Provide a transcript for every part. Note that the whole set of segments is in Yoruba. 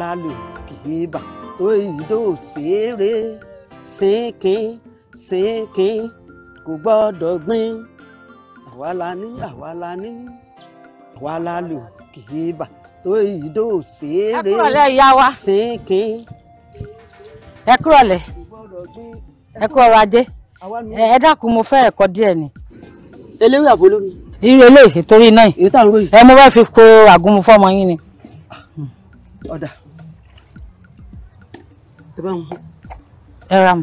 lálò kìíbà tó ìdó ṣeré sínkín sínkín kò gbọ́dọ̀ gbìn àwa la ní àwa la ní àwa lálò kìíbà tó ìdó ṣeré sínkín. ẹ kúrọ̀lẹ́ ẹ kú ajé ẹ dákun mo fẹ́ ẹ̀kọ́ díẹ̀ ni. eléwé àbólómi. irú eléyìí torí náà. èyí tá à ń ròyìn. ẹ mo bá fi ko àgúnmu fọmọ yín ni. ọ̀dà. Mm ẹ bá ń hù. ẹ ra mu.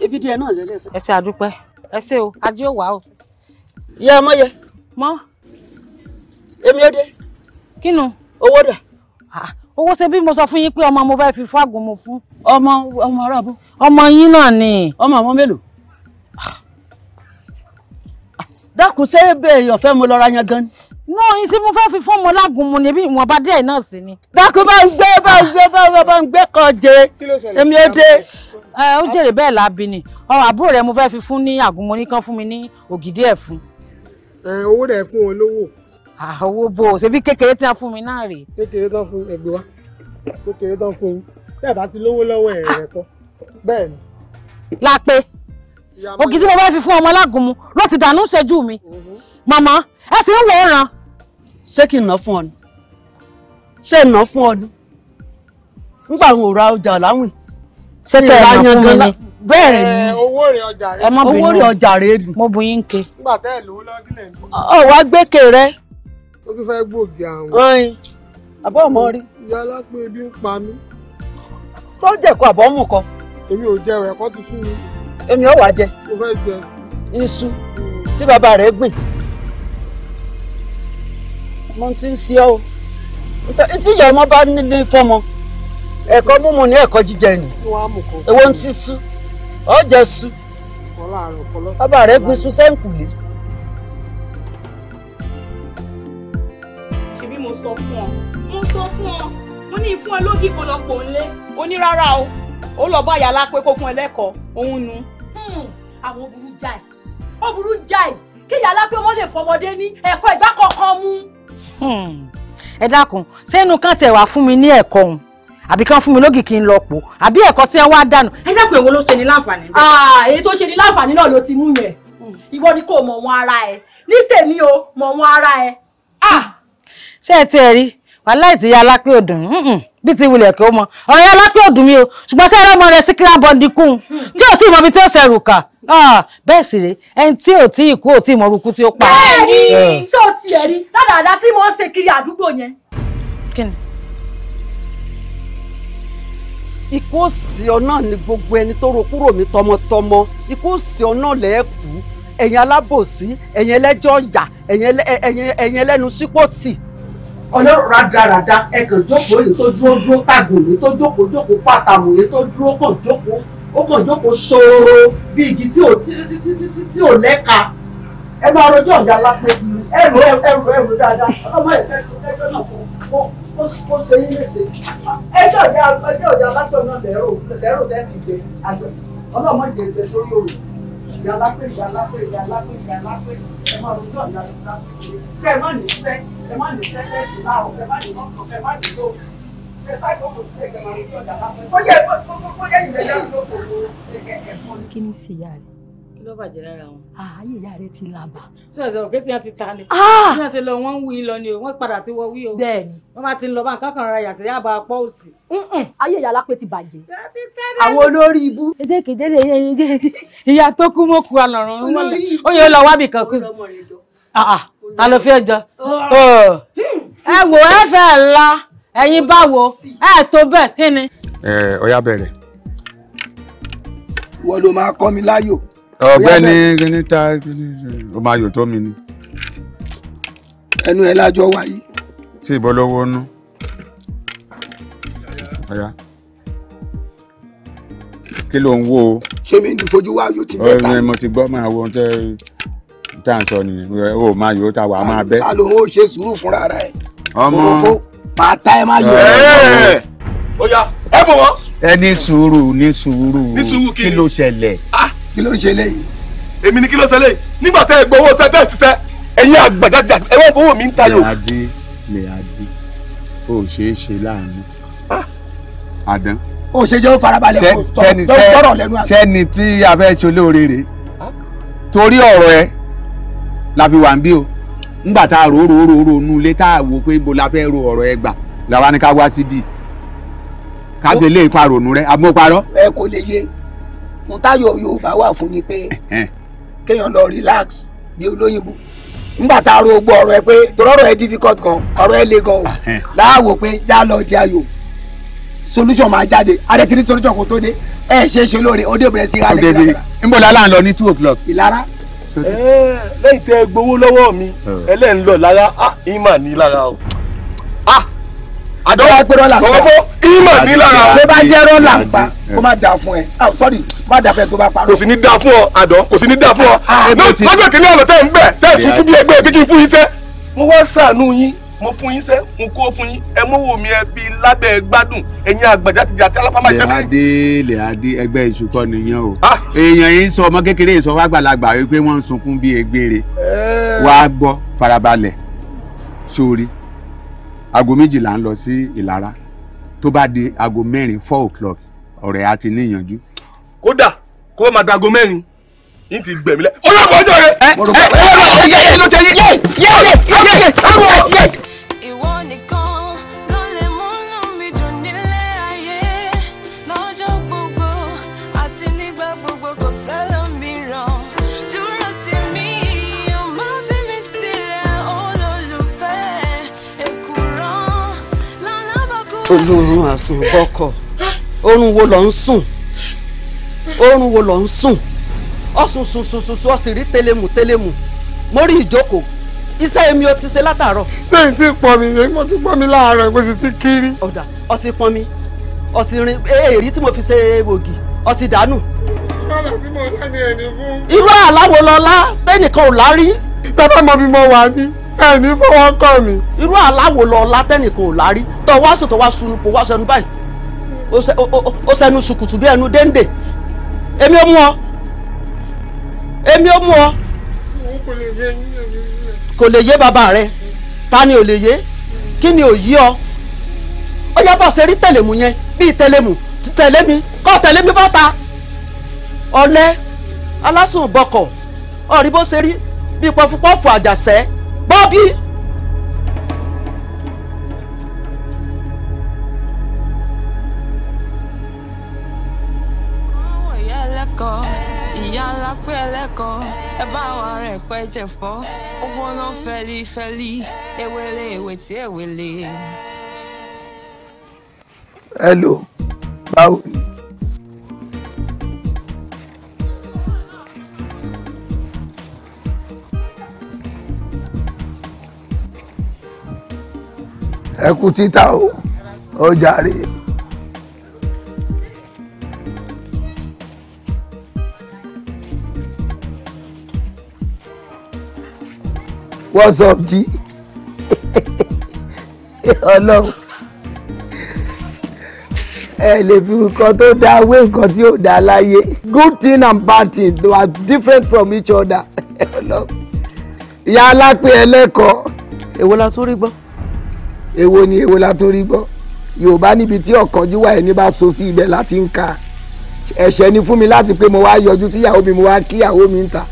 ibi díẹ̀ náà lẹ́lẹ́ fẹ́. ẹ ṣe àdúpẹ́ ẹ ṣe o ajé ò wá o. yẹ ọmọ yẹ. mọ. èmi ó dé. kínú. owó dà. Ah, owó ṣe bí mo sọ fún yín pé ọmọ mo fẹ́ fi fún àgùnmu fún. ọmọ ọmọ aráàbò ọmọ yín náà ni. ọmọ àwọn mélòó. dákun ṣé èèyàn fẹ́ mo lọ ra yan gan ni. náà yín sí mo fẹ́ fi fún ọmọ lágùn mu níbí ìwọ̀nba díẹ̀ náà sí ni. dákun bá ń gbé bá ń gbé bá ń gbé kan jẹ èmi ẹ dé ẹ ó jèrè bẹ́ẹ̀ láabi ni ọ̀rọ̀ àbúrò rẹ mo fẹ́ fi fún ní àgúnmọ́ ní kán fún mi ní ògidì ẹ̀ fún. ẹ owó rẹ fún wọn lówó. owó bo ṣebí kékeré tí wọn fún mi náà rèé. kékeré tán fún ẹgbẹ́ wa kékeré tán fún yín bẹ́ẹ̀ bá ti lówó bẹ́ẹ̀ni. lápẹ́ ògì tí mo fẹ́ fi fún ọmọ alágúnmu ló sì dànù ṣẹ́jú mi mhm. màmá ẹ sì ń wò ó ràn. ṣé kí n ná fún ọ ni ṣé n ná fún ọ ni nígbà wo ra ọjà láwìn ṣé kẹ́ ẹ̀ ná fún mi ni bẹ́ẹ̀ ni owó rẹ̀ ọjà rẹ̀ ni mo bu yín ke. nígbà tẹ́ ẹ̀ lówó lọ́gílẹ̀ ni. ọ wá gbẹ́kè rẹ. ó tún fẹ́ gbòògì àwọn. ọyìn àbọ̀ ọmọ rí. ìyá alápẹ̀ ebi ń pa mí. sọ́jà ẹ̀kọ́ àbọ̀ kan èmi ò jẹ ẹ̀kọ́ ti fún mi. èmi ò wá jẹ iṣu tí bàbá rẹ̀ gbìn mo ti ń ṣe ọ́ tí ìyá ọmọ bá nílé fọmọ ẹ̀kọ́ múmu ní ẹ̀kọ́ jíjẹ nì èwo ń ti sú ọ jẹ sú bàbá rẹ̀ gbìn sú sẹ́ǹkùlé. ṣebí mo sọ fún ọ mo sọ fún ọ mo ní ìfún ẹ lógì kọlọpọ ńlẹ onírárá o ó lọ bá yàrá pé kó fún ẹ lẹ́kọ̀ọ́ òun nu. Hmm, àwọn burú jáì ó burú jáì kí yàrá pé wọ́n lè fọmọdé ní ẹ̀kọ́ ìgbà kọ̀ọ̀kan mú. Hmm. ẹ dákun sẹ́nu kan tẹ̀ wá fún mi ní ẹ̀kọ́ òun àbí kán fún mi lógì kí n lọ pò àbí ẹ̀kọ́ tí wọ́n á dànù. ẹ dákun èwo ló ṣe ní láǹfààní. Ah, ah, èyí tó ṣe ní láǹfààní náà ló ti mú yẹn. Hmm, ìwọ ni kò mọ̀ wọn ara ẹ ní tèmi o mọ̀ wọn ara ẹ. Ah! ṣé ẹ ti ẹ rí wàhálà ìtìyà alápẹ́ òdùn bí ti wulẹ̀ kí ó mọ ọ̀rọ̀ yẹn lápẹ́ òdùn mi o ṣùgbọ́n sí ẹlẹ́mọ rẹ sí kíra bọ́ndì kún tí ò tí ì mọ ibi tí ó ṣẹrù kà ah, bẹ́ẹ̀ sì rèé ẹni tí ò tí kú ò tí mọ orúkú tí ó pa. bẹ́ẹ̀ni tí eh. ò tiẹ̀ rí ládàáda tí mo ń ṣe kiri àdúgbò yẹn. kí ni. ikú òsì ọ̀nà ni gbogbo ẹni tó ro kúrò mi tọmọtọmọ ikú òsì ọ̀nà lẹ́ẹ̀kú ẹ̀yin alábòsí ẹ̀yin ẹlẹ́jọ́ ọ̀yà ẹ̀yin ẹlẹ́nu sípòtì ọlọ́rọ̀ rádaràda ẹ̀kàn jókòó èyí tó dúró dúró tàgò èyí tó jókòó jókòó pàtàmù èyí tó dúró kàn jókòó ó kàn jókòó ṣòro bí igi tí ò tí ò lẹ́ka ẹ máa rojọ́ ọ̀gá lápẹ́ ẹrù ẹrù ẹrù dáadáa ọlọ́mọ ẹ̀fẹ́ ẹjọ́ náà kó ṣe yín léṣe ẹjọ́ ọ̀gá ẹjọ́ ọ̀gá lápẹ́ náà lẹ́rù lẹ́rù lẹ́rù ìgbẹ́ àgbẹ̀ ọlọ́mọ ìgbẹ́ ìgbẹ́ sórí òòrùn ìyá lápẹ́ ìyá lápẹ́ ìyá lápẹ́ ìyá lápẹ́ ẹ máa rojọ́ ọ̀gá lápẹ́ kẹ́ ẹ má ní sẹ́ kẹ má ní sẹ́ńtẹ́sì láàrọ̀ de má ní de kẹ má ní lò kẹ sáìkò kò sí kẹkẹ máa ní kí ọ̀dà lápẹ́ kó yẹ kó yẹ ìrẹ́lẹ́ ìlókòwò kẹkẹ ẹ̀fọn. kí ni sì yára kí ló bàjẹ́ lára wọn. ààyè ah, ìyá rẹ ti là bà. sọ èsì òkè tí wọn ti ta ni. Ah! bí wọn ṣe lọ wọn ń wí lọ ni o wọn padà ti wọ wí o. bẹ́ẹ̀ni. wọn bá ti lọ bá nǹkan kan ra yàtọ̀ yàbá apọ òsì. ayé ìyá alápẹ ti bàjẹ́. àwọn olórí ibú. èdè kèdè ìyá tó kú mọ́ kú alọ̀run. ó yẹ lọ wábì kan Ah, ah. ta ló fẹ́ jọ ẹ wò ẹ fẹ́ la ẹ̀yin báwo ẹ tó bẹ́ẹ̀ kí ni. ẹ ọyá bẹ̀rẹ̀. wọ́n ló máa kọ́ mi láyò. ọ̀gbẹ́ni níta ó máa yò tó mi ni. ẹnu ẹ lájọ wáyé. tí ìbọn lówó nú. ọ̀yá kí ló ń wò ó. ṣé mi ní fojú wáyò tí bẹ́ẹ̀ ta ni. mo ti gbọ́ máa wo ohun tẹ́ ẹ tá à ń sọ nìyẹn o máa yòó ta wà á máa bẹ́. alo o ṣe sùúrù fúnra rẹ. ọmọ òfófó máa ẹ máa yọ. ó yá ẹ bọ̀ wọ́n. ẹ ní sùúrù ní sùúrù kí ló ṣẹlẹ̀. Ah! kí ló ṣẹlẹ̀ yìí. èmi ni kí ló ṣẹlẹ̀ yìí nígbà tẹ́ ẹ gbowó ṣe bẹ́ẹ̀ ṣiṣẹ́ ẹ̀yin àgbàdàjà ẹ wọ́n fowó mi ń tayò. lè adi lè adi o ṣeé ṣe láàánú. àdán ah! ó ṣe jẹ́ ó farabalẹ̀ kó sọ̀rọ̀ lẹ́nu àgbẹ̀. sẹ́ni tí a fẹ́ ṣe la fi wà ń bí o ńgbà tá a rò rò rò rò nu ilé tá a wò pé ibo la fẹ́ ro ọ̀rọ̀ ẹ làwa ni ká wá síbi ká ṣe lé ipa rònú rẹ àmọ́ parọ́. ẹ kò lè yé ohun táyọ̀ Yorùbá wà fún ni pé kéèyàn lọ relax ní olóyìnbó ńgbà tá a ro gbọ́ ọ̀rọ̀ ẹ pé tọ́rọ̀ ẹ difficult gan ọ̀rọ̀ ẹ le gan o láàwò pé já lọ di ayò solution máa jáde adẹ́tìrí solution kò tó dé ẹ ṣe é ṣe lóore ó dé bẹ̀rẹ̀ sí ra lẹ́yìn lára. là ń lọ ní two o'clock. Ìlara Eh, lẹ́yìn tẹ́ gbowó lọ́wọ́ mi hmm. ẹlẹ́yìn lọ lára ah, ìmà ní lára o ah, àdọ́wọ́ pé rọ́là ń pa ìmọ̀ ní lára tó bá jẹ́ rọ́là ń pa hmm. kó má da fún ẹ ah sorry má da fún ẹ tó bá parọ́. kò sì ní da fún ọ àdọ́ kò sì ní da fún ọ lọ́jọ́ ah, kìíní ọ̀nà tẹ́ ń bẹ̀ tẹ́ ń sunkún bí ẹgbẹ́ kíkí fún yín tẹ́. mo wá ṣàánú yín mo fún yín sẹ́ mo kó fún yín ẹ mọ́wọ́ mi ẹ fi lábẹ́ gbádùn ẹ̀yin àgbàdá ti jà tí alápá máa jẹ́ báyìí. lè adé lè adé ẹgbẹ́ ìṣùkọ́ nìyẹn o èèyàn yìí sọ ọmọ kékeré yìí sọ fàgbàlagbà wípé wọ́n ń sunkún bíi egbére wàá gbọ́ farabalẹ̀ sórí aago méjìlá ń lọ sí ìlara tó bá di aago mẹ́rin four o'clock ọ̀rẹ́ a ti níyànjú. kódà kó máa dago mẹ́rin yín ti gbẹ̀mí lẹ. olóògùn ọjọ́ rẹ̀. ẹ ẹ ẹ ẹ ló jẹ yín. yẹ yẹ yẹ yẹ yẹ yẹ. olórun àsùnbọkọ orun wo lọ ń sùn orun wo lọ ń sùn ọsùn sùn sùn sùn sùn ọsì rí tẹlẹmù tẹlẹmù mo rí ìjókòó iṣẹ́ èmi ò ti ṣe látàárọ̀. ṣé n ti pọn mi yẹn mo ti pọn mi láàárọ̀ mo sì ti kiri. ọ̀dà ọtí pọn mi ọtí rin e, èrí tí mo fi ṣe egbògi ọtí dànù. lọ́la tí mo lá ní ẹni fún. irú àláwo tẹ́nìkan ò lá bàbá mọ bí mo wà ní ẹni fọwọ́ kàn mí. irú aláwo lọ látẹnìkan ò lárí tó wá sòtò wá sunukò wá sẹnu báyìí ó sẹnu sùkùtù bí ẹnu déńdè èmi ó mú ọ èmi ó mú ọ kò lè yé bàbá rẹ ta ni ò lè yé kí ni ò yí ọ ó yá bá ṣe rí tẹ̀lẹ̀mù yẹn bíi tẹ̀lẹ̀mù tẹ̀lé mi kọ́ tẹ̀lé mi bá ta ọ̀lẹ́ alásùn bọkọ̀ ọ̀rí bó ṣe rí bíi pọfupọ́fù àjàṣẹ́ Bobby. ìyá ńlá pé ẹlẹ́kọ̀ọ́ ẹ bá àwọn ará ẹ̀pẹ́ jẹ̀fọ́ ó gbóná fẹ́lifẹ́li ewele ewetí ewele. hello báwo ni. ẹ títà o ó jàre. what's up tí ọlọ́run ẹ lè fi nǹkan tó dáa wé nǹkan tí ò dáa láyé good thing and bad thing they are different from each other ọlọ́run ìyá alápẹ̀ ẹlẹ́kọ̀ọ́ èwo la tún rí gbọ́. Ewo ni ewo la tún rí gbọ́ yorùbá níbi tí ọ̀kánjúwà ẹni bá so sí ibẹ̀ láti ń ka ẹ̀ṣẹ̀ ni fún mi láti pé mo wá yọjú síyàwó mi mo wá kíyàwó mi ń ta.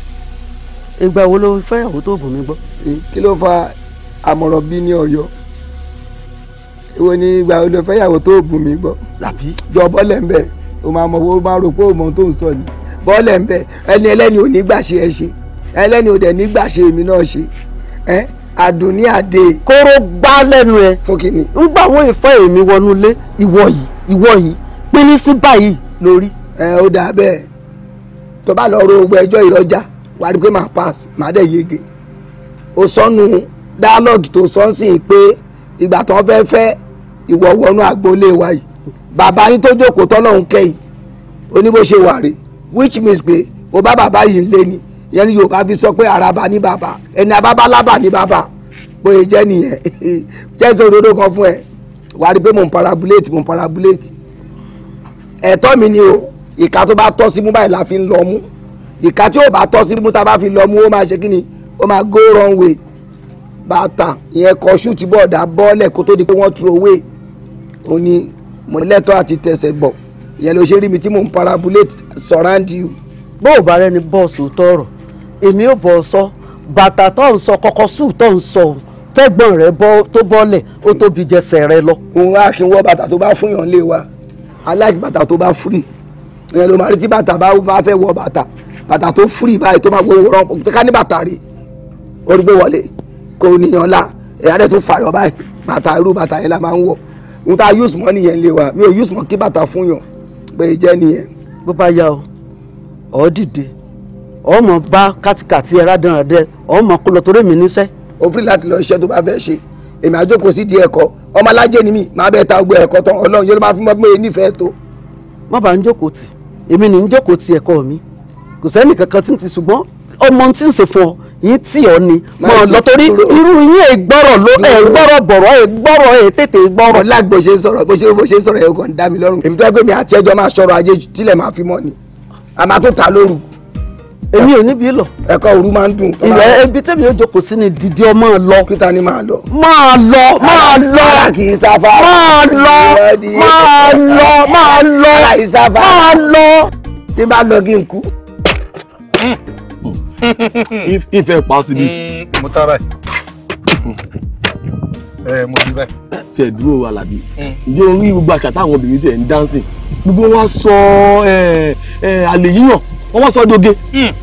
ìgbà wo ló fẹ́ ìyàwó tó bù mí gbọ́. kí ló fa àmọ̀ràn bí ní ọ̀yọ́ èwo ni ìgbà wo ló fẹ́ ìyàwó tó bù mí gbọ́. làbí. jọ bọ́lẹ̀ ń bẹ̀ o máa mọ̀ o máa rò pé o tó ń sọ ni bọ́lẹ̀ ń bẹ̀ ẹni ẹlẹ́ni ò ní gbà ṣe ẹ ṣe ẹlẹ́ni ò dẹ̀ ní gbà ṣe èmi náà ṣe ẹ́ àdùnní àdè. kóró gbá lẹ́nu ẹ. fún kínní. ń gbà wọ́n ìfọ́ èmi wọnú ilé ìwọ yìí ìwọ yìí pínín sí báyìí lórí. ẹ ó dà bẹ́ẹ̀ tó bá lọ ro ogun ẹjọ́ ìrọjà wà á rí pé màá pass màá dẹ̀ yege o sọnù dialogue tó sọ sí i pé ìgbà tó ń fẹ́ fẹ́ ìwọ wọnú agboolé wa yìí bàbá yín tó jókòó tọ́lọ́hún kẹ́yìn oníbó ṣe wà rè which means pé o bá bàbá yìí lé ni yẹn ni yorùbá fi sọ pé araba ní bàbá ẹni ababalaba ní bàbá bóyá jẹ́ nìyẹn jẹ́ sọ òdodo kan fún ẹ wà á rí i pé mò ń parabulate mò ń parabulate ẹ̀tọ́ mi ni o ìka tó bá tọ́ sí mú báyìí la fi ń lọ mú ìka tí ò bá tọ́ sí mú tá bá fi lọ mú ó máa ṣe kí ni ó máa go wrong way bàtà ìyẹn kọ ṣúùtì bọ́ọ̀dà bọ́ọ̀lẹ̀ kó tó di pé wọ́n throw away ó ní mọ̀lẹ́tọ̀ àti tẹ̀sẹ̀ bọ̀ ìyẹn ló ṣe rí mi tí mò ń parabulate surround you. bó o bá rẹni bọ́ọ̀sì tọrọ èmi ò bọ̀ sọ bàtà tó ń sọ kọkọ sùn tó ń sọ O tẹ́gbọ̀n rẹ̀ tó bọ́lẹ̀ ó tóbi jẹsẹ̀ rẹ lọ. òun á kí n wọ bàtà tó bá fún yàn lé wa aláìkí bàtà tó bá fúrì ìyẹn ló máa rí tí bàtà bá fẹ́ wọ bàtà bàtà tó fúrì báyìí tó máa wọ wọ́rọ́ ká ní bàtà rí orígbó wọlé kò níyàn la ẹ̀yà rẹ̀ tó fàyọ̀ báyìí bàtà irú bàtà yẹn la máa ń wọ̀ n ta use money nìyẹn lé wa mi ò use money. kí bàtà fún yàn pé ìjẹ́ nìyẹn. bó bá yá ọ ọ dìde ọmọ bá kátikàti ẹ̀rá dánradẹ ọmọ kó lọ torí mi níṣẹ́. òfin láti lọ iṣẹ́ tó bá fẹ́ ṣe èmi àjókòó sí di ẹ̀kọ́ ọmọ alájẹ́ ni mí màá bẹ́ẹ̀ ta gbogbo ẹ̀kọ́ tán ọlọ́run yóò máa fún mọ́ bóyá nífẹ̀ẹ́ tó. má bàa ń jókòó tì èmi ní ń jókòó ti ẹ̀kọ́ mi kò sẹ́ni kankan tí ń ti ṣùgbọ́n ọmọ tí ń ṣe fún ọ yín tí ọ ni mọ ọ lọtọrí irú yín ẹ gbọ́rọ̀ ló ẹ gbọ́rọ̀ bọ̀rọ̀ ẹ gbọ́rọ̀ ẹ tètè gbọ́rọ̀. ọlá gbọ́ ṣe sọ̀rọ̀ bó ṣe bó ṣe sọ̀rọ̀ ẹ̀ kàn dá mi lọ́rùn èmi tó yẹ pé mi àti ẹjọ́ máa sọ̀rọ̀ ajé tilẹ̀ máa fi mọ́ ni a máa lóru èmi ò níbi lọ. ẹ̀kọ́ òru máa ń dùn. ìrẹ́ ibi tẹ́mi yóò jókòó sí ni dìde ọmọ lọ. kíta ni máa lọ. máa lọ máa lọ. máa lọ máa lọ máa lọ. máa lọ. tí bá lọ kí n kú. ìfẹ́ pa síbi. mo ta ẹ mo di báyìí. tiẹ̀ dúró wa làbí. ǹjẹ́ orí gbogbo àṣà táwọn obìnrin tẹ̀ ń dánsìn gbogbo wa sọ àlè yíyàn wọ́n sọ doge. ẹ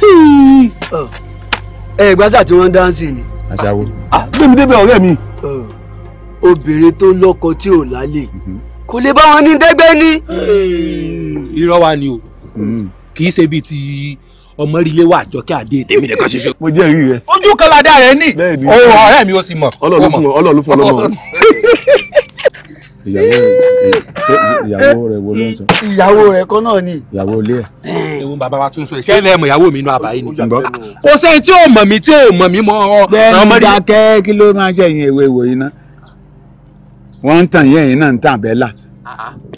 hmm. eh, gbàtà tí wọ́n ń dáńsì ni. aṣáwó. gbẹ̀mí débẹ̀ ọ̀rẹ́ mi. obìnrin tó lọ́kọ tí ò lálẹ́ mhm. kò lè bá wọn ní dẹ́gbẹ́ ní. irọ́ wa ni o hmm. kì í ṣe bíi ti ọmọrílé wa àjọkẹ́ àdé tèmi nìkan ṣoṣo. mo jẹ́ ìrírí rẹ. ojú kan ládàá rẹ ní. bẹ́ẹ̀ ni mi ò sì mọ̀. ọlọ́ọ̀lù fún ọlọ́ọ̀lù ìyàwó rẹ wo ló ń sọ. ìyàwó rẹ kan náà ni. ìyàwó ilé ẹ. ewu bàbá wa tún sọ iṣẹ́ ilé ẹ̀mọ̀ ìyàwó mi inú àbá yìí ni. kò sẹ́yìn tí ò mọ̀ mí tí ò mọ̀ mí mọ́ ọ. bẹ́ẹ̀ni dákẹ́ kí ló máa ṣe ìyẹn ìwé ìwòyí náà. wọ́n ń tàn yẹ́yìn náà ń tàn bẹ́ẹ̀ là.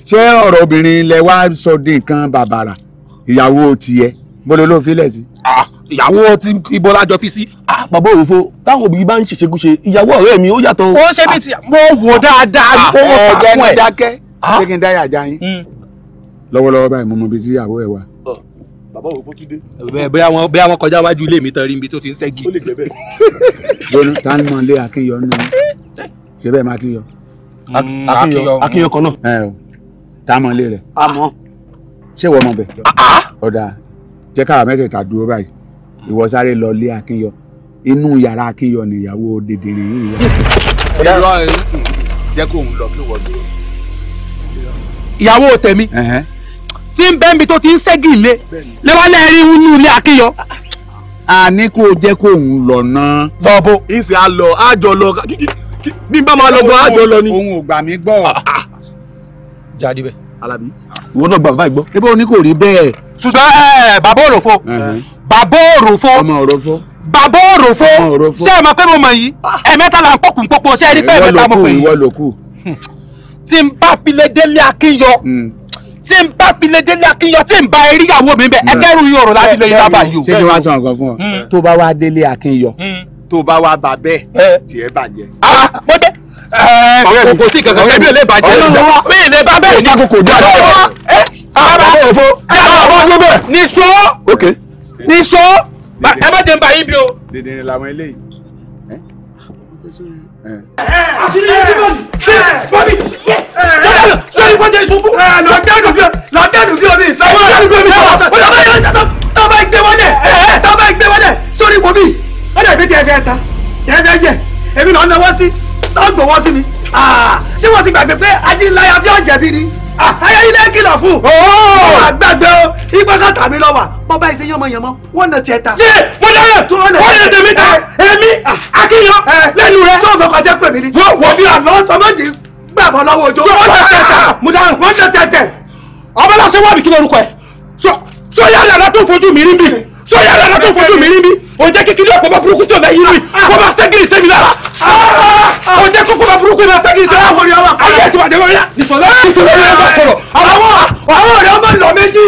ṣé ọ̀rọ̀ obìnrin lẹ wá sọ di nǹkan bàbàrà ìyàwó tiẹ̀ bọ́lọ́ ló fi lẹ̀ sí. ah ìyàwó ti ibo lájọ fi sí. Ah, bàbá òròfo táwọn òbí bá ń ṣèṣekúṣe ìyàwó ọ̀rẹ́ mi ó yàtọ̀. ó ṣe bí ah. ti mo wò dáadáa ó ah, wò sàkún ẹ̀. ọ̀gbẹ́ni dákẹ́ ṣé kí n dáyà já yín. Hmm. lọ́wọ́lọ́wọ́ báyìí mo mọ ibi tí ìyàwó ẹ̀ wà. bàbá òròfo tún dé. bẹ́ẹ̀ wọn bẹ́ẹ̀ wọn kọjá wájú ilé mi tán rí ibi tó ti ń ṣẹ́gi. ó lè jẹ́ bẹ́ẹ̀. gbóná tá ń mọ ilé akínyọ nù ṣe bẹ́ẹ̀ má kínyọ. Hmm, akínyọ kan náà. tá a mọ ilé rẹ̀. a mọ. ṣé wọ́n mọ bẹ̀. ọ̀dà jẹ́ káwa mẹ́tẹ̀ẹ̀ta dúró báyìí ìwọ sáré lọ lé akínyọ inú yàrá akínyọ nìyàwó dèdèrè yìí wà. irọ́ jẹ́ kó òun lọ kí wọ́n dúró. ìyàwó tèmi tí ń bẹ́ẹ̀ mi tó ti ń ṣẹ́gi ilé lẹ́wọ́n náà rí inú ilé akínyọ. a ní kó o jẹ́ kó òun lọ náà. lọ́bọ̀ ìsìn àlọ́ àjọ lọ bí n bá máa lọ gan àjọ lọ ni. òun ò gbà mí gbọ́. jáde bẹ́ẹ̀. Alábí. ìwọ náà gbà bàbá ìgbọ́. ebe o ní kò rí bẹ́ẹ̀ ṣùgbọ́n eh, bàbá òròfo bàbá òròfo bàbá òròfo ṣé ẹ mọ̀ pé mo mọ̀ yìí ah. ẹ̀mẹ́ta là ń pọ̀kùn pọ̀pọ̀ ṣé ẹ rí pé ẹ̀mẹ́ta mo pè yìí hmm. tí n bá file hmm. délé akínyọ tí n bá file délé akínyọ tí n bá eríyàwó mi bẹ ẹgẹrù hmm. yìí ọ̀rọ̀ láti lè yí eh, lábàá eh, yìí o. ṣé kí wọ́n sọ nǹkan fún ọ tó bá wá délé akínyọ tó bá wá bá bẹ́ẹ̀ tiẹ̀ bàjẹ́. Ah, mo dé kò sí kankan kẹ́mi ò lè bàjẹ́ mi ì bàbá òfo ẹ̀rọ ọ̀bọ níbẹ̀. nìṣó nìṣó ẹ má jẹ́ n bá yín bí o. dèdèrè làwọn eléyìí. àṣírí yẹn ti bọ́ọ̀lù bọ́ọ̀lù jọlọ jọlọ ìfọ̀jẹ̀ ìṣubú. lọ́dẹ́nu bí lọ́dẹ́nu bí omi ìsáyé lọ́dẹ́nu bí omi ìsáyé tọ́ba ìgbé wọlé tọ́ba ìgbé wọlé sórí wòmí wọ́n dẹ̀ fi tiẹ̀ fẹ́ ta tiẹ̀ fẹ́ yẹ èmi lọ́ọ́ náwó sí lọ́ọ́ gbowó sí mi ah, ṣé wọ́n ti gbàgbé pé ajíniláyà bí ọ̀jẹ̀ bí ni. Ah, ayẹyẹlẹ kìlọ̀ fún. ọwọ́ oh! àgbàgbẹ́ o ipa ká tàbí lọ wà bọ́bá ìṣe yánmọ yánmọ wọ́n nà tiẹ̀ ta. yé mo dára wọ́n yẹ tèmi ta eh, eh, èmi ah, akínyàn eh, lẹ́nu rẹ. sọ́ọ̀sọ̀ kan jẹ́ pèmí ni. wọ́n wọ́n fi àlọ́ sọmọ́dì gbàgbọ́ lọ́wọ́ òjò. wọ́n nà tiẹ̀ ta mo dára wọ́n nà tiẹ̀ tẹ̀. ọbẹ̀ lọ́sẹ̀ wọ́ọ̀bì kí lorúkọ ẹ̀ sọ yálẹ̀ lọ́tún fojú mi rí bì tó yàrá lọ́tọ̀ fojú mi níbí o jẹ́ kékeré ọ̀pọ̀ bá burúkú tó bẹ́ẹ̀ yín rí kó bá sẹ́gìrì sẹ́mi lára o jẹ́ kókó bá burúkú bá sẹ́gìrì sẹ́mi lára ayé ètò àjẹ́ wọlé nítorí ẹ̀rọ bá sọ̀rọ̀ àwọn àwọn ọ̀rẹ́ ọmọ ìlọ méjì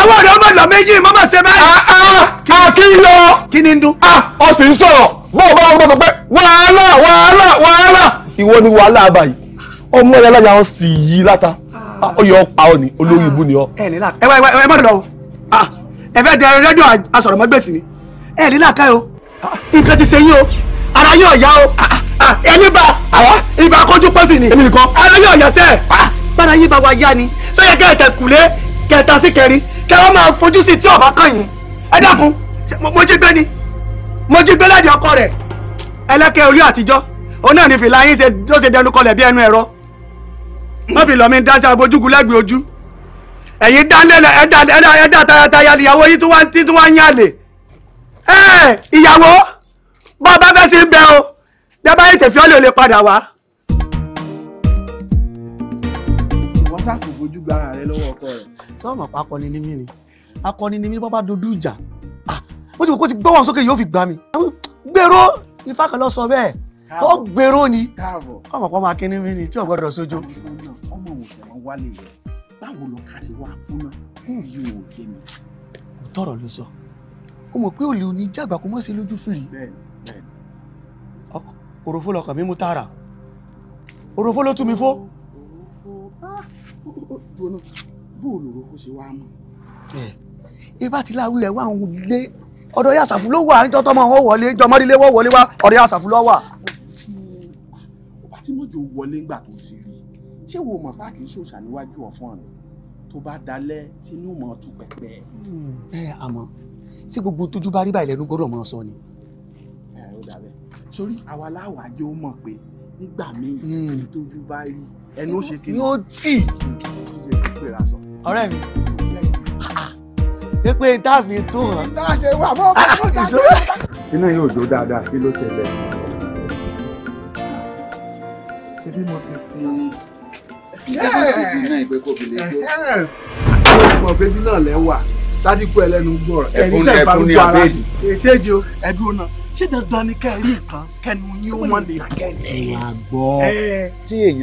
àwọn ọ̀rẹ́ ọmọ ìlọ méjì mọ́ máa ṣe báyìí. a kì í lọ kí ni dún. Ah, ọ sì ń sọ̀rọ̀ bọ́ọ̀ bá wọn sọ pé wàhálà wàhálà wàhálà ìwọ ni wàhálà abàyè ọmọ ẹlẹ́yà ọ sì yí láta ọyọ ah. ah, pa ọ ni olórí ibú ni ọ. ẹ ní la ẹ wá ẹ má dọ̀dọ̀ o ẹ fẹ́ dẹrẹ rédíò asọ̀rọ̀mọ́gbèsì ni ẹ ní làákà o nǹkan ti ṣe yín o ara yóò yá o ẹni bá ibà kójú pọ́sì ni èmi nìkan ara yóò yá sẹ́ẹ̀ bára yín bá wa yá ni sọ́yà kẹ́ẹ̀tẹ̀ kùlé kẹta sí kẹrin kẹwàá máa fojú sí tí ọba kàn yín ẹ dákun mo jí gbé ni mo jí gbé láti ọkọ rẹ ẹlẹ́kẹ̀ orí àtijọ́ òun náà ní fìlà yín ṣe ló ṣe dẹnu kọlẹ̀ bí ẹnu ẹ̀rọ wọ́n fi lọ́ mi dá sí abojúgun lẹ́gbẹ̀ẹ́ ojú ẹ̀yin dánilẹ̀ ẹ̀dá ẹ̀dá tayataya ìyàwó yìí tí wọ́n ti tí wọ́n yàn lè. ẹ ìyàwó bọ́ bá fẹ́ sí ń bẹ o dábàá ètè fi ọ́lẹ̀ ò lè padà wá. ìwọ sáfù bójú gba ara rẹ lọ́wọ́ ọkọ rẹ̀. sọ́ọ̀mọ̀ pa akọni ni mí ni akọni ni mí bá bá dojú ìjà ah, ó ti kò ti gbọ́wọ́ sókè yóò fi gbà mí. gbèrò ifá kan lọ sọ bẹ́ẹ̀ ó gbèrò ni ọmọ kan máa kíní mí ni tí ò gbọ́dọ̀ sójó. ọmọ òsèlú wálé rẹ̀ báwo lọ ká sí wàá fún náà yìí ò yé mi. kò tọrọ ló sọ o mọ̀ pé olè òní jàgbá kó mọ̀ sí lójú fìrí. bẹ́ẹ̀ni bẹ́ẹ̀ni. òròfó lọkàn mi mú tààrà òròfó ló tú mi fó. òròfó jóná bóòlù òròfó ṣe wá mọ. ẹ bá ti láwí rẹ wá àwọn ilé ọ̀dọ̀ yà sàfù ló wà nítorí tọmọ ọ wọlé jọmọdélé wọ wọlé wá ọ̀dọ̀ yà sàfù lọ wà. wọ́n ti mọ̀jọ wọlé ńgbà tó ti rí i ṣé wo mọ̀ pa kì í ṣòṣà níwájú ọ̀fọ́n rẹ̀ tó bá dalẹ̀ ṣe ni ó mọ̀ ọ́ tù pẹ́pẹ́. ẹ àmọ́ ṣé gbogbo tójú bá rí báyìí lẹ́nu gbọ́dọ̀ máa sọ ni. ẹ ó dàbẹ̀ sórí àwa láwàá jẹ́ ó mọ̀ pé nígbà míì hmm. tójú bá rí ẹnu ó ṣe kí ni. yóò tì. ọ̀rẹ́ mi ẹ pé tá a hàn. tá a ṣe wà mọ́ ọ́ ká tó ta. inú yóò jó dáadáa kí ló ṣẹlẹ̀. ṣé bí mo ti fi mọ̀ tí èèyàn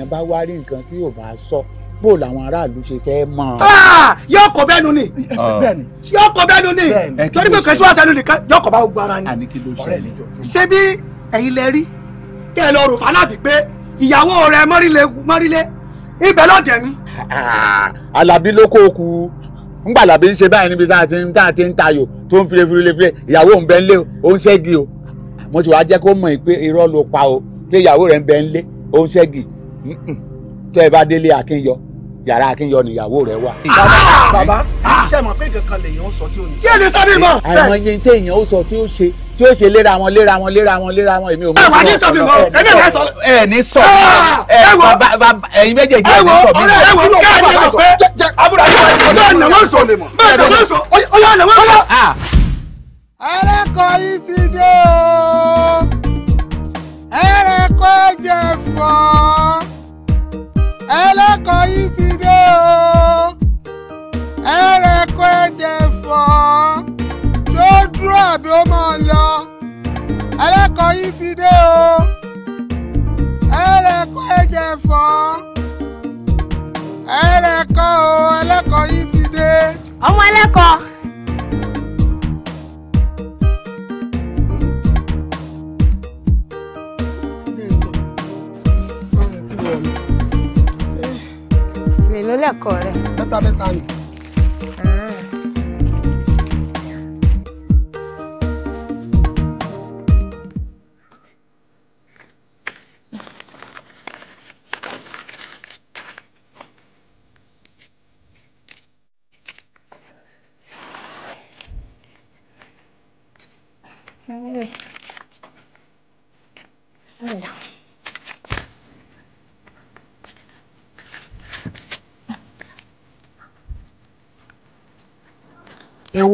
bá wá rí nǹkan tí ò bá sọ bó làwọn aráàlú ṣe fẹ́ mọ̀. Ah! yóò kọ bẹ́ẹ̀nu ni ah. yóò kọ bẹ́ẹ̀nu ni torí pé kẹsíwá sẹ́nu nìkan yóò kọ bá gbọ́ ara ni. ṣé bí ẹ̀yin lẹ rí tẹ́ ẹ lọ rò fàlàbí pé ìyàwó rẹ mọ́rílẹ̀ ibẹ̀ ló dẹ̀ mí. alábí ah, ló kó o kú ngbà alábí ń ṣe báyìí níbi tá a ti ń tayò tó ń file file file ìyàwó òun bẹ ń lé o ń ṣẹ́gi o mo sì wá jẹ́ kó mọ̀ pé irọ́ ló pa o pé ìyàwó rẹ̀ ń bẹ ń lé o ń ṣẹ́gi tẹ́ ẹ bá délé akínyọ yàrá akínyọ nìyàwó rẹ̀ wà. bàbá bàbá ṣe mọ̀ pé kankan lèèyàn ó sọ tí ó ní. ṣé èdè sábẹ́ mọ̀. àìmọye téèyàn ó sọ tí ó ṣe tí ó ṣe léra wọn léra wọn léra wọn léra wọn èmi ò mú ìṣòro. ẹ wà ní sọ mi mọ ẹ ní sọ ẹ ní sọ ẹ wọ ẹyin méjèèjì ẹ ní sọ mi mọ. ẹ wọ kí ẹ ní sọ pé abúlé ayé wa ni bẹ́ẹ̀ nàwọn sọ ni mọ bẹ́ẹ̀ nàwọn sọ ó yà nàwọn sọ. ẹlẹ́kọ̀ọ́ yìí ti dé o ẹlẹ́kọ̀ọ́ jẹ fọ́ ẹlẹ́kọ̀ọ́ yìí ti dé o ẹlẹ́kọ̀ọ́ jẹ ọkọ yìí ti dé o ẹlẹ́kọ́ ẹ̀jẹ̀ fọ́ ẹlẹ́kọ́ o ẹlẹ́kọ́ yìí ti dé. ọmọ ẹlẹ́kọ́. èlò rẹ̀. mẹ́ta mẹ́ta ni.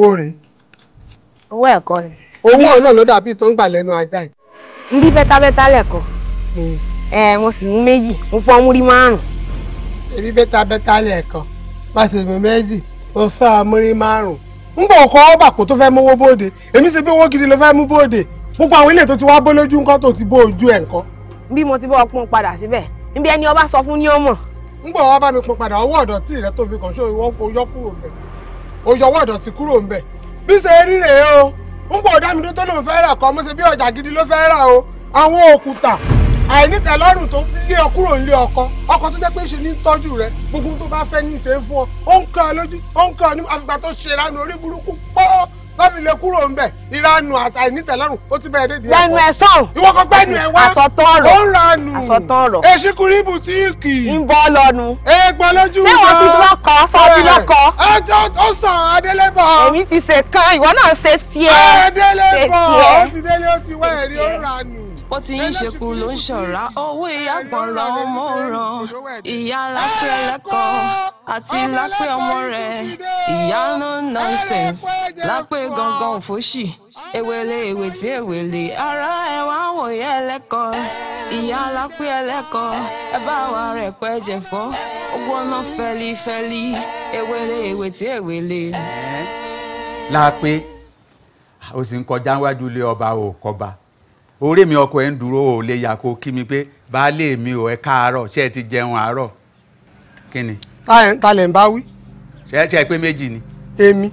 owó rẹ̀. owó ẹ̀kọ́ rẹ̀. owó náà ló dàbí tó ń gbà lẹ́nu ajá yìí. ń bí bẹ́tábẹ́tá lẹ̀kọ́ ẹ mo sì mú méjì mo fọ́ múrí márùn. ebi bẹ́tábẹ́tá lẹ́kọ̀ọ́, má sì mú méjì mo fọ́ múrí márùn. ń bọ̀ kọ́ ọ́ bàkó tó fẹ́ mówó bóde èmi ṣe bí owó gidi ló fẹ́ mú bóde gbogbo àwọn ilé tó ti wá bó lójú nǹkan tó ti bó ojú ẹ̀ nǹkan. bí mo ti bọ́ ọpọ́n padà síbẹ̀ níbi ẹni ọba sọ fún ni ó bá mi pọn padà ọwọ́ ọ̀dọ̀ tí ó yọwọ́ ìdọ̀tí kúrò ń bẹ̀ bí ṣe rí rèé o ń pọ̀ dámidó tó lòun fẹ́ rà kọ́ mo ṣe bí ọjà gidi ló fẹ́ rà o àwọn òkúta àìnítẹ̀lọ́rùn tó lé ọ kúrò nílé ọkọ ọkọ tó jẹ́ pé ṣe ní tọ́jú rẹ gbogbo tó bá fẹ́ ní ìṣe fún ọ ó ń kọ́ ọ lójú ó ń kọ́ ọ ní àfìgbà tó ṣe ránu orí burúkú pọ́ọ́ tọ́fi lè kúrò ńbẹ̀ ìranù àìnítẹ̀lọ́rùn ó ti bẹ̀rẹ̀ dédìí ẹ̀kọ́ lẹ́nu ẹ̀ sọ̀rọ̀ ìwọ kan gbẹ́nu ẹ̀ wá ó ń ranù àsọtọ́rọ̀ èsìkùrí bùtíìkì ń bọ́ lọ́nu eégbọn lójú ìjọ ṣé wọ́n ti lọ́kọ fọ́ọ̀tì lọ́kọ. ẹjọ́ ó sàn adélébọ̀. èmi ti ṣe kan ìwọ náà ṣe tiẹ̀ ṣe tiẹ̀ ó ti délé ó ti wá ẹ̀rí ó ranù ó ti ń ṣekú ló ń ṣọ̀rá owó ìyá kan lọ ọmọ ràn ìyá lápẹ́ lẹ́kọ̀ọ́ àti lápẹ́ ọmọ rẹ̀ ìyá no nonsense lápẹ́ gangan òfóṣì ewele èwè tí ewele ara ẹ wá ń wòye ẹlẹ́kọ̀ọ́ ìyá lápẹ́ ẹlẹ́kọ̀ọ́ ẹ bá wa rẹ̀ pẹ́ jẹ̀fọ́ ó gbóná fẹ́lifẹ́li ewele èwè tí ewele. lápẹ́ ó sì ń kọjá wájú ilé ọba ò kọba orí mi ọkọ ẹ ń dúró ò lè yà kó kí mi pé baálé mi ò ẹ káàárọ̀ ṣé ẹ ti jẹun àárọ̀ kí ni. ta lẹ̀ ń bá wí. ṣe ṣe pé méjì ni. èmi.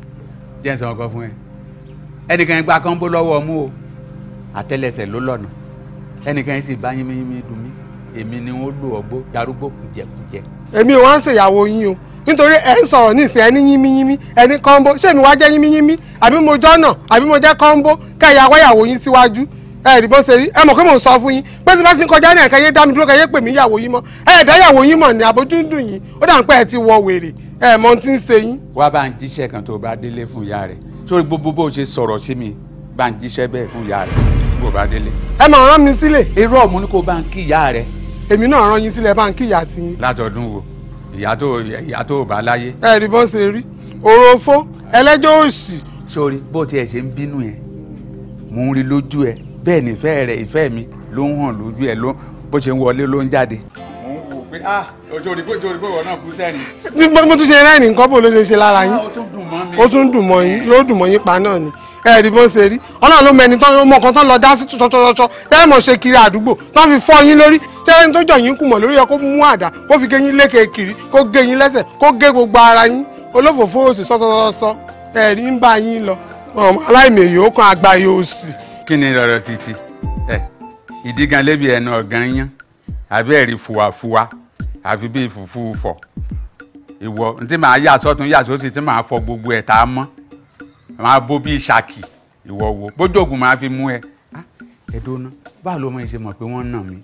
jẹ́ ń sọ ọkọ fún ẹ ẹnìkan gba kánbó lọ́wọ́ mú o àtẹ́lẹsẹ̀ ló lọ́nà ẹnìkan sì bá yín mímí dùn mí èmi ni wọ́n lò ọgbó darúgbó kùjẹkùjẹ. èmi ò wá ń ṣèyàwó yín o nítorí ẹ ń sọ̀rọ̀ ní ìsìn ẹni yínmíyínmí ẹni kánbó ṣé mi wá jẹ́ yínmíyínmí àbí mo jọ́nà àbí mo jẹ́ kánbó kẹ́yàwó yàwó yín síwájú ẹ rí bó ṣe rí ẹ mọ̀ pé mò ń sọ fún yín pé tí bá ti ń kọjá ní ẹ̀ka yé dá mi dúró ká yé pè mí ìyàwó yín mọ́ ẹ dá ìyàwó yín mọ̀ ní àbójúndùn yín ó dà ń pẹ́ ẹ ti wọ wèrè ẹ mọ ohun tí ń ṣe yín. wá bá ń jíṣẹ́ kan tó bá délé fún ìyá rẹ̀ sórí gbogbo bó ṣe sọ̀rọ̀ sí mi bá ń jíṣẹ́ bẹ́ẹ̀ fún ìyá rẹ̀ bó bá délé. ẹ máa rán mi sílẹ̀. irú ọ̀mú ni kò bá ń kí ìyá rẹ̀. èmi náà rán yín sílẹ̀ bá ń kí ìyá ti yín. látọdún wo ìyá tó ìyá tó bá láyé. ẹ rí bó ṣe rí òròfó ẹlẹ́jọ́ òsì. sórí bó tiẹ̀ ṣe ń bínú yẹn mò ń rí lójú ẹ bẹ́ẹ̀ ni ìfẹ́ rẹ ìfẹ́ mi ló ń hàn lójú ẹ ló bó ṣe ń wọlé ló ń jáde. mo ń wò pé ah ojú orí ojú orí ìwọ náà kú sẹ́ni. tí mo tún ṣe rẹ́ẹ̀nì nǹkan bò ló lè ṣe lára yín ah, ó tún dùn mọ́ yín pa náà ni ẹ rí bó ṣe rí ọlọ́run ló mẹni tán mọ kan tán lọ dá ṣe kiri àdúgbò tán fi fọ́ yín lórí tẹ́lẹ̀ tó jọ yín kí ni rọ̀rọ̀ títí ẹ ìdígan lébi ẹnu ọ̀gán yán àbẹ́ẹ̀rí fuwafuwa àfi bíi fùfú fọ̀ ìwọ ntí màá yà sọ́tún yà sósì tí màá fọ gbogbo ẹ̀ tá a mọ́ màá bó bíi ṣàkì ìwọ wo bójóògùn màá fi mú ẹ ẹ dóná báwo ló máa ṣe mọ̀ pé wọ́n nà mí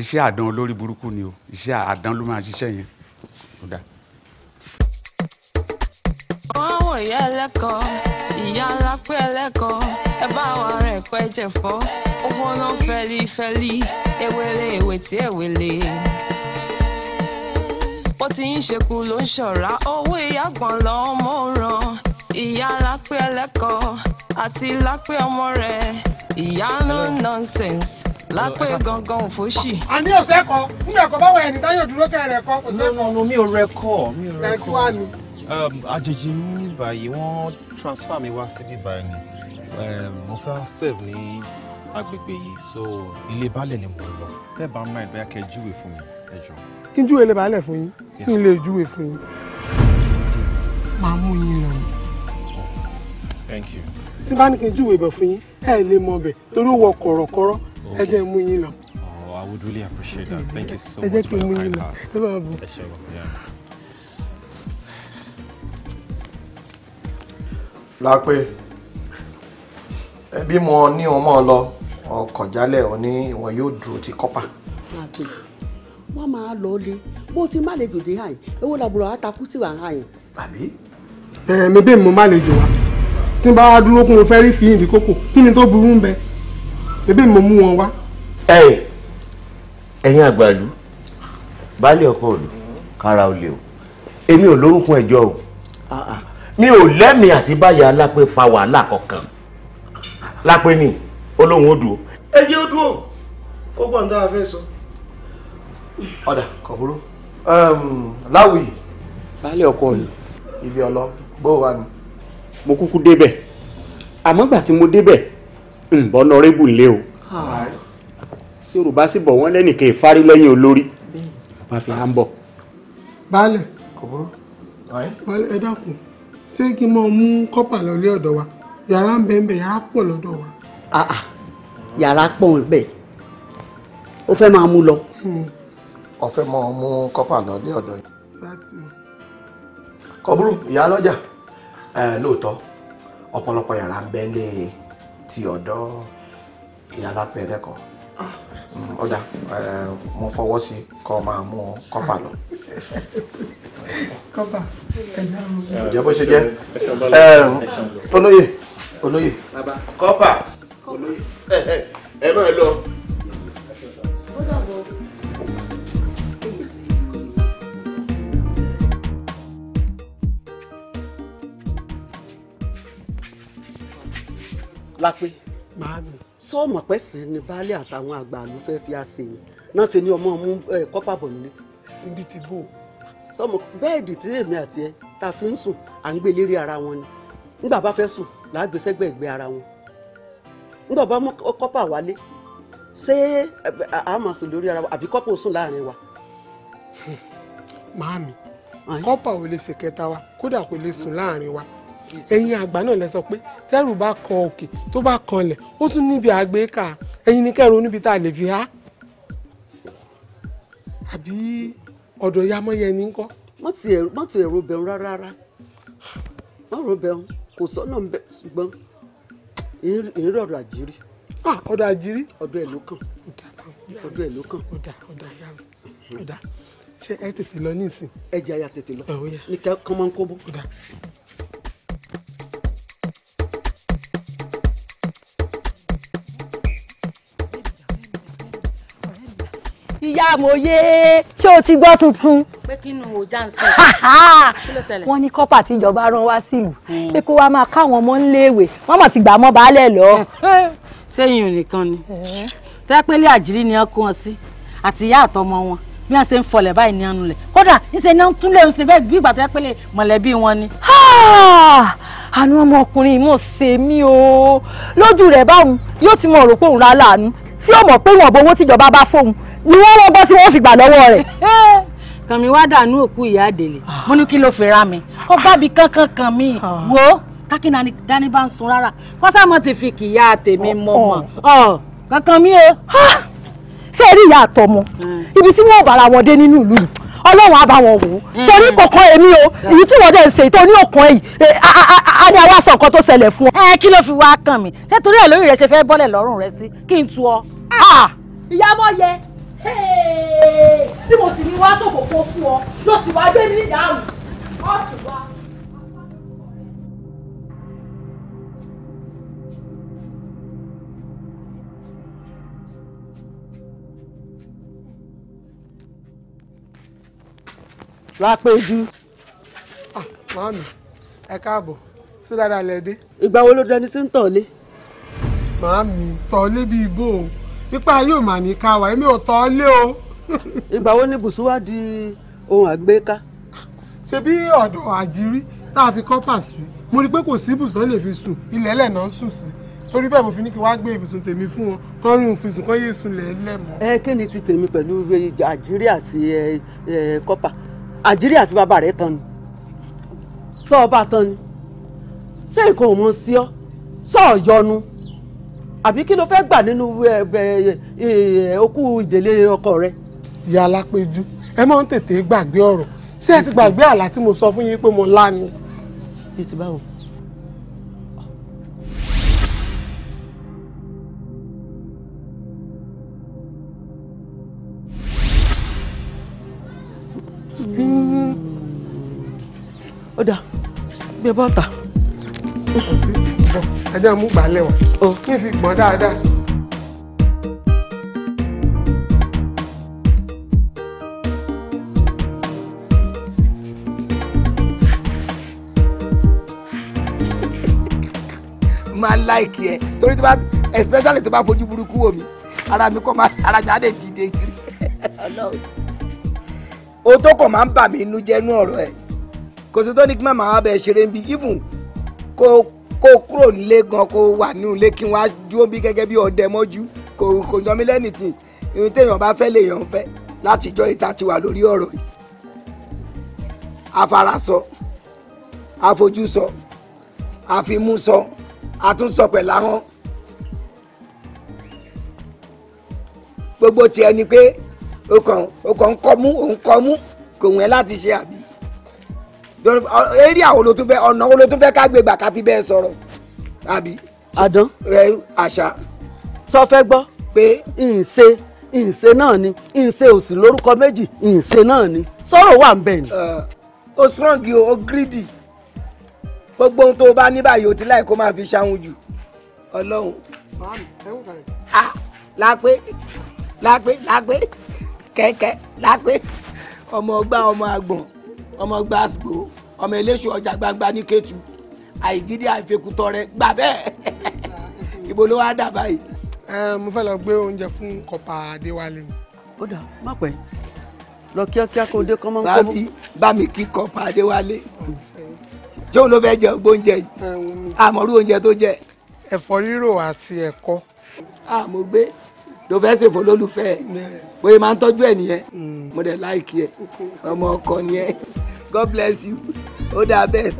iṣẹ́ àdán olórí burúkú ni o iṣẹ́ àdán ló máa ṣiṣẹ́ yẹn ó wọ́n wò ìyá ẹlẹ́kọ̀ọ́ ìyá ńlá pé ẹlẹ́kọ̀ọ́ ẹ bá wa rẹ̀ pẹ́ jẹ̀fọ́ ó gbóná fẹ́lifẹ́li ewele ewètí ewele. ó ti ń ṣekú ló ń ṣọ̀rá owó ìyá gbọ̀n lọ́mọ́ ràn ìyá ńlá pé ẹlẹ́kọ̀ọ́ àti lápẹ́ ọmọ rẹ̀ ìyá no nonsense lápẹ́ gangan òfóṣì. àní ọ̀sẹ̀ kan nígbà kan báwo ẹni táyọ̀ dúró kẹrẹ̀ kọ́ kò sẹ́kọ̀ọ́. mi ò rẹ́kọ̀ọ́ mi ò rẹ́kọ̀ọ́. ẹ̀kú àná. Um, àjèjì mi báyìí wọ́n transfer mi wá síbí báyìí ni um, mo fẹ́ serve ní agbègbè yìí so ilé baálẹ̀ ni mo lọ. tẹ́ ẹ bá máa ìgbéyà kẹ́ ẹ júwèé fún mi ẹ jọ. kí n júwèé ilé baálẹ̀ fún yín kí n lè júwèé fún yín. màá mú yín lọ. thank you. tí bá ní kí n júwèé ibẹ̀ fún yín ẹ lè mọ ọbẹ̀ torí ó wọ kọ̀rọ̀kọ̀rọ̀ ẹ jẹ́ mú yín lọ. oh i would really appreciate that thank you so much for your kind heart. la lápẹ́ ẹbí mo ní wọn mọ lọ ọkọ̀ jálẹ̀ ọ ní wọn yóò dúró ti kọpa. wọ́n máa lọ le bó ti má lè dòde hàn ewu làbúrò àtàkù tí wà á hàn. àbí. ẹ ẹ mi bẹ́ẹ̀ mo má lè jò wá tí n bá wá dúró kún un fẹ́ rí fi ìdí kókò kí ni tó burú ń bẹ ebí mo mú wọn wá. ẹ ẹ̀yin àgbàlú baálé ọkọ òlu kára olè o èmi ò lórúkún ẹjọ o. Ah, ah. mi ò lẹ́mìí àti báyà alápè fa wàhálà kankan lápè ni olóhùn ó dùn. ẹ jẹ́ ó dùn ó gbọ́n a fẹ́ sọ. ọ̀dà láwùyí. ọkọ mi. ibi ọlọ bó wà ní. mo kúkú débẹ̀ àmọ́ gbà tí mo débẹ̀ ǹbọ̀ nọrẹ́bù o yorùbá bọ̀ wọ́n lẹ́nìkan ìfárí lẹ́yìn olórí bàbá fi hàn bọ̀. baálé ṣé kí n mọ mú kọ́pà lọ lé ọ̀dọ̀ wa yàrá ń bẹ ń bẹ yàrá pọ̀ lọ́dọ̀ wa. àà ah, ah, yàrá pọ̀ ń bẹ ó fẹ́ máa mú lọ. ó hmm. fẹ́ máa mú kọ́pà lọ lé ọ̀dọ̀ yìí. kọ́búrú ìyá lọ́jà lóòótọ́ ọ̀pọ̀lọpọ̀ yàrá ń bẹ lé ti ọ̀dọ̀ ìyá lápẹ̀ẹ́dẹ́kọ̀ọ́ ọ̀dà mm, eh, mo fọwọ́ sí kọ́ máa mú kọ́pà lọ. kọ́pà ìjẹ́ bó ṣe jẹ́ eh, olóyè olóyè. kọ́pà olóyè eh, ẹ máa lọ. lápé. màámi sọ́ọ̀mù pẹ̀sìn ni baálé àtàwọn àgbà ló fẹ́ fi àṣẹ yìí náà ṣe ní ọmọ mú kọ́pà bọ̀ nílé. síbi ti bò. sọ́ọ̀mù bẹ́ẹ̀dì tí èmi àti ẹ tá fi ń sùn à ń gbé lérí ara wọn ni wa àbí kọ́pà ò sùn láàrin wa. wa kódà kò lè sùn wa. ẹ̀yin àgbà náà lẹ sọ pé tẹ́rù bá kọ òkè tó bá kanlẹ̀ ó tún níbi àgbékà ẹ̀yin ní kẹ́rù níbi tá a lè fi há àbí ọ̀dọ̀ ya mọ́ yẹn ní kọ́. má ti ẹ̀rọ bẹ̀rù rárá má ro bẹ̀rù kò sọ́nà ń bẹ ṣùgbọ́n ìrírí ọ̀dọ̀ àjírí. ọ̀dọ̀ àjírí. ọ̀dọ̀ ẹ̀ ló kàn ọ̀dọ̀ ẹ̀ ló kàn. ọ̀dà ọ̀dà ya ọ̀dà ṣé ẹ tètè lọ nísìn. ẹ jẹ́ àyà tètè lọ ní kọ́mọ́nkóbó. ìyá mòye ṣé o ti gbọ́ tuntun. pé kí nu o jansen. wọ́n ní kọ́pà tí ìjọba rán wá sílùú hmm. pé kó wá máa káwọn ọmọ ńléèwé wọ́n mọ̀ ti gbà mọ́ baálẹ̀ lọ. sẹ́yìn ò nìkan ni eh. tẹ́pẹ́lẹ́ àjírí ni wọ́n kó wọn sí àti ìyá àtọmọ wọn bí wọ́n ṣe ń fọlẹ̀ báyìí ní ànulẹ̀ kódà ńṣe ni wọ́n tún lè ṣe bẹ́ẹ̀ bí ìgbà mọ̀lẹ́bí wọn ni. àánú ọmọkùnrin mò ń ṣe mí o lójú rẹ̀ báwọn yóò ti mọ̀ rò pé òun ra láàánú tí ó mọ̀ pé ìwọ̀nba owó tíjọba bá fóun ni wọ́n wọ́n gbọ́ tí wọ́n sì gbà lọ́wọ́ rẹ̀. kànmí wá dànù òkú ìyá àdèlè mo ní kí ló fẹ́ra mi ó bá bi kankan kan mi ah. wo kákínà ni dání bá ń sun rárá fọ́sàmọ́ ti fi kìyà tèmi mọ́ oh, mọ́ oh. kankan mi o. ṣé ẹ rí ìyá àtọmọ hmm. ibi tí wọn ò bára wọn dé nínú ìlú ọlọ́run á bá wọn wò ó hmm. torí kọ̀ọ̀kan èmi o hmm. èyí tí wọ́n dẹ̀ ń ṣe ìtọ́ ní òkan yìí a ní àwa sọ nǹkan tó ṣẹlẹ̀ fún ọ. ẹ kí ló fi wá kàn mí ṣé torí ẹ lórí rẹ ṣe fẹ́ bọ́lẹ̀ lọ́rùn rẹ sí kí n tu ọ. Ah! Ah! ìyá mọ̀ yẹ tí mo sì ní wá ṣòfófó fún ọ ló sì wá gbé mi dáhùn ọ̀tún wá. Lápéjú. ah màámi ẹ káàbọ̀ sí dáadáa lẹ́dẹ́. ìgbà wo ló dání sí ń tọ̀lé. màámi tọ̀lé bíi bó o ipa yóò mà ní ká wà èmi ò tọ́ ọ lé o. ìgbà wo ni bùsùn wá di ohun àgbéká. ṣe bí ọ̀dọ̀ àjírí tá a fi kọ́pà sí mo rí i pé kò sí ibùsùn tó lè fi sùn ilẹ̀ ẹlẹ̀ náà ń sùn sí torí bẹ́ẹ̀ mo fi ní kí wàá gbé ibùsùn tèmi fún wọn kọ́ rí òun fi sùn kọ́ yé sùn lẹ̀ ẹlẹ̀ mọ́. ẹ kí ni ti tèmi pẹ̀lú àjírí àti kọ́pà àjírí àti bàbá rẹ̀ tán ni sọ ọba tán ni ṣé nǹkan ò mọ sí ọ sọ ọ̀yọnu àbí kí ló fẹ́ gbà nínú okú ìdèlé ọkọ rẹ. ìyá alápẹ̀jù ẹ máa ń tètè gbàgbé ọ̀rọ̀ ṣé ẹ ti gbàgbé àlá tí mo sọ fún yín pé mo lá ni. bí ti báwo. ó dáa bí ẹ bá ta ẹjẹ́ mú gbálẹ̀ wá kí n fi gbọ́n dáadáa. máa láìkì ẹ torí tó bá especially tó bá fojú burúkú wò mí ara mi kọ́ máa ara jáde dìde kiri o tó kàn máa ń bà mí inú jẹ́ inú ọ̀rọ̀ ẹ̀ kò sí tó ní kí má máa bẹ̀ ṣeré ń bi even kó kó o kúrò nílé gan kó o wà nínú ilé kí n wá dúró bí gẹ́gẹ́ bí ọdẹ mọ́jú kò kò jọ mí lẹ́nìí tì irun téèyàn bá fẹ́ lèèyàn fẹ́ látijọ́ ìta ti wà lórí ọ̀rọ̀ yìí afarasọ afojúsọ àfimúsọ àtúnsọ pẹ̀lú ahọ́n gbogbo tiẹ̀ ni pé o kàn o kàn ń kọ́ o ń kọ́ kò wọ́n láti ṣe àbí eré àwọn ló tún fẹ́ ọ̀nà wo ló tún fẹ́ ká gbé gbà ká fi bẹ́ẹ̀ sọ̀rọ̀ àbí. àdán ẹ àṣà. sọ fẹ́ gbọ́ pé ǹṣe ǹṣe náà ni ǹṣe ò sí lórúkọ méjì ǹṣe náà ni sọ̀rọ̀ wà ń ni. o strong o o greedy gbogbo ohun tó o bá ní báyìí o ti láì kó máa fi ṣàwọn jù ọlọ́run. ah lápé lápé lápé kẹ̀kẹ́ lápé ọmọ ọgbà ọmọ àgbọ̀n ọmọ gbàsgbò ọmọ eléṣù ọjà gbangba ní kẹtù àìgídí àìfẹkùtọrẹ gbà bẹ́ẹ̀ ibo ló wá dà báyìí. mo fẹ́ lọ gbé oúnjẹ fún kọ́pà adéwálé. ó dà má pẹ́ lọ kíákíá kó dé kọ́mọ́ kọ́mọ́. bámi bámi kí kọ́pà adéwálé tí òun ló fẹ́ jẹ oúnjẹ yìí àmọ́rú oúnjẹ tó jẹ. ẹ̀fọ́ rírò àti ẹ̀kọ́. àmọ́ gbé ló fẹ́ ṣèfò lólùfẹ́ bóyá máa ń tọ́jú ẹ̀ nìyẹn hmm. mo dẹ̀ láìkí ẹ̀ ọmọ ọkọ nìyẹn god bless you ó dáa bẹ́ẹ̀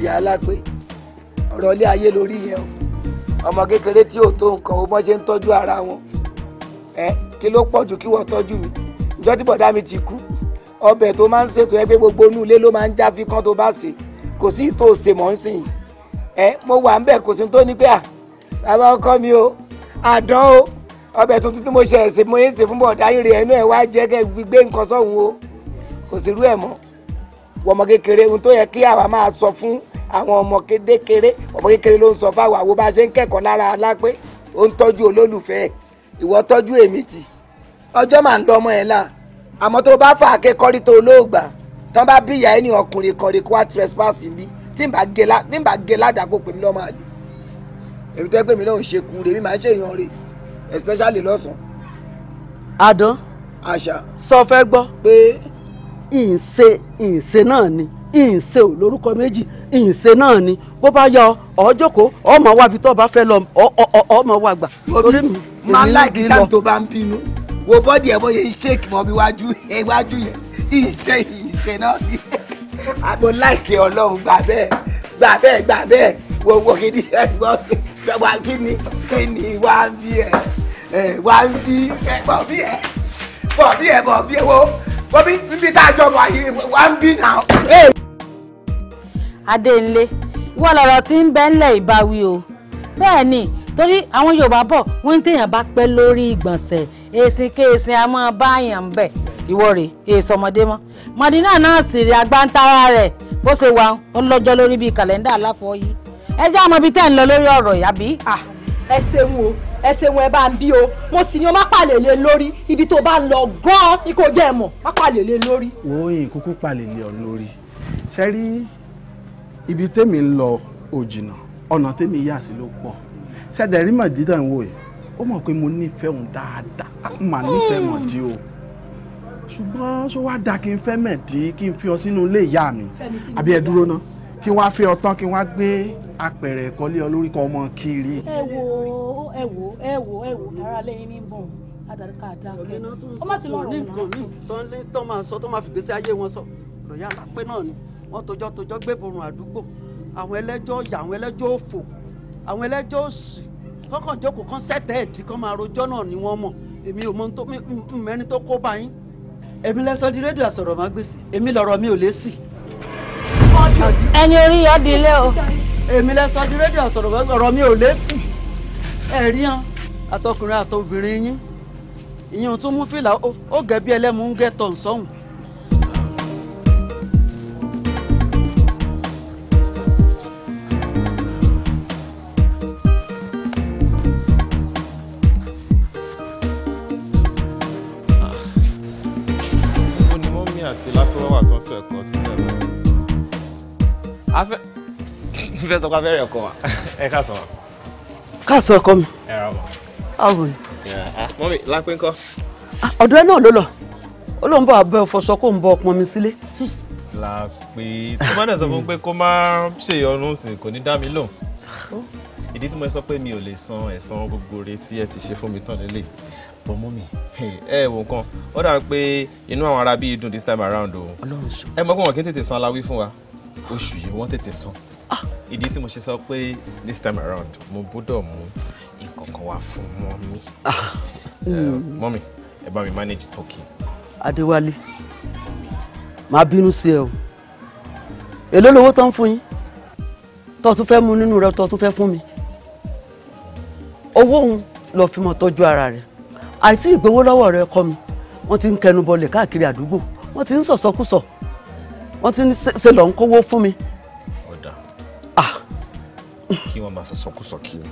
ìyá alápè ọ̀rọ̀ ilé ayé lórí yẹn o ọmọ kékeré tí ò tó nǹkan o mọ ṣe ń tọ́jú ara wọn ẹ kí ló pọ̀ jù kí wọ́n tọ́jú mi ìjọ tí bọ̀dá mi ti kú ọbẹ̀ tó máa ń ṣètò ẹgbẹ́ gbogbo inú ilé ló máa ń já fi kán tó bá ṣe kò sí ìtò òsè mọ́ ń sìn ẹ mo wà ń bẹ̀ kò sí tó ní pé à bàbá ọkọ mi o àdán o ọbẹ̀ tuntun tí mo ṣe ẹ̀sìn mo ń ṣe fún bọ̀dá yìí rè ẹnu ẹ̀ wá jẹ́ kẹ́ fi gbé nǹkan sọ́hun o kò sí irú ẹ̀ mọ́ wọmọ kékeré ohun tó yẹ kí àwa máa sọ fún àwọn ọmọ kékeré ọmọ kékeré ló ń sọ fáwọn àwo bá ṣe ń kẹ́kọ̀ọ́ lára alápé ó ń tọ́jú olólùfẹ́ ìwọ tọ́jú èmi tì ọjọ́ màá ń lọ́mọ ẹ̀ náà àmọ́ tó bá fà á ké kọ́rí tó lóògbà tán bá bí ìyá ẹni ọkùnrin kan rí kó wá trespass bí tí n bá gé ládàá kó pèmí lọ́mọ àlè èmi tó yẹ náà ń ṣe kú rèmi máa ń ṣèyàn rè especially lọ́sàn-án. àdán sọ fẹ́ gbọ́. pé ìǹṣe ìǹṣe náà ni ìǹṣe ò lórúkọ méjì ìǹṣe náà ni bó bá yọ ọjọkọ ọmọ wa bí tó bá fẹ́ lọ ọmọ wa gbà. torí mi máa láìkí táwọn tó bá ń bínú wo bọ́dì ẹ̀ bóyá ṣéèkì mọ́ bí wájú iwájú yẹn ìṣe ìṣe náà ni àbò láìkí ọlọ́run gbà bẹ́ẹ̀ gbà bẹ́ẹ̀ gbà bẹ́ẹ̀ wo wo kí ni ẹ gbọ́ wá kí ni kí ni wá ń bí ẹ wá ń bí ẹ bọ̀ bí ẹ bọ̀ bí ẹ bọ̀ bí ẹ wo bọ́bí níbi tá a jọ wà yìí wà ń bí nà. adéǹlé wọ́n lọ̀rọ̀ tí ń bẹ́ ńlẹ̀ ìbáwí o bẹ́ẹ̀ ni torí àwọn yorùbá bọ̀ wọ́n ń téèyàn bá pẹ́ lórí ìgbọ̀nsẹ̀ èsì kéèsì a buy bá àyàn ń bẹ̀ ìwọ rè èso ọmọdé mọ́ mọ̀dínà náà sì rí agbáńtara rẹ̀ bó ṣe wà ó lọ́jọ́ lórí bíi kàlẹ́ńdà aláfọyí ẹ jẹ́ àmọ́ bíi tẹ́ ń lọ lórí ọ̀rọ̀ yàbí. Ah, ẹ ṣeun o ẹsẹ̀ wọn ẹ bá ń bí o mo sì ní o má pàlè lé lórí ibi tó bá ń lọ gan-an ni kò jẹ́ mọ̀ má pàlè lé lórí. wo yìí kúkú pàlè lé ọ lórí ṣe rí ibi tèmi ń lọ òjìnà ọ̀nà tèmi yà sí ló pọ̀ ṣẹ̀dẹ̀ rí màdídà ń wò yìí ó mọ̀ pé mo nífẹ̀ẹ́ òun dáadáa mà nífẹ̀ẹ́ mọ̀ dí o ṣùgbọ́n ṣó wá da kí n fẹ́ mẹ̀dí kí n fi ọ sínú ilé ìyá mi àbí ẹ dúró ná kí wá fẹ́ ọ tán kí wá gbé apẹ̀rẹ̀ ẹ̀kọ́lé olórúkọ ọmọ kiri. ẹ wo ẹ wo ẹ wo ẹ wo ara lẹ́yìn ní bọ̀ adàdàkà àdàkẹ́ ọ má ti lọ rọ̀ wọn. nǹkan ní tó máa sọ tó máa fi gbèsè ayé wọn sọ lọ́yà lápẹ́ náà ni wọ́n tójọ́ tójọ́ gbébòrùn àdúgbò àwọn ẹlẹ́jọ́ yà àwọn ẹlẹ́jọ́ òfò àwọn ẹlẹ́jọ́ òsì kọ́kàn kan sẹ́tẹ̀ ẹ̀dí kan máa rojọ́ náà ni wọ́n mọ̀ èmi ò mọ mẹ́ni tó kó bá èmi lẹ́sọ́ di rédíò àsọ̀rọ̀ máa gbèsè èmi lọ́rọ̀ mi ò lé sí. ẹni orí yá dilé o èmi lẹ sọ di rédíò sọ̀rọ̀ ọ̀rọ̀ mi ò lésì ẹ̀ rí hàn àtọkùnrin àtọbìnrin yín ìyẹn tún mú fìlà ó gẹ́ bí ẹlẹ́mu ń gẹ́ tọ̀hún sọ́hùn. Ah. àti lápẹ́ wà tó fẹ́ kọ́ sílẹ̀ lọ fífẹ́ sọ pé abẹ́rẹ́ ọkọ wa ẹ ká sọ. ká sọ ọkọ mi. ẹ rà bọ̀. àwọn ni. mọ́mí lápẹ́ ńkọ́. ọ̀dọ̀ ẹ náà ló lọ ó lóun bọ̀ abẹ́ ọ̀fọ̀ṣọ́ kó ń bọ ọpọn mi sílé. lápẹ́ tí wọ́n dẹ̀ sọ fún pé kó má ṣèyọnu sí kò ní dá mi lóhùn ìdí tí mo sọ pé mi ò lè san ẹ̀san gbogbo rẹ̀ tí ẹ ti ṣe fún mi tán lélẹ̀ bọ́ mú mi ẹ wò nǹkan ó dà pé inú àwọn ará bíi dùn this time around o ẹ mọ̀ pé wọn kì í tètè san aláwí fún wa oṣù yìí wọ́n tètè san ah, ìdí tí mo ṣe sọ pé this time around mo gbọ́dọ̀ mú ìkọ̀kọ̀ wá fún mọ́mí ah, eh, hmm. mọ́mí ẹ bá mi manage talking. adéwálé màá bínú sí ẹ o èló lówó tó ń fún yín tó tún fẹ́ mú nínú rẹ tó tún fẹ́ fún mi owó òun lọ fi mọ tọ́jú ara rẹ àìsí ìgbowó lọ́wọ́ rẹ kọ́ mi wọ́n ti ń kẹnu bọlẹ̀ káàkiri àdúgbò wọ́n ti ń sọ̀sọ́kùsọ̀ wọ́n ti ń ṣe lọ́n fún mi Ah. kí wọ́n máa sọ sọkúsọ kí ni.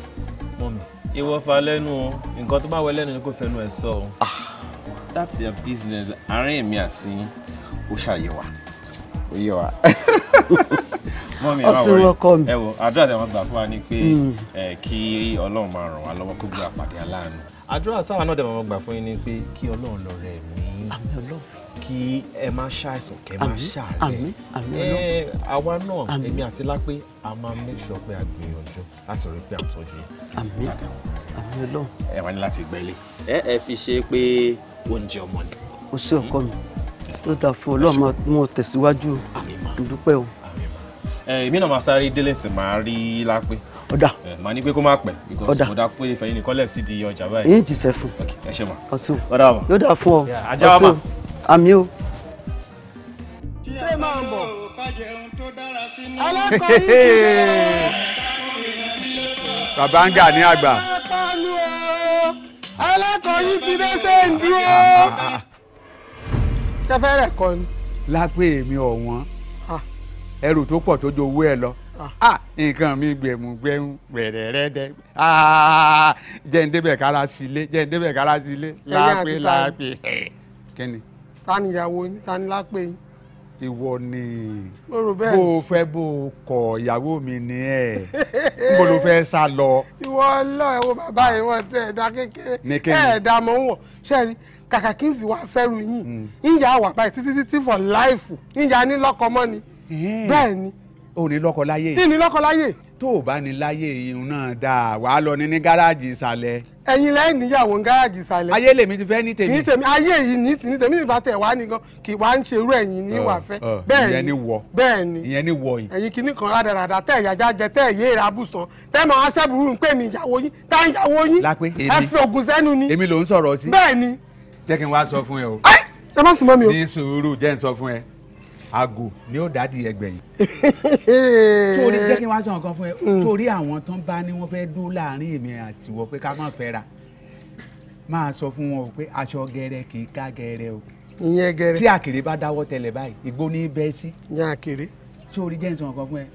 mọ́mi ìwọ fa lẹ́nu o nǹkan tó bá wọ lẹ́nu ni kò fẹnu ẹ̀ sọ o. Ah. that's your business àárín èmi àti ó ṣàyẹ̀wà ó yẹ wa mọ́mí ẹ máa wọrí ẹ wo àdúrà tí wọ́n gbà fún wa ni pé hmm. kí ọlọ́run máa ràn wá lọ́wọ́ kó gbé àpàdé aláàánú. àdúrà táwọn náà dẹ̀ máa gbà fún yín ni pé kí ọlọ́run lọ rẹ̀ mí. àmì ọlọ́run kí ẹ má ṣàìsàn kẹ má ṣàárẹ̀ ẹ àwa náà èmi àti lápé a máa make sure pé a gbìyànjú láti rí pé à ń tọ́jú yín. àmín àmín Ọlọ́run. ẹ wá ní láti gbẹ́lẹ̀. ẹ ẹ fi ṣe pé oúnjẹ ọmọ ni. o ṣé ọkọ mi ó dáa fún Ọlọ́run mo tẹ̀síwájú dúpẹ́ o. èmi náà máa sáré délé sí máa rí lápé ọ̀dà. màá ní pé kó má pẹ́ because mo dá pé ìfẹ̀yìn nìkan lẹ̀ sí di ọjà báyìí. èyí ti sẹ́ fún. ẹ ṣe mọ̀ ọ̀sùn yóò dà fún ọ ọ̀sùn àmì o. ṣé máa bọ̀ bàbá ń gà ní àgbà. ọlọ́kọ̀ọ́ yìí ti dé sẹ́ǹdú o. kẹfẹ́rẹ́ kọ ni. lápẹ́ èmi ọ̀wọ́n ah. ẹrù tó pọ̀ tó ju owó ẹ lọ ah. Ah, nǹkan mi gbẹ̀mùgbẹ̀mù rẹ̀rẹ̀rẹ̀dẹ̀ jẹ́ ń débẹ̀ kára sílé jẹ́ ń débẹ̀ kára sílé lápẹ́ lápẹ́ kẹ́ni ta ni ìyàwó yín ta ni lápẹ́ yín. ìwọ ni bó o fẹ́ bó o kọ̀ ìyàwó mi ni ẹ̀ bó ló fẹ́ sá lọ. ìwọ lọ ẹwọ bàbá yìí wọn tẹ ẹ̀dá kékeré ẹ̀dá mọ wọn ṣẹrí kàkà kí n fi wá fẹ́rù yín ìyá hmm. wà báyìí títí títí for life ìyá ní lọ́kọ mọ́ ni hmm. bẹ́ẹ̀ ni. o ní lọ́kọ láyé. kí ni lọ́kọ láyé tó o bá ní láyé irun náà dáa wàá lọ ní ní gáràjì ìsàlẹ̀. ẹ̀yin lẹ́yìn níyàwó ń gáràjì ìsàlẹ̀. ayé lèmi ti fẹ́ ní tèmi. kì í tèmi ayé yìí ní tèmi tèmi ìbá tẹ̀ wá nìkan kì wá ń ṣerú ẹ̀yin ní ìwà fẹ́. bẹ́ẹ̀ ni bẹ́ẹ̀ ni yìí. ẹ̀yin kìíní kan rádaràda tẹ́ ẹ̀yà jájẹ tẹ́ ẹ̀yẹ ìrabùsàn tẹ́ mọ asẹ́bùrú ń pè mí ìyàwó yín aago ni ó dádì ẹgbẹ̀yìn. sórí jẹ́ kí n wá sọ nǹkan fún ẹ hmm. sórí àwọn tó ń bá ní wọ́n fẹ́ dúró láàrin èmi àtiwọ́ pé ká má fẹ́ ra máa sọ fún wọn pé aṣọ gẹrẹ kì í ká gẹrẹ o. ìyẹn gẹrẹ tí àkèrè bá dáwọ́ tẹlẹ̀ báyìí ìgbó ní bẹ́ sí. ìyẹn àkèrè. sórí jẹ́ ìsọ̀rọ̀ kan fún ẹ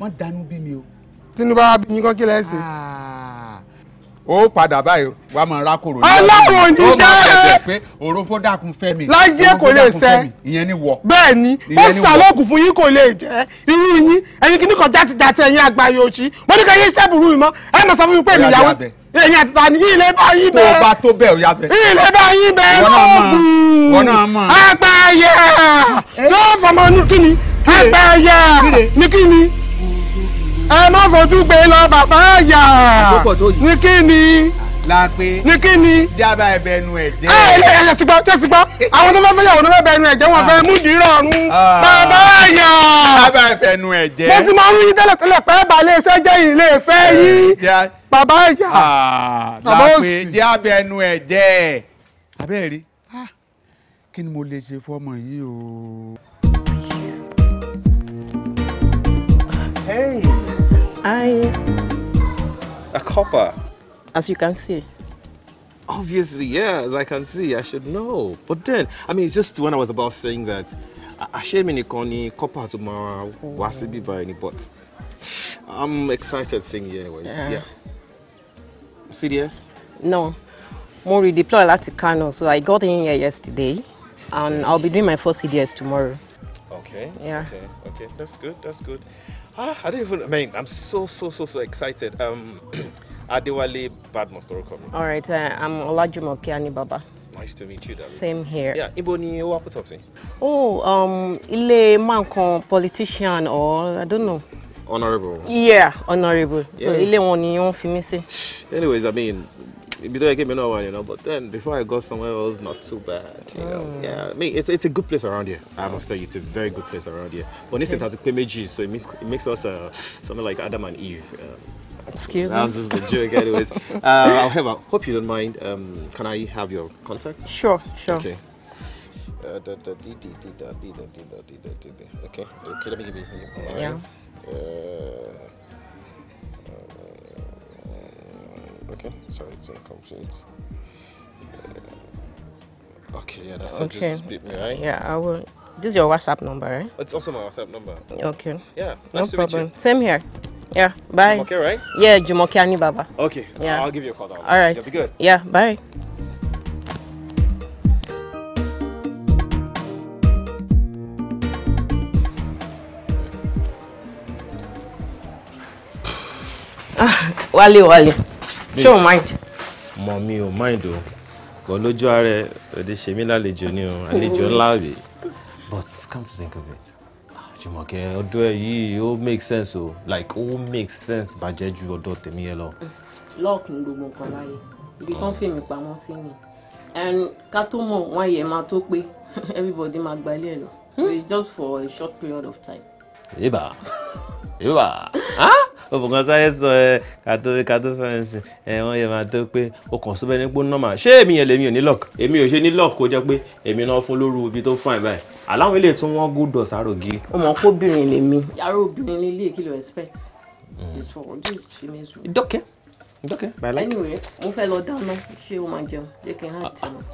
mọ́ dánú bí mi o. tinubu bá bí yín ó padà báyìí wà á máa rá kòrò. ọlọ́run ní dẹ́. ó máa tẹ̀sẹ̀ pé òrófó dákun fẹ́ mi. láyé kò lè sẹ́. ìyẹn ni wọ. bẹ́ẹ̀ ni ó sàlọ́ọ̀kù fún yín kò lè jẹ́ irú yín ẹ̀yin kìíní kan jáde jáde ẹ̀yin àgbà yóò ṣí mo ní ká yé iṣẹ́ burú mi mọ́ ẹ̀ mọ̀ sọ fún mi pé mi yàwó ẹ̀yin àti tani ilé bá yín bẹ́ẹ̀. tó o bá tó bẹ́ẹ̀ o yà bẹ́ẹ̀. ilé bá yín bẹ́ẹ̀ lọ́ọ̀gùn àgbà yẹ̀ tó fọmọ ní kíni ẹ má fojú gbé lọ bàbá àyà ní kí ni la ní kí ni jábà ẹbẹ ẹnu ẹ ẹ ẹ ti gbọ́ ẹ ti gbọ́ àwọn tó bá fẹ́ yàwó tó bá bẹ ẹnu wọn fẹ́ mú dìrọ̀ ọ̀run ah. bàbá àyà. jábà ẹbẹ ẹnu mo ti máa ń rí tẹ́lẹ̀ tẹ́lẹ̀ pẹ́ balẹ̀ iṣẹ́ jẹ́ ilé ìfẹ́ yìí bàbá ah, àyà. la pé jábà ẹnu ẹ jẹ. Ah. kí ni mo lè ṣe fọ́mọ yìí o. Hey. I... A copper. As you can see. Obviously, yeah, as I can see, I should know. But then, I mean, it's just when I was about saying that, I Ashemi Nikoni, copper tomorrow, Wasibi mm. Baini, but I'm excited seeing you anyways, yeah. yeah. CDS? No. a lot of Kano, so I got in here yesterday and I'll be doing my first CDS tomorrow. Okay. Yeah. Okay. Okay. That's good. That's good. Ah, I don't even. I mean, I'm so so so so excited. Um, Adewale Badmus to All right, uh, I'm Olajumoke Anibaba. Nice to meet you, darling. Same here. Yeah, ibo ni o wá put Oh, um, ile man politician or I don't know. Honorable. Yeah, honorable. So ile ilé wọn fimisi? Anyways, I mean, gave me you one, you know. But then before I go somewhere else, not too bad. You know, mm. yeah. I mean, it's it's a good place around here. I must tell you, it's a very good place around here. But this okay. has a PMG, so it makes it makes us uh, something like Adam and Eve. Um, Excuse me. That's just the joke, anyways. uh, however, hope you don't mind. Um, can I have your contact? Sure, sure. Okay. Okay. Okay. Let me give you. yeah. Uh, Okay, sorry, it's incomplete. Uh, okay, yeah, that's okay. just beat me, right? Yeah, I will. This is your WhatsApp number, right? It's also my WhatsApp number. Okay. Yeah. Nice no problem. Same here. Yeah. Bye. Okay, right? Yeah, Jumoke Baba. Okay. Yeah. I'll give you a call. All right. be good. Yeah. Bye. Ah, wale, Wale. ṣé o mind. mọ mi ò mind o kò lójú ara ẹ òde ṣe mí lálejò ni o àlejò ńlá rè but come to think of it ah, Jùmọ̀kẹ́ ọdọ ẹ yìí ó make sense o like ó make sense bàjẹ́ ju ọdọ tèmi yẹn lọ. lọ́ọ̀kì ń gbogbo nǹkan láyé ibi tán ah. fèmí pamọ́ sí ni ká tó mọ̀ wọ́n yẹ máa tó pé everybody máa gbalẹ̀ lọ so hmm? it's just for a short period of time. ìbá. yíwà òbùkàn sáyé sọ ẹ kàtó kàtó fẹǹsì ẹ wọn yẹ máa tó pé o kàn sóbẹ ní gbóná mà ṣé èmi yẹn lèmi ò ní lock èmi ò ṣe ní lock kó jẹ pé èmi náà fún lóru ibi tó fún ẹ báyìí àláwọn ilé tún wọn gúdọ sárògì. ọmọ kó bìnrin lèmi. yàrá obìnrin lélẹ̀ kí ló expect. Hmm. just for just female room. ìdọ́kẹ́ ìdọ́kẹ́ by like. anyway mo fẹ́ lọ dáná ṣé o máa jẹun jẹ́ kí n hàn tẹ̀wọ̀n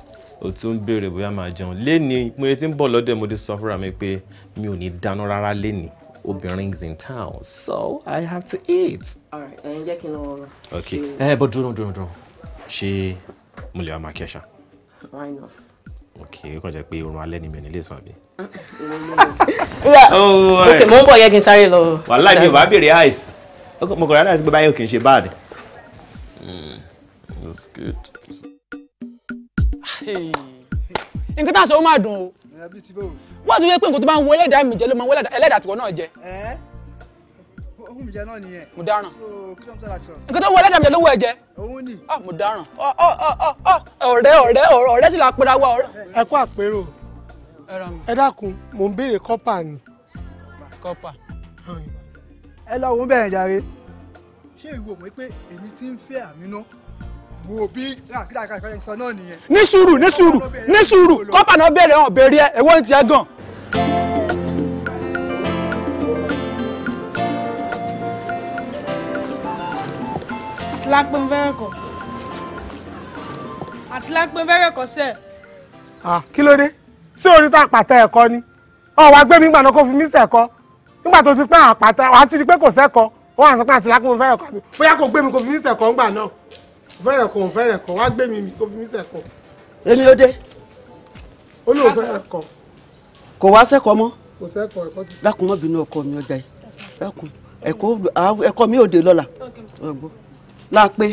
o tún béèrè bóyá máa jẹun léni mo ti ń bọ̀ lọ́dọ̀ mo ti sọ fúnra mi pé mi ò ní dáná rárá léni obìnrin's in town so I have to eat. alright ẹyin jẹ́ kí n lọ. ok ẹ eh, bọ dúró dúró dúró ṣé mo lè why not. Okay, you can just pé oorun alẹ́ ni mi ò ní lè sùn Okay, oh, ok mo ń bọ̀ yẹ kí n sáré lọ. wàhálà the ice Okay, my girl, sí pé báyọ̀ kì í ṣe bad. Hmm, that's good. Hey, in case sọ ó máa wọ́n tún yẹ pé nǹkan tó bá ń wo ẹlẹ́dàá mi jẹ ló máa wo ẹlẹ́dàá tiwọn náà jẹ. ohun mi jẹ náà nìyẹn. mo dáràn. nǹkan tó wo ẹlẹ́dàá mi jẹ ló ń ẹ jẹ. òun ni. Ah, mo dáràn ah, ah, ọ̀rẹ́ ọ̀rẹ́ ọ̀rẹ́ sì la pera wa. ẹ kú àpérò ẹ dákun mò ń béèrè kọ́pà ni. kọ́pà. ẹ lọ wo bẹ́ẹ̀ jàre ṣé ìwọ mọ̀ pé èmi ti ń fẹ́ àmì náà wo bí kíkà kíkà ìfẹ́ sọ náà nìyẹn. ní sùúrù ní sùúrù ní sùúrù kọ́pà náà béèrè hàn béèrè ẹ èwo ń tiẹ̀ gan. àti lápẹ́ ń fẹ́rẹ̀ kọ́ àti lápẹ́ ń fẹ́rẹ̀ kọ́ sẹ́ẹ̀. kí ló dé ṣé orí tá àpàtà ẹ̀kọ́ ni ọ̀wọ́ agbẹ́mi gbà náà kó fi mí sẹ̀kọ́ nígbà tó ti pẹ́ àpàtà wàá ti di pé kò sẹ́kọ̀ọ́ ó wà sọ pé àti lápẹ́ ń kọ́ bóyá kò gbé mi kò fi mí sẹ̀kọ́ ńgbà náà. fẹ́rẹ̀ kan òun fẹ́rẹ̀ kan wá gbé mi mi kó fi mí sẹ̀kọ̀. o ò dé. ko wa fẹ́rẹ̀ kan. kò wá sẹ́kọ̀ọ́ mọ́. kò ti. mi ọjà yìí dákun ẹ̀kọ́ mi ò dé lọ́la láàpẹ́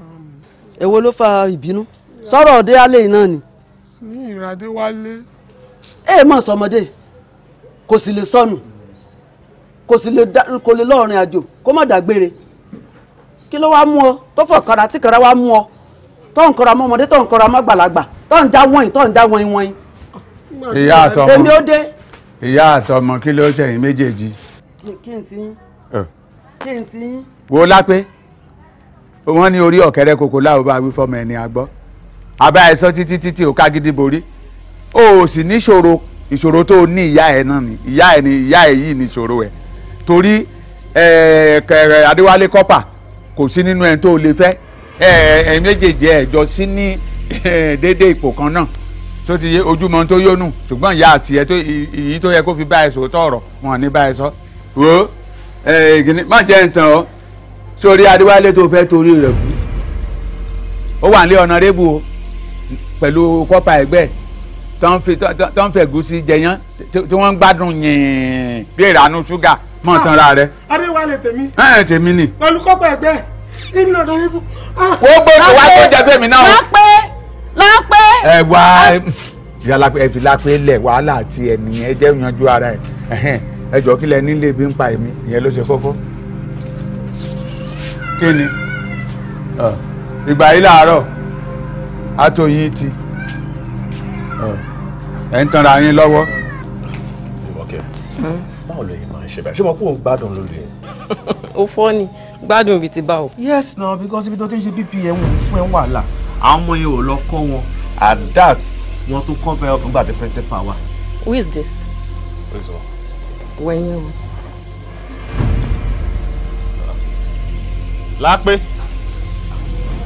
um, èwo ló fa ìbínú sọ̀rọ̀ ọ̀dẹ́ ni. ko sọmọdé le sonu ko si le sì le lọ́ọ̀rìn àjò kó má kí ló wá mú ọ tó fọ kọra tí kọra wá mú ọ tó ń kọra mọmọdé tó ń kọra mọgbàlagbà tó ń já wọ̀nyí tó ń já wọ̀nyí wọ̀nyí. ìyá àtọmọ èmi ó dé. ìyá àtọmọ kí ló ṣẹyìn méjèèjì. kí n ti kí n ti. wo lápé wọn ní orí ọ̀kẹ́rẹ́ kòkó láwùjọ àwí fọmọ ẹni àgbọ́ abẹ́ àìsàn títí títí ò ká gidi borí o ò sì níṣòro ìṣòro tó ní ìyá ẹ náà ni ìyá ẹ ni ìyá ẹ yìí ní ìṣòro ẹ torí ẹ̀ẹ́dẹ́wálé kọ́pà kò sí nínú ẹni tó lè fẹ́ ẹ̀ẹ́n méjèèjì ẹ̀jọ sí ní déédéé ipò kan náà tó ti yé ojúmọ́ tó yónú ṣùgbọ́n ìyá àti ẹ̀ tó ìyí tó yẹ kó fi báyìí sòótọ́ ọ̀rọ̀ wọn ní báyìí sọ. wo ẹ̀ẹ́n má jẹ́ ntàn ọ́ sórí adéwálé tó fẹ́ torí rẹ̀ kú ó wà nílé ọ̀nàrẹ́bù o pẹ̀lú kọ́pà ẹgbẹ́ tó ń fẹ̀gúsí jẹyán tí wọ́n ń gbádùn yìnyín bí ìranú ṣúgà mọ̀ tán ra rẹ. adéwálé tèmi. ẹ tèmi ni. olùkọ́pọ̀ ẹgbẹ́ nínú ọ̀dọ̀ yín. Ah, wo gbèsè wá tó jẹ bẹ́ẹ̀ mi náà. lápẹ́ lápẹ́. ẹ wá ah. yàrá ẹ fi lápẹ́ lẹ̀ wàhálà àti ẹnìyẹn ẹ jẹ́ yanjú ara ẹ ẹ jọ kílẹ̀ nílé ibi ń pa èmi ìyẹn ló ṣe kókó. kí ni ìgbà yìí làárọ̀ àtòyìn ti ẹ̀ ń tanra yín lọ́wọ́ ṣe báyìí ṣé mo kó òun gbádùn lórí ẹ. o fọ́ ni gbádùn ibi ti bá o. yes na because ibi tó ti ń ṣe bp ẹ̀ wò fún ẹ̀ wàhálà àwọn ọmọ yẹn ò lọ kọ́ wọn at that wọ́n tún kọ́ fẹ́ ọkùnrin the principal wa. who is this? who is what? wẹ̀yìn o. lápé.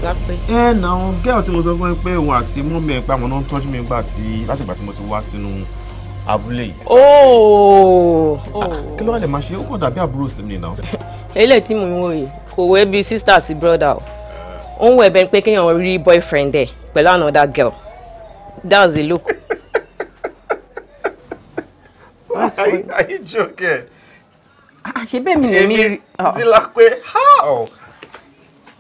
lápé. ẹ nà ọ gẹ́ọ̀ tí mo sọ fún ẹ pé òun àti mọ́mí ẹ̀ pé àwọn náà ń tọ́jú mi gbà tí látìgbà tí mo ti wá sínú. Si abúlé yìí. ooo oh, oh. ah, kí ló wà lè máa ṣe ó kò dàbí àbúrò sí mi náà. eléyìí tí mò ń wòye kò wẹ́ bí sister sí brother o ó ń wẹ̀ bẹ́ẹ̀ pé kéèyàn rí boyfriend ẹ̀ pẹ̀lú another girl that's the look. are, you, are you joking? Ah, ṣe bẹ́ẹ̀ mi lè mi rí. sila ah. pé how.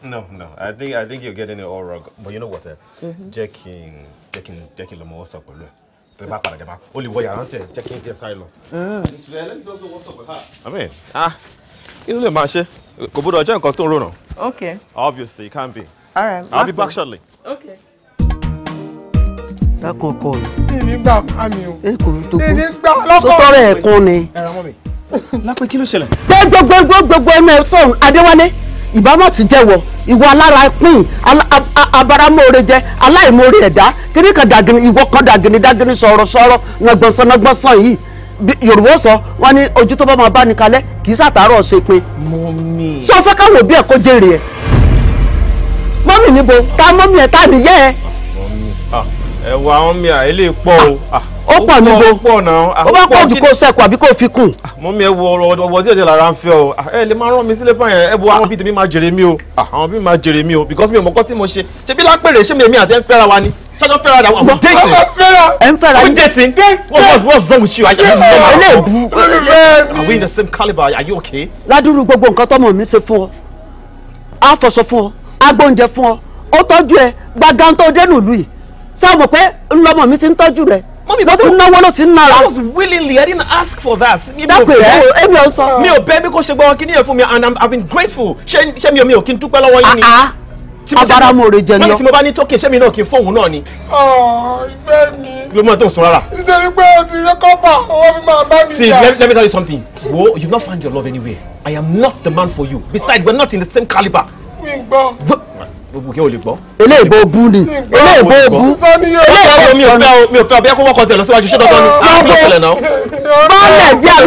No, no. I think I think you're getting it all wrong. But you know what? Eh? Mm-hmm. Jẹ́ kí n jẹ́ kí n jẹ́ kí n lọ mọ what's up pẹ̀lú ẹ̀ tẹ bá padà jẹba o lè wọ yàrá tiẹ̀ jẹ́ kí n tiẹ̀ sáré mm. ah you know máa ṣe kò gbọ́dọ̀ jẹ́ nǹkan tó okay obviously it can be. all right i'll be back shortly. okay dákun ọkọ rẹ. èmi gbà mi o. e kò ní tó kú èmi gbà lọ́kọ̀ rẹ. sọtọrọ ẹ̀kún ni. ẹ̀rọ mọ́ mi lápẹ́ kí ló ṣẹlẹ̀. gbogbogbogbogbogbo ẹnu ẹ̀ sọ̀rọ̀ Adéwálé ìbámọ̀ ti jẹ́wọ́ ìwọ alára pín abaramóore jẹ aláìmoore ẹ̀dá kíní kan dàgìrì ìwọ kan dàgìrì dàgìrì sọ̀rọ̀ sọ̀rọ̀ nàgbọ̀nsán nàgbọ̀nsán yìí yorùbá sọ wọn ní ojú tó bá máa bá ní kalẹ̀ kì í sàtàrọ̀ ṣe pin. mọ́mí. ṣé o fẹ́ káwọn òbí ẹ̀ kó jèrè ẹ̀ mọ́mí níbo ta mọ́mí ẹ̀ ta nìyẹ́ ẹ̀. mọ́mí ẹ wọ àwọn mìíràn eléyìí pọ̀ o ó pọ̀ níbo ó ah, bá pọ̀ jù kó sẹ́kù àbí kó fi kùn. mo ah, mi ẹ wo ọ̀rọ̀ ọwọ tí ẹjẹ lára ń fẹ́ o ah, ẹ lè máa rán mi sílé fún yẹn ẹ bo àwọn bíi tèmi máa jèrè mi o àwọn bíi máa jèrè mi o because mi ò mọ̀kọ́ tí mo ṣe ṣe bí lápèrè ṣé mi èmi àti ẹ ń fẹ́ra wa ni ṣáájú fẹ́ra dà wọ́n dating ẹ ń fẹ́ra yín dating what's what's wrong with you ayé mi lọ́mọ àbọ̀ are we in the same calibre are you okay. ládùúrú gbogbo nǹkan tọ́mọ mi ṣe fún ọ á fọṣọ fún ọ á gbóúnjẹ fún ọ ó tọ́jú ẹ gbàgán tó dénú lùi sáà mọ̀ pé ńlọmọ mi ti ń tọ́jú rẹ mọ́mí bó ti náwó ló ti ń nára. I was willingly I didn't ask for that. dápẹ́ ẹ eh, èmi ò sọ. mi ò bẹ́ bí kò ṣe gbọ́ wọn kí ni yẹn fún mi and I have been grateful ṣé ṣé mi ò mi ò kí n dúpẹ́ lọ́wọ́ yín ni. Ah, ah. abara mo re jẹ ni ọ. mọ́mí tí mo bá ní tókè ṣé mi náà kì í fóun náà ni. ọ̀ oh, ìfẹ́ mi. kí ló mọ̀ tó ń sọ rárá. nítorí pé o ti rí kọ́pà owó mi máa bá mi jà. see let, let me tell you something wo you have not found your love anywhere I am not the man for you besides we are not in the same caliber. mi gbọ́ gbogbo kí o lè gbọ́. eléèbó bú ni eléèbó bú eléèbó mi ò fẹ́ o mi ò fẹ́ o bí ẹ kó wọ́kọ̀ tẹ̀lé síwájú ṣé dandan ni ah, àwọn jẹ́ àlọ́lẹ̀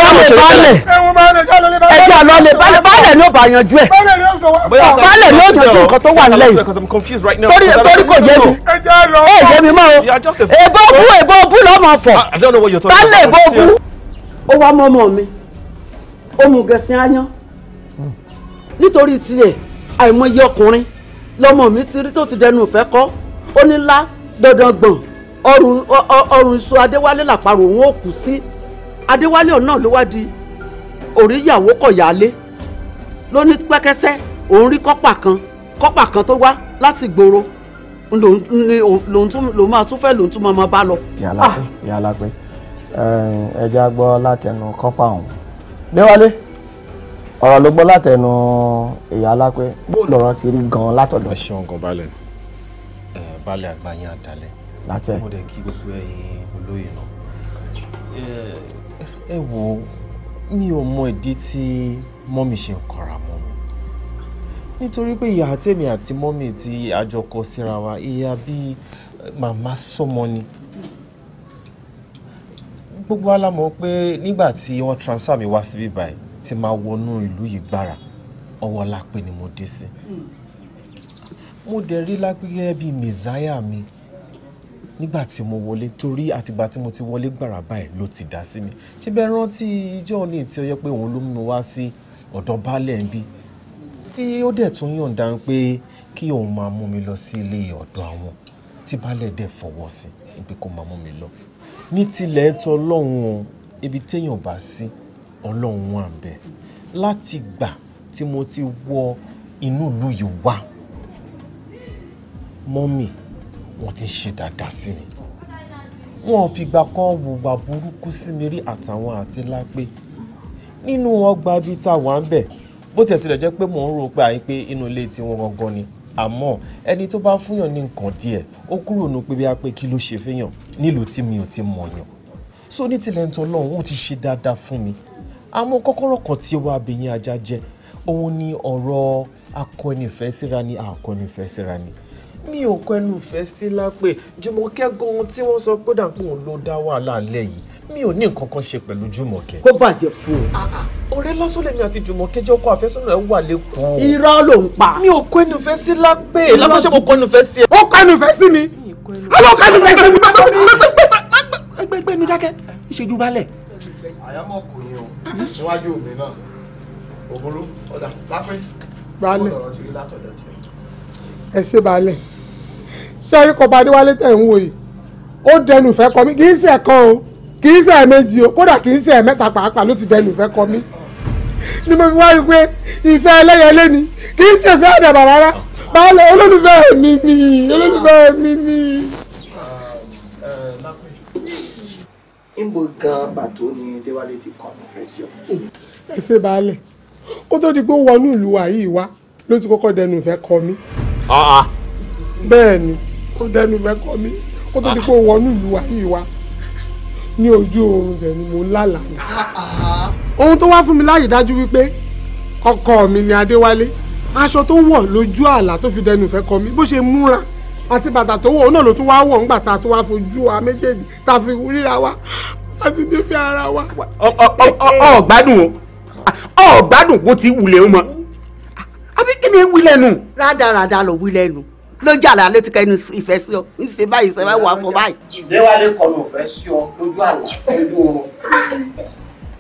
baálẹ̀ ẹ jẹ́ àlọ́lẹ̀ baálẹ̀ baálẹ̀ ni ó bá yanjú ẹ̀ baálẹ̀ ni ó yanjú nǹkan tó wà nílẹ̀ yìí torí torí kò yé mi ẹ yé mi mọ́ o èbó bú èbó bú lọ́mọ fọ̀ ah, baálẹ̀ èbó bú. ó wá mọ́mọ́ mi ó mú gẹ̀ẹ́sì áyán hmm. nítorí tiẹ̀ àìmọye ọkùnrin lọmọ mi ti rí tó ti dẹnu ìfẹ́ kọ́ ó ní lá dandan gbọ̀n ọrùn iṣu adéwálé làparò òun ò kù sí adéwálé ọ̀nà ló wá di orí ìyàwó kọ̀yálé ló ní pẹ́kẹ́sẹ́ òun rí kọ́pà kan kọ́pà kan tó wá lásìgboro lòun máa tún fẹ́ lòun tún máa bá lọ. ìyá alápẹ́ ah! ẹja gbọ́ látẹnu kọ́pà ọ̀hún déwálé ọ̀rọ̀ ló gbọ́ látẹnu Ìyá Alápẹ́ bó lọ̀rọ̀ ti rí gan-an látọ̀dọ̀. ẹ ṣeun gan balẹ̀ balẹ̀ àgbáyé àdálẹ̀ látẹ̀. mo dẹ̀ kí gbogbo ẹ̀yin olóyè náà ẹ wo mi ò mọ ìdí tí mọ́mì ṣe ń kọ́ra mọ́ mi nítorí pé ìyá àtẹ̀mí àti mọ́mì tí àjọkọ síra wa ìyá bíi màmá sọmọ ni gbogbo alámọ̀ pé nígbà tí wọ́n transfer mi wá síbí báyìí tí máa wọnú ìlú yìí gbára ọwọ́ lápé ni mo dé sí hmm. mo dẹ̀ rí lápẹ́gẹ́ bíi mẹ̀sáyà mi nígbà tí mo wọlé torí àtìgbà tí mo ti wọlé gbàrà báyìí ló ti dá sí mi ṣé bẹ́ẹ̀ rántí ijó ní ìtì ọyẹ pé òun ló mú mi wá sí ọ̀dọ̀ baálẹ̀ ń bí tí ó dẹ̀ tún yọ̀ǹda pé kí òun máa mú mi lọ sí ilé ọ̀dọ̀ àwọn tí baálẹ̀ dẹ̀ fọwọ́ sí pé kó máa mú mi lọ ní tilẹ̀ tọ́ lọ́hùn-ún ibi téèyàn bá sí ọlọ́run wà bẹ́ẹ̀ láti gbà tí mo ti wọ inú ìlú yìí wá mọ́mì wọ́n ti ń ṣe dáadáa sí mi wọn ò fìgbà kan wùwà burúkú sí mi rí àtàwọn àti lápé nínú ọgbà bíi tá a wà ń bẹ̀ bó tiẹ̀ tilẹ̀ jẹ́ pé mò ń rò pé àyè pé inú ilé tiwọn gangan ni àmọ́ ẹni tó bá fúnyàn ní nǹkan díẹ̀ ó kúrò ní pé bí a pé kí ló ṣe fẹ́yàn nílùú tí mi ò ti mọ̀yàn so ní tilẹ̀ ń tọ́ lọ́hùn ó ti ṣe dáadáa fún mi àmọ́ kọ́kọ́rọ́ kan tí wàá bìyìn ajá jẹ òun ni ọ̀rọ̀ akọ́nifẹ́síra ni àkọ́nifẹ́síra ni mi ò kẹnu ìfẹ́ sí lápè jùmọ̀kẹ́ gan-an tí wọ́n sọ pé dàpọ̀ òun ló dá wàhálà ńlẹ̀ yìí mi ò ní nǹkan kan ṣe pẹ̀lú jùmọ̀kẹ́. kó bàjẹ́ fún o. ọ̀rẹ́ lásán lèmi àti jùmọ̀kẹ́ jẹ́ ọkọ àfẹ́sọ́nà ẹ̀ wà lẹ́kọ̀ọ́. irọ́ ló ń pa. mi ò kẹnu ìfẹ́ sí lápè lábọ́sẹ̀ mo kẹnu ìfẹ́ sí ẹ. ó kẹnu ìfẹ́ sí mi. ó kẹnu ìfẹ́ sí mi. ẹgbẹ́gbẹ́ mi dákẹ́ ìṣèjú balẹ̀ àyámọ̀ kò ní o níwájú mi náà òbúrú ọ̀dà lápẹ́ baálẹ̀ ẹ ṣe baálẹ̀ ṣé ẹ rí kọba adéwálé tẹ̀ ń wò yìí ó dẹnu ìfẹ́ kọ mí kì í ṣe ẹ̀kan o kì í ṣe ẹ̀mejì o kódà kì í ṣe ẹ̀mẹ́ta pàápàá ló ti dẹnu ìfẹ́ kọ mí ni mo fi wá rí i pé ìfẹ́ ẹlẹ́yẹlé ni kì í ṣe ìfẹ́ àdàbà rárá baálẹ̀ olólùfẹ́ mi ni olólùfẹ́ mi ni. níbo gan pàtó ni déwálé ti kàn ní fẹ́ sí ọ. ẹ ṣe baálẹ̀ kó tó di pé ó wọnú ìlú wa yìí wá ló ti kọ́kọ́ dẹnu ìfẹ́ kọ mí. Ah, ah. bẹ́ẹ̀ ni ó dẹnu ìfẹ́ kọ mí kó tó di pé ó ah. wọnú ìlú wa yìí wá ní ojú oorun rẹ̀ ni mo ń lálàá. ohun tó wá fún mi láyè dájú wípé ọkọ mi ni adéwálé aṣọ tó wọ̀ lójú àlá tó fi dẹnu ìfẹ́ kọ mí bó ṣe múra àti bàtà tó wọ̀ náà ló tún wá wọ̀ ńgbà tá a tún wá fojú wa méjèèjì tá a fi ríra wa àti nífẹ̀ẹ́ ara wa. ọ gbádùn o ọ gbádùn bó ti wulẹ̀ o mọ àbí kí ni e wulẹ̀ nù. rádaràda ló wulẹ̀ nù ló jà lára létí ìfẹ́ sí ọ ń ṣe báyìí ṣe báyìí wà fún báyìí. ìgbéwálé kọnu ìfẹ́ sí ọ lójú àlá lójú oorun.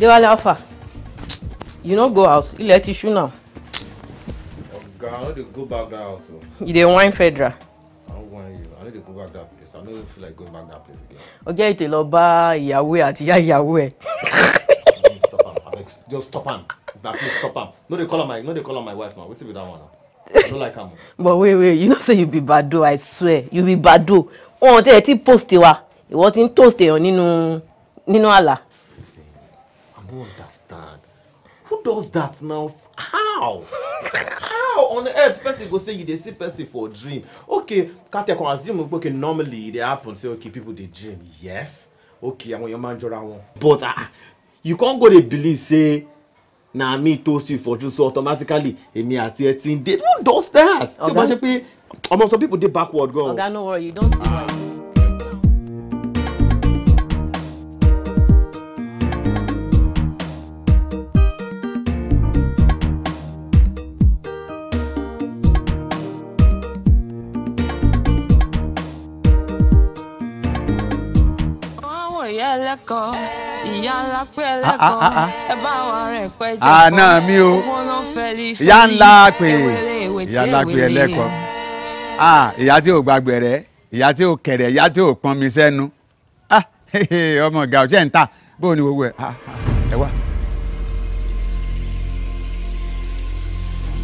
Déwálé Alfa, you no go house, ilẹ̀ ti ṣú now. Oga, I no dey go back that house o. You dey whine Fedra. I no whine you, I no dey go back that place, I no feel like going back that place again. Ọjọ́ ètè lọ bá ìyàwó ẹ̀ àti ìyá ìyàwó ẹ̀. just just stop am if na please stop am no dey call am my no dey call am my wife now wetin be that one now i no like am. but wait wait you know say you be bado i swear you be bado wọn tẹ ẹ ti post wa ìwọ ti ń toast èèyàn nínú nínú àlà. i no understand who does that now how how on earth person go say you dey see person for dream okay kati akon assume okay normally e dey happen say okay people dey dream yes okay àwọn èèyàn máa ń jọra wọn but ah you con go dey believe say na me toast you for juice so automatically èmi àti ẹ ti ń dé who does that tí o bá ṣe pé ọmọ some people dey backward gan. oga no worry you don see why. ẹlẹ́kọ̀ọ́ àná ah, ah, ah, mi o ìyá ńlá pè ìyá ńlá pè ẹlẹ́kọ̀ọ́ ìyá tí ò gbàgbé rẹ ìyá tí ò kẹrẹ ìyá tí ò pọnmi sẹ́nu ọmọ ọ̀gá ọ̀ṣẹ́ ń ta bóun ni gbogbo ẹ̀ ẹ wá.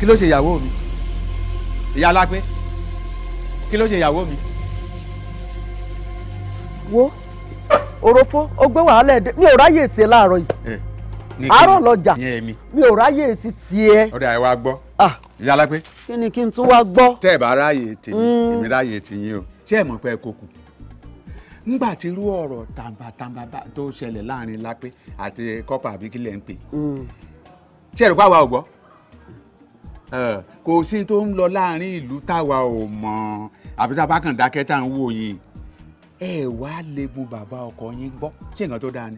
kí ló ṣe ìyàwó mi ìyá alápẹ́ kí ló ṣe ìyàwó mi. wo òròfó ó gbé wàhálà ẹ̀dẹ́ mi ò ráyè tiẹ̀ láàárọ̀ yìí eh, àárọ̀ lọ́jà mi ò ráyè sí tiẹ̀. ọ̀rẹ́ àyẹ̀wò agbọ́ ah. ìyá alápẹ́. kí ni kí n tún wá gbọ́. tẹ́ ẹ̀ bá ráyè tèmi hmm. èmi ráyè tìyín o ṣé ẹ̀ mọ̀ pé ẹ kókù. ńgbà tí irú ọ̀rọ̀ tàǹbàtàǹbà tó ṣẹlẹ̀ láàrin lápẹ́ àti kọ́pà àbí kílẹ̀ ń pè. Hmm. ṣé ẹ̀rù pàwọ́ àwọ̀ gbọ́ kò sí tó ń lọ láàrin ìlú táwa ò mọ̀ àbí tá a bá kàn dákẹ́ tá à ń wò yìí ẹ wá lè bu bàbá ọkọ yín gbọ́ ṣé nǹkan tó dáa ni.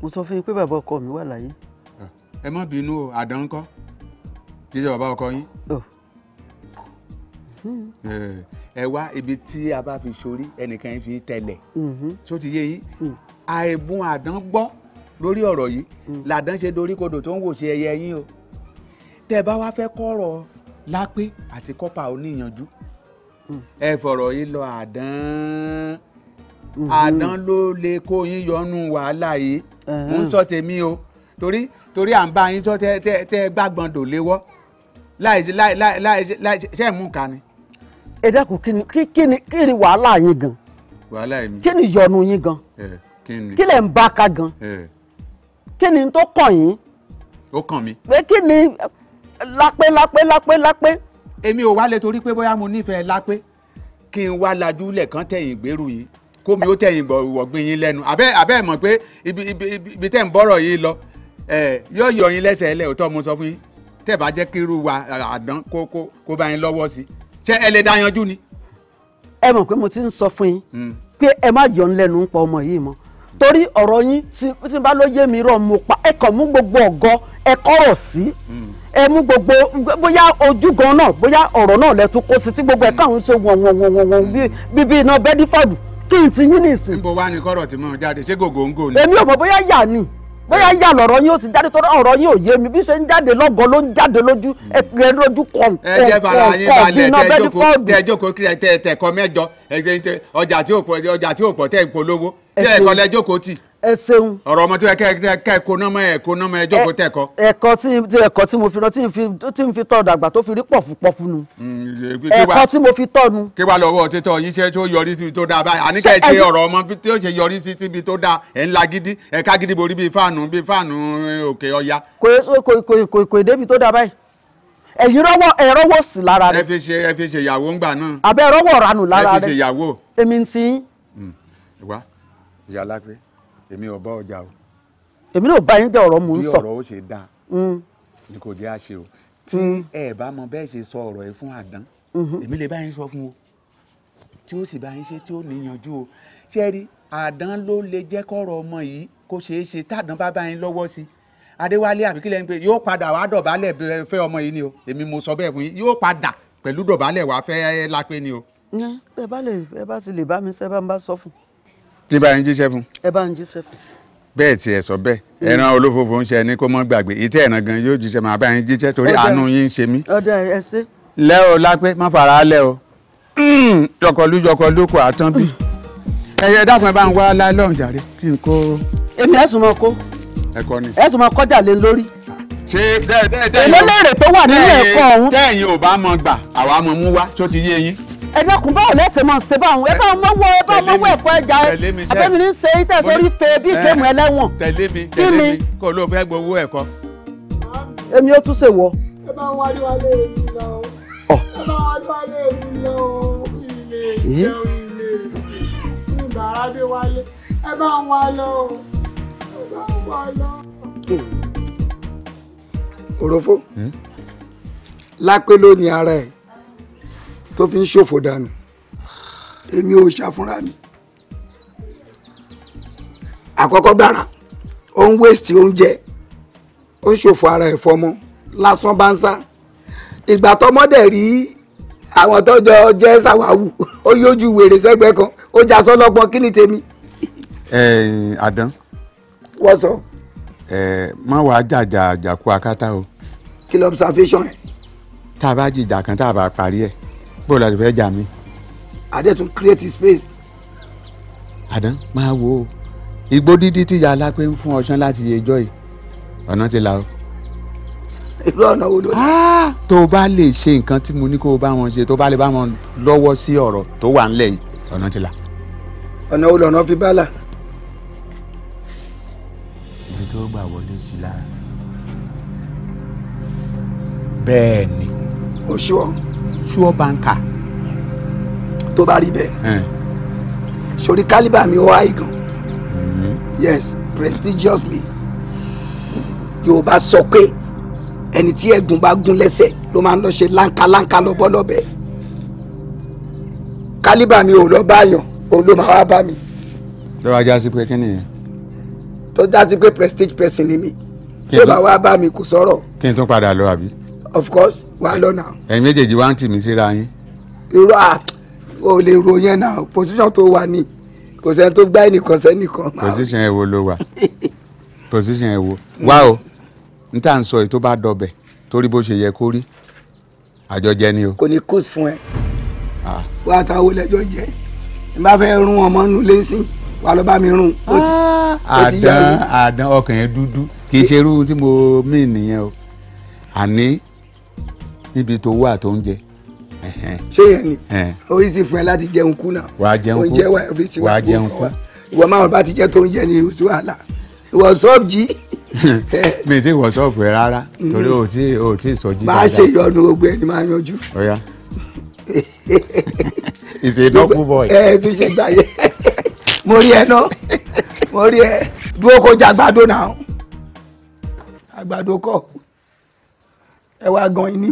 mo sọ fún yín pé bàbá ọkọ mi wà láyé. ẹ má bínú o àdán ńkọ́ kì í ṣe bàbá ọkọ yín. ẹ wá ibi tí a bá fi sórí ẹnìkan yín fi tẹ̀lẹ̀ tó mm-hmm. ti yé yín mm. àìbùn àdán gbọ́ lórí ọ̀rọ̀ yìí mm. làdán ṣe dorí kodò tó ń wò ṣe ẹyẹ yín o tẹ́ bá wá fẹ́ kọ́rọ̀ lápé àti kọ́pà oníyanjú mm. ẹ fọ̀rọ̀ yìí lọ àdán àdán ló lè kó yín yọnu wàhálà yìí mò ń sọ tèmi o torí torí à ń bá yín tó tẹ tẹ tẹ gbàgbọ́n dò léwọ́ láì láì láì láì ṣe é mú nǹkan ni. ẹ dákun kí ni kí ni kí ni wàhálà yín gan wàhálà yìí mi kí ni yọnu yín gan kí lẹ̀ ń bá ka gan kí ni tó kàn yín. ó kàn mí. pé kí ni lápé lápé lápé lápé. èmi ò wálé torí pé bóyá mo nífẹ̀ẹ́ lápé kí n wá lajúlẹ̀ kán tẹ̀yìn gbèrú yìí kó mi ó tẹ̀yìn wọ̀gbìn yín lẹ́nu àbẹ́ àbẹ́ mọ̀ pé ibi ibi ibi tẹ̀ ń bọ́rọ̀ yìí lọ yóò yọ yín lẹ́sẹ̀ ẹlẹ́ òótọ́ mo sọ fún yín tẹ̀ bá jẹ́ kí irú wa àdán kó kó kó bá yín lọ́wọ́ sí ṣé ẹ lè dá yanjú ni. ẹ mọ̀ pé mo ti ń sọ fún yín pé ẹ má yọ̀ ń lẹ́nu ń pa ọmọ yìí mọ́ torí ọ̀rọ̀ yín tí n bá ló yé mi rọ̀ mo pa ẹ kàn mú gbogbo ọ̀gọ́ ẹ kọ́rọ̀ sí ẹ mú gbogbo bóyá ojú gan náà bóyá ọ̀rọ̀ náà lẹ kó sí tí gbogbo ẹ̀ káwọn ṣe wọ̀n wọ̀n wọ̀n wọ̀n bíi iná bẹ́dífọ̀dù kí n ti yín nìsín. níbo wá ní kọ́rọ̀ tí mo jáde ṣé gògóńgò ni. èmi ò mọ̀ bóyá yà ni bóyá yà lọ̀rọ̀ yín ó ti jáde tọ́rọ ọ̀rọ̀ yín ò yé mi bí ṣe ń jáde lọ́gọ́ ló ń jáde lójú ẹ̀kẹ́ lójú kọ̀ọ̀kọ̀ọ̀kọ̀ bí iná bẹ́ẹ̀ ní fọ́ọ̀dù. tẹ jókòó kí tẹ tẹ kọ mẹ́jọ ọjà tí ò pọ̀ tẹ ń polówó tẹ ẹ̀kọ́ lẹ jókòó tì ẹ ṣeun. ọ̀rọ̀ ọmọ tí wọ́n kẹ́ ẹ kó nọ́mọ ẹ kó nọ́mọ ẹ jókòó tẹ̀ kọ́. ẹ̀kọ́ tí ẹ̀kọ́ tí mo fi rán tí n fi tí n fi tọ́ dàgbà tó fi rí pọ̀fupọ̀fu nu. Mm, ẹ̀kọ́ tí mo fi tọ́ nu. kí wàá lọ́wọ́ títọ́ yín ṣe tó yọrí síbi tó dáa báyìí àní kẹ́ ẹ ṣe ọ̀rọ̀ ọmọ tí ó ṣe yọrí síbi tó dáa ẹ̀ ń la gidi ẹ̀ ká gidi borí bíi fáànù bíi fáànù eh, òkè ọya. kò débi tó dáa báyìí ẹ̀yin rọ́wọ́ ẹ̀rọ́wọ́ sí lára rẹ̀. ẹ fi ṣe ẹ fi ṣe ìyàwó ńgbà náà. àbẹ́ ẹ̀rọ́wọ̀ ranù lára rẹ̀ ẹ fi ṣe ìyàwó. èmi ń sin. Mm. wá ìyá lápẹ́ èmi ò bá ọjà o. èmi náà bá yín jẹ́ ọ̀rọ̀ mò ń sọ. bí ọ̀rọ̀ ó ṣe dáa mm. ni kò jẹ́ àṣe o tí mm. ẹ bá mọ bẹ́ẹ̀ ṣe sọ ọ̀rọ̀ ẹ fún àdán mm-hmm. èmi lè bá yín sọ fún o tí ó sì bá yín ṣe tí ó níyanjú o ṣé rí àdán ló lè jẹ́ kọ́rọ̀ ọmọ yìí kó ṣeé ṣe tàdán bá bá yín lọ́wọ́ sí i adéwálé àbíkílẹ̀ ń pè yóò padà wá dọ̀bálẹ̀ fẹ́ ọmọ yìí ni o èmi mo sọ bẹ́ẹ̀ fún yín yóò padà pẹ̀lú dọ̀bálẹ̀ wá fẹ́ lápẹ́ ni o. ẹ bá lè ẹ bá ti lè bá mi sẹ́ bá ń bá sọ fún un kí bá yín jíṣẹ́ fún. ẹ bá ń jíṣẹ́ fún. bẹ́ẹ̀ tí ẹ sọ bẹ́ẹ̀ ẹran olófòfò ń ṣe ni kó mọ́ gbàgbé ìtẹ́ ẹ̀ràn gan yóò jíṣẹ́ máa bá yín jíṣẹ́ torí àánú yín ń ṣe mí. ọ̀dà ẹ ṣe. lẹ́ o lápẹ́ má fara lẹ́ o hmm, jọkọlú jọkọlú kò àtán bí. ẹyẹ dákun ẹ bá ń wá lálọ́ọ̀n jàre kí n kó. èmi ẹ̀sùn máa kó. ẹ̀kọ́ ni. ẹ̀sùn máa kọjá lé lórí. ṣé tẹ́ẹ̀ tẹ́ẹ̀ tẹ́ẹ̀ yóò tẹ́ẹ̀ yóò bá mọ gbà àwa mọ mú wá tó ti yé yín ẹ dákun báwo lẹsẹ máa ṣe báwọn ẹ báwọn mọ wọ ẹ báwọn mọ wọ ẹkọ ẹja ẹ abẹ́mi ní ṣe tẹ̀ sórí fe bí géèmù ẹlẹ́wọ̀n tẹ̀lé mi tẹ̀lé mi kò ló fẹ́ gbowó ẹ̀kọ́. èmi ó tún ṣe wọ. ẹ bá wá ní wálé èmi lọ ẹ bá wá ní wálé èmi lọ ilé ìjẹun ilé ìsìn ìbára dé wálé ẹ bá wá lọ ẹ bá wá lọ. òròfó hmm? lápẹ́ ló ní ara ẹ̀ tó fi ń ṣòfò dànù èmi ò ṣàfúnra mi àkọ́kọ́ gbàrà ó ń wéèsì oúnjẹ ó ń ṣòfò ara ẹ̀ fọmọ lásán bá ń sá ìgbà tọmọdé rí àwọn tọjọ jẹ sàwáwù ó yójú wèrè sẹ́gbẹ̀ kan ó já sọlọpọ kí ni tèmi. ẹ àdán. wọ́n sọ. ẹ má wàá jàjà àjàkú akátá o. kí ló observation ẹ. tá a bá jìjà kan tá a bá parí ẹ bóòlù àti fẹ́ jà mí. adé tún create space. àdán máa wo igbó dídí tí ìyá alápé ń fún ọṣán láti yejọ́ yìí ọ̀nà ti la o. irú ọ̀nà wo ló dé. Ah! tó o bá lè ṣe nǹkan tí mo ní kó o bá wọn ṣe tó o bá lè bá wọn lọ́wọ́ sí ọ̀rọ̀ tó wà ńlẹ̀ yìí ọ̀nà ti la. ọ̀nà wo lọ̀nà fi bá là. ibi tó gbà wọlé sí lára. bẹ́ẹ̀ ni. oṣù ọ̀hún sure banker. tó bá rí bẹ́ẹ̀ sori calibre mi ó high gan mm-hmm. yes prestigious mi yorùbá sọ pé ẹni tí ẹ̀gún bá gún lẹ́sẹ̀ ló máa ń lọ ṣe láńkaláńka lọ́bọ́lọ́bẹ̀ calibre mi ò lọ báyàn òun ló máa wá bá mi. lọ́wọ́ ajá sí pé kí nìyẹn. tó já sí pé prestige person ni mi tí ó bá wá bá mi kò sọ̀rọ̀. kí n tún padà lọ àbí of course wà lọ́nà. ẹ̀yin méjèèjì wá ń tì mí síra yín. irú à ò lè ro yẹn náà position tó wà ní kò sẹ́ni tó gbá ẹnìkan sẹ́nìkan. position ẹ wo ló wà position ẹ wo wá o n tà ń sọ èyí tó bá dọbẹ̀ torí bó ṣe yẹ kó rí àjọjẹ ni o. kò ní kóòsì fún ẹ wà á ta owó lẹ́jọ́ jẹ́ n bá fẹ́ rún ọmọ nù lẹ́sìn wà ló bá mi rún. àdán àdán ọkàn yẹn dúdú kì í ṣe tí mo mí nìyẹn o àní níbi tó wà tó ń jẹ. ṣé yẹn ni orí sì fún ẹ láti jẹun kú náà wàá jẹun kú oúnjẹ wà ẹbí tí wàá jẹun kú ìwọ máa bá ti jẹ tó ń jẹ ní oṣù àlà ìwọ sọọbù jí. mi ti wọ sọọbù rẹ rárá mm-hmm. torí o ti o ti sọ jí dáadáa. máa ṣe ìyọnu gbogbo ẹni máa yanjú. ìṣe dọ́kú bọ̀ì. ẹ tún ṣe gbà yẹ mo rí ẹ náà mo rí ẹ dúró kó jẹ àgbàdo náà àgbàdo kọ ẹ wá gan-an ni.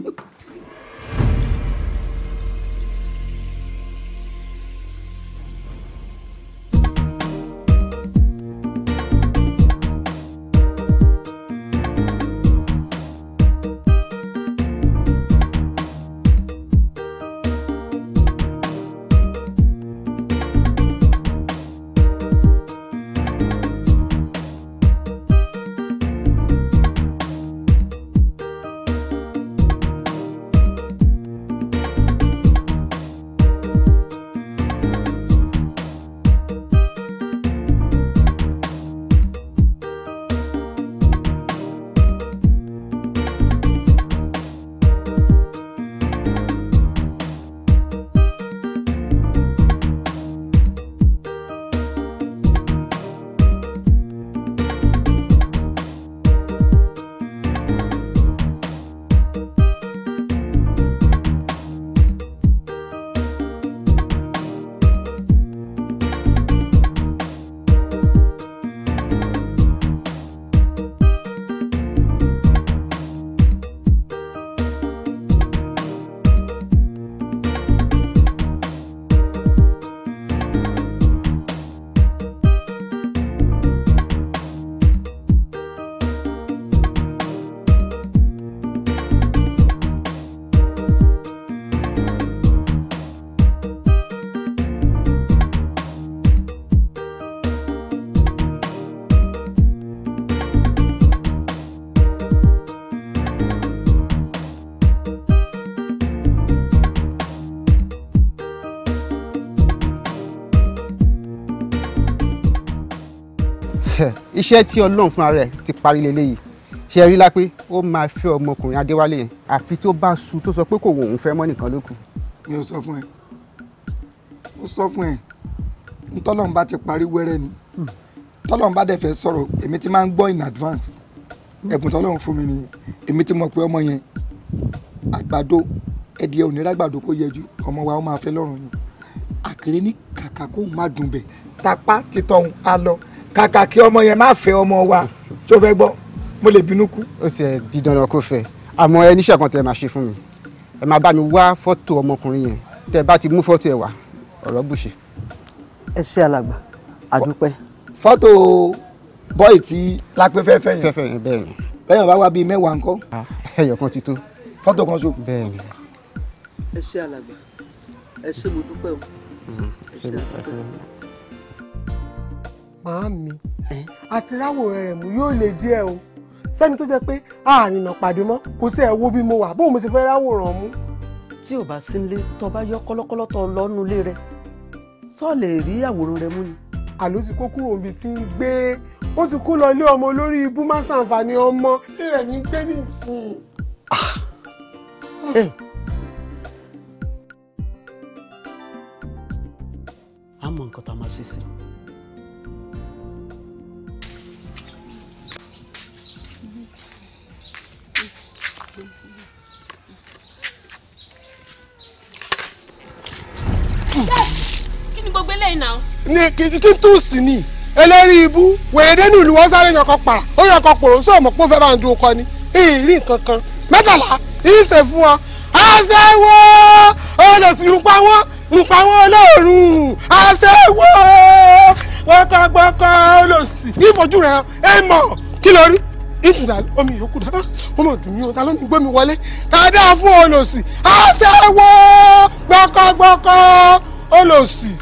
iṣẹ́ tí ọlọ́run fúnra rẹ̀ ti parí lélẹ́yìí ṣe rí lápé ó máa fẹ́ ọmọkùnrin adéwálé yẹn àfi tó bá su tó sọ pé kò wò òun fẹ́ mọ́ nìkan ló kù. mi ò sọ fún ẹ mo sọ fún ẹ ntọ́lọ́run bá ti parí wẹ́rẹ́ ni hmm. tọ́lọ́run bá dẹ̀ fẹ́ sọ̀rọ̀ èmi ti máa ń gbọ́ in advance ẹ̀bùn tọ́lọ́run fún mi ni èmi ti mọ̀ pé ọmọ yẹn àgbàdo ẹ̀dìẹ ò ní rágbàdo kó yẹjú ọmọ wa ó máa fẹ́ lọ́rùn ni àkèrè ní kàkà kó má dùn bẹ̀ tapá titọ́hun á lọ kàkà kí ọmọ yẹn má fẹ́ ọmọ wa tó fẹ́ gbọ́ mo lè bínú kú. ó tiẹ̀ di dandan kó fẹ́ àmọ́ ẹ níṣẹ́ kan tẹ́ ẹ máa ṣe fún mi ẹ máa bá mi wá fọ́tò ọmọkùnrin yẹn tẹ́ ẹ bá ti mú fọ́tò ẹ wá ọ̀rọ̀ bùṣe. ẹ ṣe alàgbà àdúpẹ́. fọ́tò bọ́ì tí lápẹ́ fẹ́fẹ́ yẹn fẹ́fẹ́ yẹn bẹ́ẹ̀ ni. bẹ́ẹ̀ bá wá bíi mẹ́wàá ńkọ́. Ah, ẹyọ kan ti tó. fọ́tò kan so. bẹ́ẹ̀ ni. ẹ ṣe alàgbà ẹ ṣe mo dúpẹ́ o mm-hmm. ẹ ṣe mo màámi àti ráwòrán rẹ̀ mú yóò lè díẹ̀ o sẹ́ni tó jẹ́ pé àárín náà pàdé mọ́ kò sí ẹ̀wọ́ bí mo wà bóun mo ṣe fẹ́ ráwòrán mú. tí ò bá sí nílé tó bá yọ kọ́lọ́kọ́lọ́ tó lọ́nu ilé rẹ sọ lè rí àwòrán rẹ mú ni. àló ti kó kúrò níbi tí ń gbé ó ti kó lọ ilé ọmọ olórí ibú má ṣàǹfààní ọmọ ilé rẹ̀ ní gbé nìsín. àmọ́ ah. eh. nǹkan tá a máa ṣe sí i. báyìí náà. ní kìkì kí n tún sí ni ẹlẹ́rìí ibú wèédénú ni wọ́n sáré yankan para ó yankan pòrò sọ mọ̀ pé ó fẹ́ bá ń dúró kọ ni ìrì kankan mẹ́tàlá ìṣe fún ọ. aṣẹ́wó olùsìnrùpa wọn nùpa wọn olóòrùn aṣẹ́wó wọ́kọ̀gbọ́kọ̀ olùsì ìfojú rẹ̀ ẹ mọ̀ kí ló rí ìtura omi yòókù dáná ọmọ ọdún mi ò ta ló ní gbé mi wọlé ká dáa fún olùsì aṣẹ́wó gbọ́kọ̀gbọ́kọ̀ olùsì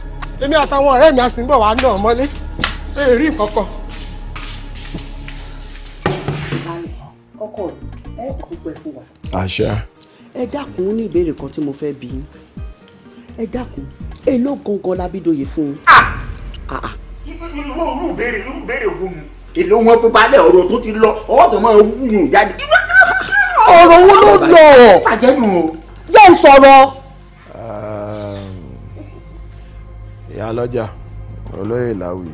èmi àtàwọn ọ̀rẹ́ mi àsìnbọ̀ wà á nà ọmọlé ẹ rí nǹkan kan. ọkọ ẹ kò pẹ fún wa. àṣà. ẹ dákun ní ìbéèrè kan tí mo fẹ́ bi yín ẹ dákun èló gangan lábídòye fún un. Ah! Ah, ah. irú irú ìbéèrè irú ìbéèrè wo mu. èló wọn fún balẹ̀ ọ̀rọ̀ tó ti lọ ọwọ́ tó máa wúyàn jáde. ọ̀rọ̀ wo ló lọ. yóò sọ̀rọ̀. ìyá lọ́jà olóyè làwì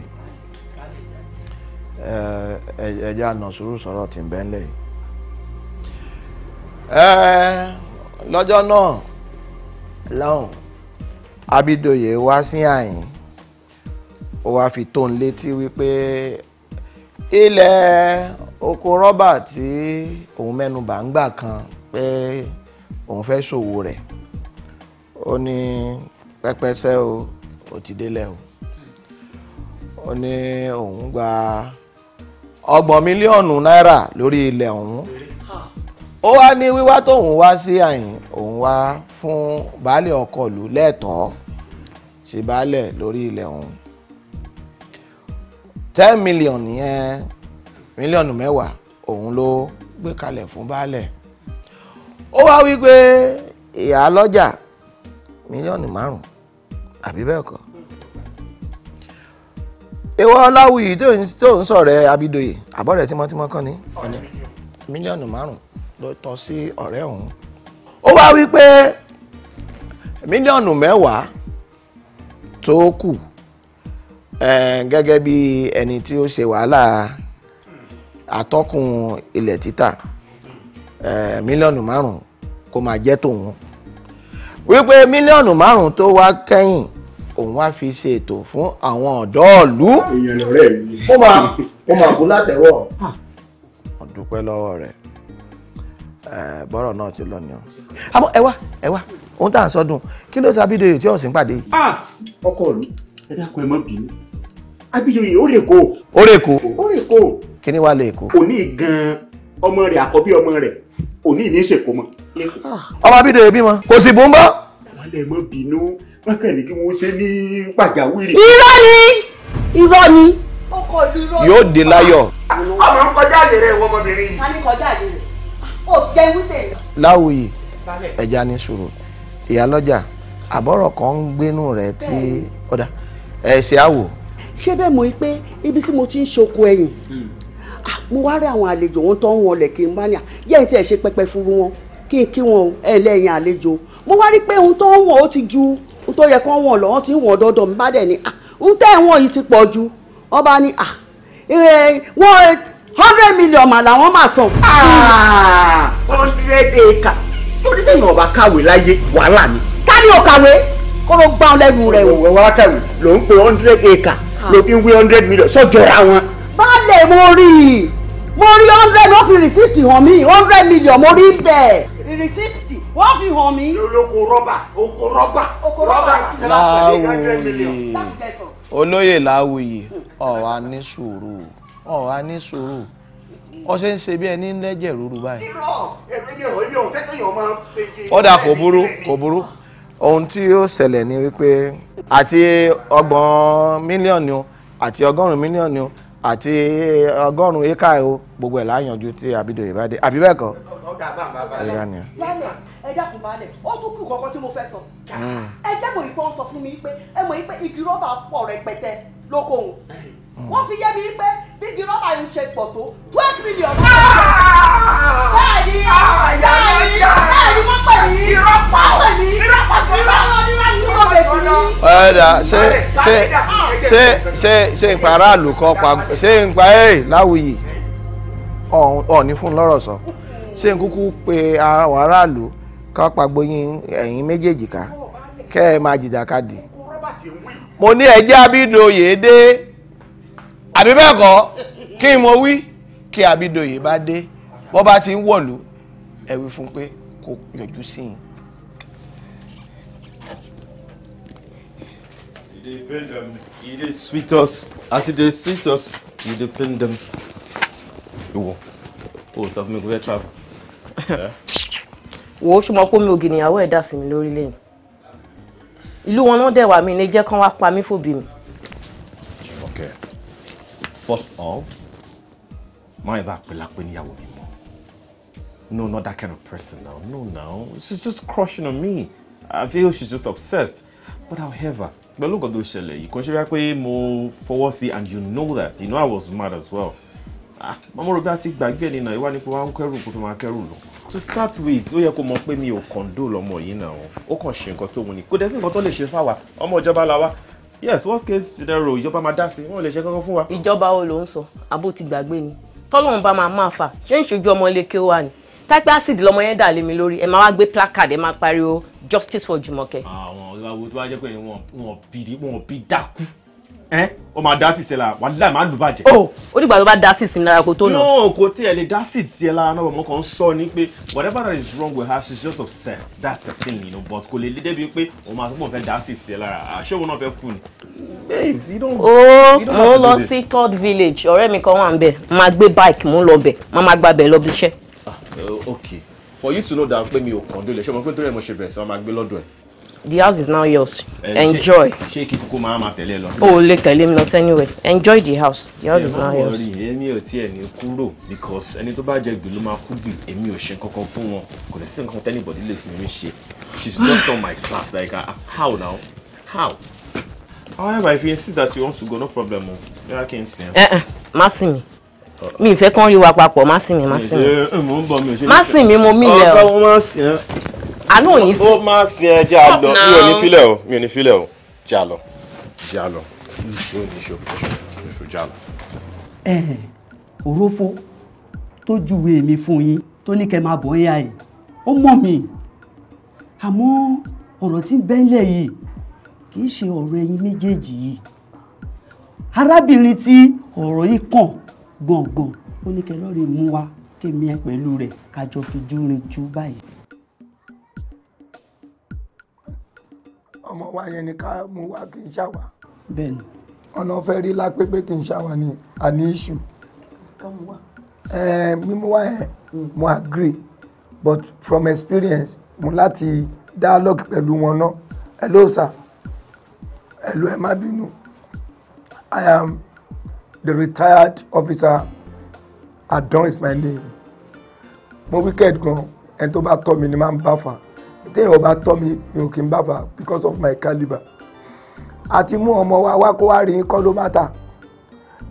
ẹ̀jẹ̀ àná sùúrù sọ̀rọ̀ tì ń bẹ́ ńlẹ̀ yìí. lọ́jọ́ náà lọ́hùn Abídòyè wá sí àyìn ó wá fi tó ń létí wípé ilẹ̀ oko rọ́bà tí òun mẹ́nubà ń gbà kan pé òun fẹ́ ṣòwò rẹ̀ ó ní pẹ́pẹ́sẹ́ o. Pe, ó ti délẹ̀ o ó ní òun gba ọgbọ̀n mílíọ̀nù náírà lórí ilẹ̀ ọ̀hún ó wá ní wíwá tóun wá sí àyìn òun wá fún baálé ọkọlù lẹ́tọ̀ọ́ sí baálẹ̀ lórí ilẹ̀ ọ̀hún ten million yẹn mílíọ̀nù mẹ́wàá òun ló gbé kalẹ̀ fún baálẹ̀ ó wá wí pé ìyá lọ́jà mílíọ̀nù márùn-ún àbí bẹ́ẹ̀ kọ́ ìwọ ọláwùyí tó ń sọ̀rọ̀ abidoye àbọ̀rẹ̀ tímọ́tímọ́ kan ní mílíọ̀nù márùn-ún ló tọ́ sí ọ̀rẹ́ òun ó wá wí pé mílíọ̀nù mẹ́wàá tó kù gẹ́gẹ́ bí ẹni tí ó ṣe wàhálà atọ́kùn ilẹ̀ títà mílíọ̀nù márùn kó máa jẹ́ tòun wípé mílíọ̀nù márùn-ún tó wá kẹ́yìn òun wá fi ṣe ètò fún àwọn ọ̀dọ́ ìlú. èèyàn lọ́rẹ́ mi. ó máa ó máa kú látẹ̀wọ̀. mo dúpẹ́ lọ́wọ́ rẹ̀ bọ́rọ̀ náà ti lọ ni o. àmọ́ ẹ wá ẹ wá ohun tá à ń sọdún kí ló ṣe Abídóyè tí ọ̀sìn pàdé ọkọ mi ẹ dákun ẹ mọ bínú Abídóyè ó rè kó. ó rè kó. ó kí ni wàá lè kó. òní gan-an ọmọ rẹ̀ àkọ́bí ọmọ rẹ̀ òní ní í ṣèkómọ. ọmọ Abídóyè bímọ kò sì bú ń bọ́ ẹ má bínú wọn kàn ní kí wọn ṣe ní pàjáwìrì. irọ́ ni irọ́ ni. ọkọ ìlú irọ́ ni. yóò dé láyọ̀. ọmọ ń kọjá àyè rẹ ìwọ ọmọbìnrin yìí. wọn ní kọjá àyè rẹ ó ti jẹ ewu tèmi. láwùyí ẹja ní sùúrù ìyálọ́jà àbọ̀rọ̀ kan ń gbénú rẹ̀ tí ọ̀dà ẹ̀ ṣe àwò. ṣé bẹ́ẹ̀ mo rí pé ibi tí mo ti ń ṣoko ẹ̀yìn hmm. ah, mo wá rí àwọn àlejò wọn tó ń wọlé kí n bá ní à yẹ́n tí ẹ̀ ṣe pẹpẹ fúru wọn kí n kí wọn ẹlẹ́yìn àlejò mo wá rí pé ohun tó ń wọ̀ ó ti ju ohun tó yẹ kó wọ̀ lọ ti ń wọ̀ dọ́dọ̀ mi bá dẹ̀ ni ah, ohun tẹ́ ẹ̀ wọ̀n yìí ti pọ̀ ju wọ́n bá ah, wọ́n hundred million mà làwọn máa san. Ah, hundred acre lórí tẹ̀yìn ọba kàwé láyé wàhálà ni. ká ní o kàwé kó ló gbá lẹ́nu rẹ̀ wò. wàá kàwé ló ń pe hundred acre ló fi ń wé hundred million sọ́jọ́ra wọn. báàlẹ̀ mo rí i mo rí hundred wọ́n fi rìsíìtì hàn mí hundred million mo rí bẹ́ẹ̀ rìsíìtì wọ́n fi hàn mí. olóko rọ́bà oko rọ́bà rọ́bà láwùyí olóyè láwùyí ọ̀wá ní sùúrù ọ̀wá ní sùúrù ó ṣe ń ṣe bí ẹni lẹ́jẹ̀ rúru báyìí. ọ̀dà kò burú kò burú ohun tí ó ṣẹlẹ̀ ni wípé àti ọgbọ̀n mílíọ̀nù àti ọgọ́rùn-ún mílíọ̀nù àti ọgọ́rùn-ún éka o gbogbo ẹ̀ láyànjú tí Abídòyè bá dé àbí bẹ́ẹ̀ ọ̀dà bá ń bá bá rẹ̀ lánàá ẹ dákun máa lẹ̀ ó tún kù kọ́kọ́ tí mo fẹ́ sọ hmm. ẹ jẹ́ mọ̀ ìfọ́n sọ fún mi pé ẹ mọ̀ pé igi rọ́bà pọ̀ rẹpẹtẹ lóko òun hmm. wọ́n fi yé mi pé bí igi rọ́bà ń ṣe pọ̀ tó twelve million. Ah! bẹ́ẹ̀ni ah, bẹ́ẹ̀ni bẹ́ẹ̀ni wọ́n pè mí irọ́pà irọ́pà irọ́pà ọ̀dà ṣe ṣe ṣe ṣe ṣe ń pa aráàlú kan pa ṣe ń pa ẹ̀ láwùyí ọ̀ ní fún lọ́rọ̀ sọ ṣé n kúkú pe àwọn aráàlú ká pàgbó yín ẹ̀yin méjèèjì ká kẹ́ ẹ máa jìjàkadì. mo ní ẹjẹ́ Abídòyè dé àbí bẹ́ẹ̀ kọ́ kí n mo wí kí Abídòyè bá dé bọ́ bá ti ń wọ̀lú ẹ wí fún pé kò yọjú sí i. you dey pain dem you dey sweet us as you dey sweet us you dey pain dem. ìwọ o sọ fún mi kò fẹ́ travel. wo ṣùgbọ́n pómi ògì nìyàwó ẹ̀ dà sí mi lórí lẹ́yìn ìlú wọn náà dẹ̀ wà mí ní jẹ́ kán wá pa mí fòbí mi. okay first off má ẹ bá pèlà pé níyàwó mi mọ no not that kind of person now no now she's just crushing on me i feel she's just obsessed but however pẹ̀lú nǹkan tó ṣẹlẹ̀ yìí kò ṣe wá pé mo fọwọ́ sí and you know that you know i was mad as well. Ah, mọ́mọ́ ròbí àti gbàgbé ẹ̀ nínà ìwà nípa wa ń kẹ́rù kó fi máa kẹ́rù lọ. to start with ó yẹ kó mọ̀ pé mi ò kọ̀ǹdó lọ́mọ yìí náà o ó kàn ṣe nǹkan tó wù ní kó dẹ́sí nǹkan tó lè ṣe fáwa ọmọ ìjọba la wa yes worst case scenario ìjọba máa dá sí wọn ò lè ṣe kankan fún wa. ìjọba wo ló ń sọ àbó ti gbàgbé ni tọ́lọ́run bá máa máa fà ṣé ń ṣojú ọmọ ilé kí ó wà ni tápẹ́ ásìdì lọmọ yẹn dà lé mi lórí ẹ máa wá gbé placard ẹ máa pariwo justice for Jùmọ̀kẹ́. àwọn ọ̀gá wo tó bá jẹ́ pé wọ́n bí dákú ẹ o máa dá sí ìṣẹ́ lára wàhálà máa lù bàjẹ́. o oh, ó dìgbà tó bá dá sí ìsinmi lára kó tó nà. no kò tí ẹ lè dá sí ìṣẹ́ lára náà mo kàn sọ ni pé whatever that is wrong with her she is just obsessed that's the thing you know but kò lè lé débi pé o máa sọ́kùn fẹ́ dá sí ìṣẹ́ lára àṣé òun náà fẹ́ kú ni. babes you don't oh, you don't have to do this. o mo lọ sí third village ọ̀rẹ́ mi kan wà ń bẹ̀ máa gbé bike mú lọ bẹ̀ máa máa gbàbẹ̀ lọ bí iṣẹ́. ah uh, okay for you to know that pé mi ò condole ṣé o mọ̀ pé torí ẹ̀ mo ṣe bẹ̀rẹ̀ sí wọn gbé lọ́dọ̀ ẹ̀ the house is now yours eh, enjoy. ṣé kí kúkú máa máa tẹ̀lé lọ. o lè tẹ̀lé mi lọ anywhere enjoy the house the house is now yours. tí ẹ bá wọrí èmi ò tiẹ̀ ní kúrò because ẹni tó bá jẹ gbìn ló máa kú gbìn èmi ò ṣe kankan fún wọn kò lè sí nǹkan anybody lè fún mi ṣe she's just on my class like uh, how now how. however if you insist that you want to go no problem o yàrá kí n sìn. ẹ eh, ẹ eh, má sìn mi mi ìfẹ́ kan rí wa papọ̀ má sìn mi má sìn mi má sìn mi mo mí lẹ o. ọkọ wọn máa sìn àánú òyìn sí. ó má sin ẹ jẹ́ mi ò ní filẹ̀ o mi ò ní filẹ̀ o jẹ́ àlọ́ jẹ́ àlọ́ níṣó níṣó níṣó jẹ́ àlọ́. òrófó tó júwe mi fún yín tó ní kẹ́ máa bọ̀ ń yìí ó mọ̀ mí àmọ́ ọ̀rọ̀ tí ń bẹ́ńlẹ̀ yìí kì í ṣe ọ̀rọ̀ ẹ̀yin méjèèjì yìí arábìnrin tí ọ̀rọ̀ yìí kàn gbọ̀ngbọ̀n ó ní kẹ́ lọ́ọ́ rí mú wa kémi ẹ pẹ̀lú rẹ̀ kájọ fi jú jú báyìí. ọmọ wa yẹn ni ká mú wá kí n ṣàwà. bẹ́ẹ̀ni. ọ̀nà fẹ́ rí lápépé kí n ṣàwà ni àní iṣu. mímú wá yẹn mo agree but from experience mo láti dialogue pẹ̀lú wọn náà hello sir hello ẹ má bínú i am the retired officer Adan is my name mo wicked gan ẹni tó bá tọ́ mi ni máa ń bá fà téèyàn bá tọ́ mi mi ò bá fa because of my caliber. àti mú ọmọ wa wá kó wá rí kọ́ ló má ta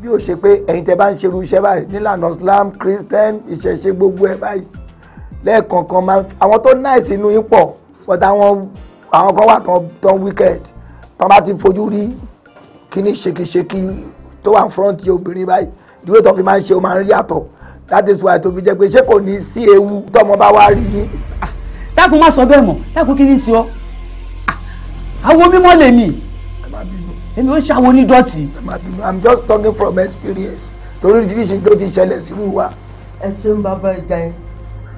bí ó ṣe pé ẹ̀yin tẹ́ bá ń ṣerú iṣẹ́ báyìí nílànà Islam Christian ìṣẹ̀ṣe gbogbo ẹ̀ báyìí lẹ́ẹ̀kọ̀ọ̀kan máa àwọn tó náìsì inú yín pọ̀ but àwọn àwọn kan wà tán tán wicked tán bá ti fojú rí kíní ṣekíṣekí tó wà front yìí obìnrin báyìí ìdíwé tó fi máa ń ṣe ó máa ń rí yàtọ̀ that is why tó fi jẹ́ pé ṣé kò ní sí ewu tọ́mọ bá wá rí yín dákun má sọ bẹ́ẹ̀ mọ̀ dákun kí ni sí ọ àwo ah, mímọ́ lèmi èmi ò ṣàwo ní dọ̀tí. i'm just talking from experience torí oríṣiríṣi ló ti ṣẹlẹ̀ sírú wa. ẹ ṣeun bàbá ìjà yẹn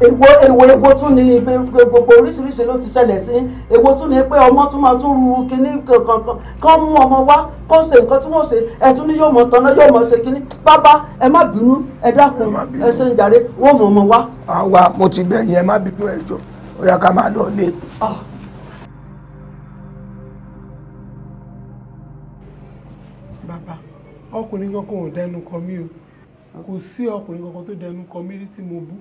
èwo èwo èwo tún ni gbogbo oríṣiríṣi ló ti ṣẹlẹ̀ sí èwo tún ni pé ọmọ tún máa tún ru kinní kankan kán mú ọmọ wá kó ṣe nǹkan tí wọ́n ṣe ẹ̀tún ni yóò mọ̀ tán náà yóò mọ̀ ṣe kinní bàbá ẹ má bínú ẹ dákun ẹ ṣe ń jàre wọ́n mọ̀ ọmọ wá. àwa mo ti bẹ̀ yín ẹ má bínú ẹ jọ̀ọ́ ó yá ká máa lọ ilé. Ah. bàbá ọkùnrin kankan ò dẹnu kọ mí o kò sí ọkùnrin kankan tó dẹnu kọ mí rí tí mo bú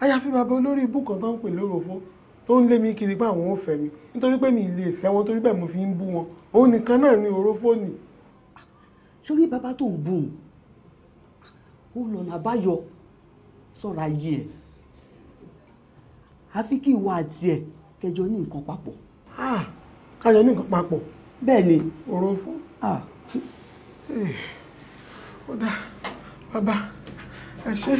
àyàfi bàbá olórí ibú kan tó ń pè lóròfó tó ń lé mi kiri pé àwọn ò fẹ́ mi nítorí pé mi ì lè fẹ́ wọn torí bẹ́ẹ̀ mo fi ń bú wọn òun nìkan náà ni òró fóònì. sórí bàbá tó ń bù ó lọ́nà àbáyọ sọ̀rọ̀ ayé ẹ̀ àfi kí ìwọ àti ẹ̀ kẹjọ ní nǹkan papọ̀. Ah, kájọ ní nǹkan papọ̀. bẹ́ẹ̀ ni. ọ̀rọ̀ fún. Ah. Eh, ó dá bàbá ẹ ṣe.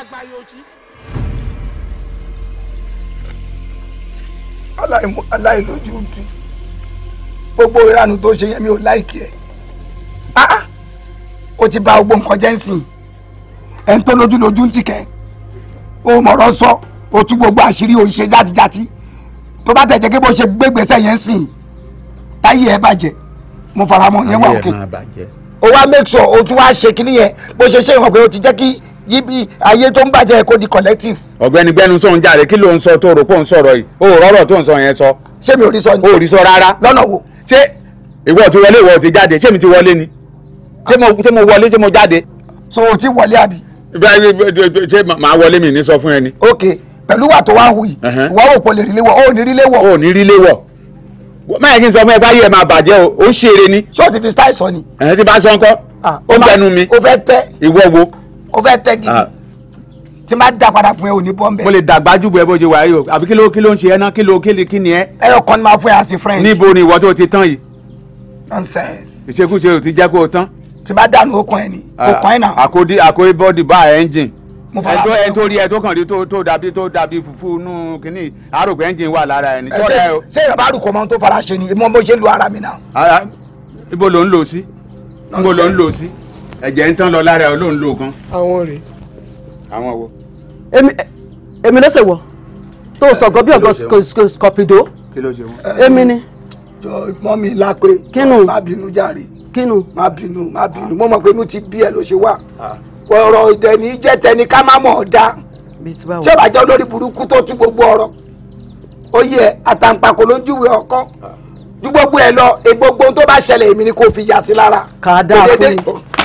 àgbàyòjì. aláìlójú di gbogbo ìranù tó ṣe yẹn mi ò láìkí ẹ ó ti bà gbogbo nǹkan jẹ́ ń sìn ẹ̀ ń tó lójúlójú ń tìkẹ́ ó mọ̀rọ̀ sọ ó tú gbogbo àṣírí òun ṣe játijáti tó bá tẹ̀ jẹ́ kí bó ṣe gbégbèsè yẹn sìn táyé ẹ bàjẹ́ mo fara mọ́ yẹn wà òkè ó wá make sure ó tún wá ṣe kíní yẹn bó ṣe ṣe ìwọ̀n pé ó ti jẹ́ kí yíbi ayé tó ń bàjẹ́ kó di collective. ọ̀gbẹ́ni gbẹ́nu sọ̀rọ̀ ń jàre kí ló ń sọ tó rò pé ó ń sọ̀rọ̀ yìí o ò rọ́rọ̀ tó ń sọ yẹn sọ. ṣé mi ò rí sọ ni. o ò rí sọ rárá. lọ́nà wo. ṣé ìwọ ti wọlé ìwọ ti jáde ṣé mi ti wọlé ni ṣé mo wọlé ṣé mo jáde. so o ti wọlé àbí. ṣé màá wọlé mi ní sọ fún ẹ ni. ok pẹ̀lú wà tó wá hù yìí ìwọ rò o lè rí léwọ̀ o ò ní rí léwọ̀. o ò ní rí léwọ̀ máyà kí n sọ fún ẹ báyìí ẹ máa bàjẹ́ o ó ń ṣeré ni. ṣé o ti fi style sọ ni. ẹ ti bá sọ ah, ń kọ́ ó bẹnu mi. o fẹ́ tẹ́. ìwọ wo o fẹ́ tẹ́ gidi ah. tí n bá da padà fún ẹ ò ní bọ́ nbẹ. mo lè dàgbà jù bọ ẹ bó ṣe wà yìí o àbí kí ló kí ló ń ṣe ẹ náà kí ló kí ni kí ni ẹ. ẹ yọ kọ́ni máa fún ẹ àti friend. níbo ni ìwọ tó ti tán yìí. nonsense. ìṣekúṣe ò ti jẹ́ kó o tán. tí n bá dànù okun ẹ ni kò ah, kàn ẹ náà. àkódì àkóyè bọ́ọ̀dì bá engine. mo fara bẹ́ẹ̀ o. ẹ tó rí ẹ tó kàn rí tó dàbí tó dàbí funfun nù kínní àròkọ engine wà lára ẹ ní. Eh, ṣé ìyàbá àròkọ máa ń tó fara ṣe ni mo ṣe lu ara mi náà. Ah, ibo ló ń lò sí. nonsense ẹ̀jẹ̀ ń tán lọ lára olóhùn ló kan. àwọn rèé. àwọn wo. èmi èmi lọ́sẹ̀ wọ tó sọ gọ́bí ọ̀gọ́ kọ̀pìdó. kí ló ṣe wọn. èmi ni. jọ mọ mi lápé. kínú má bínú jàre. kínú. má bínú má bínú mo mọ̀ pé inú ti bí ẹ ló ṣe wà. Ah. ọ̀rọ̀ ìdẹ̀ni jẹ́ tẹni ká má mọ̀ ọ́ dá. tí ó olórí burúkú tó tú gbogbo ọ̀rọ̀ ó àtàǹpàkò ló ń júwe ọkọ ah. ju gbogbo ẹ lọ gbogbo ohun tó bá ṣẹlẹ̀ èmi ni kò fi yà sí lára. kà fún mi.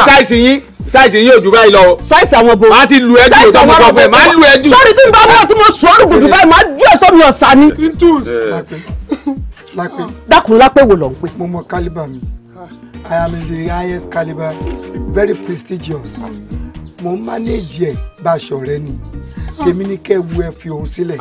sáìsì yín sáìsì yín lọ. sáìsì àwọn bo máa ti lu ẹ jù sọmọ sọfẹ máa lu ẹ jù. tí n bá bọ̀ tí mo sọ ọ́ gùdù báyìí máa ju ẹ̀sọ́ mi ọ̀sà ni. dákun lápẹ́ wo lọ ń pè. mo mọ calibre mi i am in the highest calibre very prestigious mo manage ẹ bá aṣọ rẹ ni tèmi ni kẹ́ ẹ wu ẹ fi òun sílẹ̀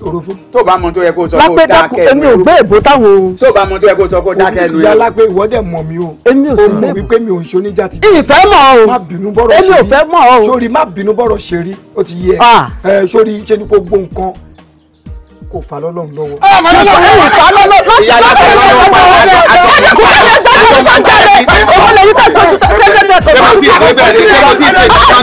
òròfó. tó bá mọ tó yẹ kó sọ kó dákẹ́ lu. lápẹ́ èmi ò gbé èbó táwọn. tó bá mọ tó yẹ kó sọ kó dákẹ́ lu. ìyá lápẹ́ ìwọ dẹ̀ mọ̀ mi o. èmi ò sì mọ̀ wípé mi ò ń ṣe oníjàtì. ìfẹ́ mọ̀ o. má bínú bọ́rọ̀ ṣe rí. èmi ò fẹ́ mọ̀ o. sori má bínú bọ́rọ̀ ṣe rí o ti yẹ. ẹ sori ṣe ni kò gbó nǹkan kò fà lọ́lọ́run lọ́wọ́. ọ̀ owó sọ̀tẹ̀lẹ̀ owó lẹ́yìn tó sọ tẹ́tẹ́tẹ́ tó bá ń bá wọn kọ́ nílé wọn kọ́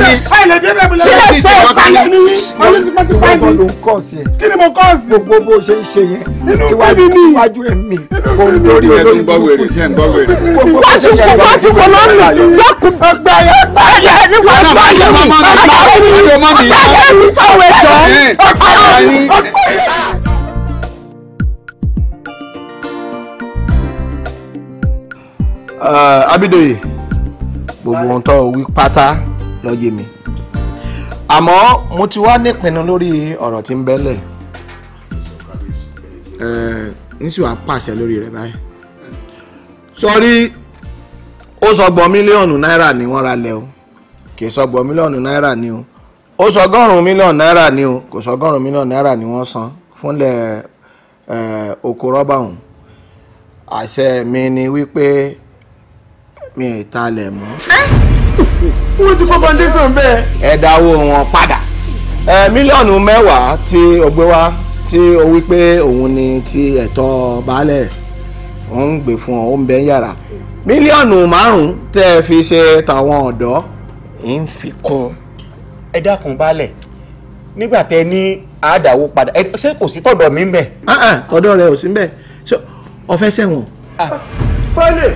sílẹ̀ ṣe ìpàlẹ̀ ní ọlọ́dúnmọ́tìpáìlì ló ń kọ́ sí ẹ̀ kí ni mo kọ́ sí. gbogbo bó ṣe ń ṣe yẹn tiwájú ẹ̀mí olórí olórí burúkú wọ́n ti sọ wọ́n ti wọ́n lọ́nà lọ́kùn gbẹ̀yẹ gbẹ̀yẹ nípa gbẹ̀yẹ mi ọ̀gá yẹn mi sọ̀wé jọ ọ̀gá yẹn mi. Eh, Abidoye gbogbo ohun tó wí pátá ló mi àmọ́ mo ti wá nípinnu lórí ọ̀rọ̀ tí ń bẹ́lẹ̀ eh, níṣì wàá pàṣẹ lórí rẹ̀ báyìí sọrí ó sọgbọ́n mílíọ̀nù náírà ni wọ́n ra lẹ̀ o kì í sọgbọ́n mílíọ̀nù náírà ni o ó sọgọ́rùn-ún mílíọ̀nù náírà ni o kò sọgọ́rùn-ún mílíọ̀nù náírà ni wọ́n san fúnlẹ̀ eh, oko rọ́bà ọ̀hún àṣẹ mi ni wípé mi ì talẹ̀ mọ́. wọ́n ti kó foundation bẹ́ẹ̀. ẹ dáwó wọn padà mílíọ̀nù mẹ́wàá tí o gbé wá tí o wí pé òun ni ti ẹ̀tọ́ baálẹ̀ ò ń gbé fún ọ ó ń bẹ yàrá mílíọ̀nù márùn-ún tẹ́ ẹ fi ṣe tàwọn ọ̀dọ́ ń fi kún ẹ dákun baálẹ̀ nígbà tẹ ní àádáwó padà ṣé kò sí tọ̀dọ̀ mi ń bẹ. Ah, ah, tọ̀dọ̀ rẹ ò sí ń bẹ ọfẹ sẹwọn. Ah, baálẹ̀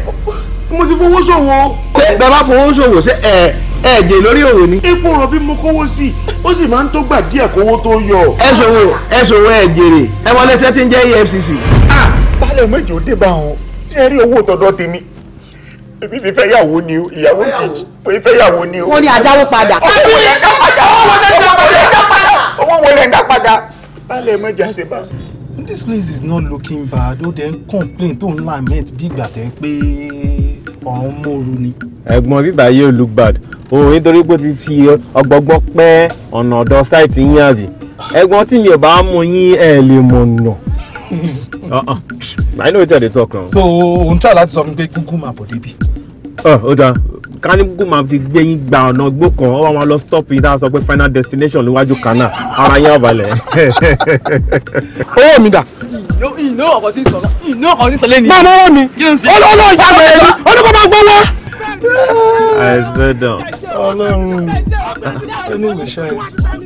mo ti fowó ṣòwò. ṣé bàbá fowó ṣòwò ṣé ẹ ẹ jẹ lórí òwò ni. epo rọ̀bì mo kówó sí i ó sì máa ń tó gbà díẹ̀ kówó tó yọ. ẹ ṣòwò ẹ ṣòwò ẹ jèrè ẹ wọlé ṣẹ́ ti ń jẹ́ EFCC. balẹ̀ méjì ó dé wọn tí ẹ rí owó tọ̀dọ̀ tèmi èmi fi fẹ́ yàwó ni o ìyàwó kejì mo fẹ́ yàwó ni o. wọ́n ní àdáwó padà. owó wọlé ń dá padà balẹ̀ méjì ṣe bá. this place is not looking bad ó dẹ̀ complain tó lament bí ìgbà tẹ́ pé ọ̀hún mòru ni. ẹ̀gbọ́n bíbá yóò look bad òun nítorí pé ó ti fi ọgbọ́gbọ́ pẹ́ ọ̀nà ọ̀dọ̀ sáìtì yín àbí ẹ̀gbọ́n tí mi ò bá mú yín ẹ̀ lè mọ̀nà. Uh-uh. I know wetin I dey talk now. so òun tí a láti sọ fún pé gúgú máa bọ̀ débi. Oh, ó dáa ká ní gúgú máa ti gbé yín gba ọ̀nà gbó kan ó wá wọn lọ stop yín dáa sọ pé final destination níwájú kan náà ara yín ọ̀bàlẹ̀. owó mi dà ìná ọkọ tí ń sọ ìná ọkọ tí ń sọ lẹ́nu. máa mọ́wọ́ mi ọlọ́ọ̀lọ́ ìyá rẹ̀ ni olùkọ́ máa gbọ́ wá. àìsàn dàn. ọlọ́run ẹni wò ṣe àìsàn.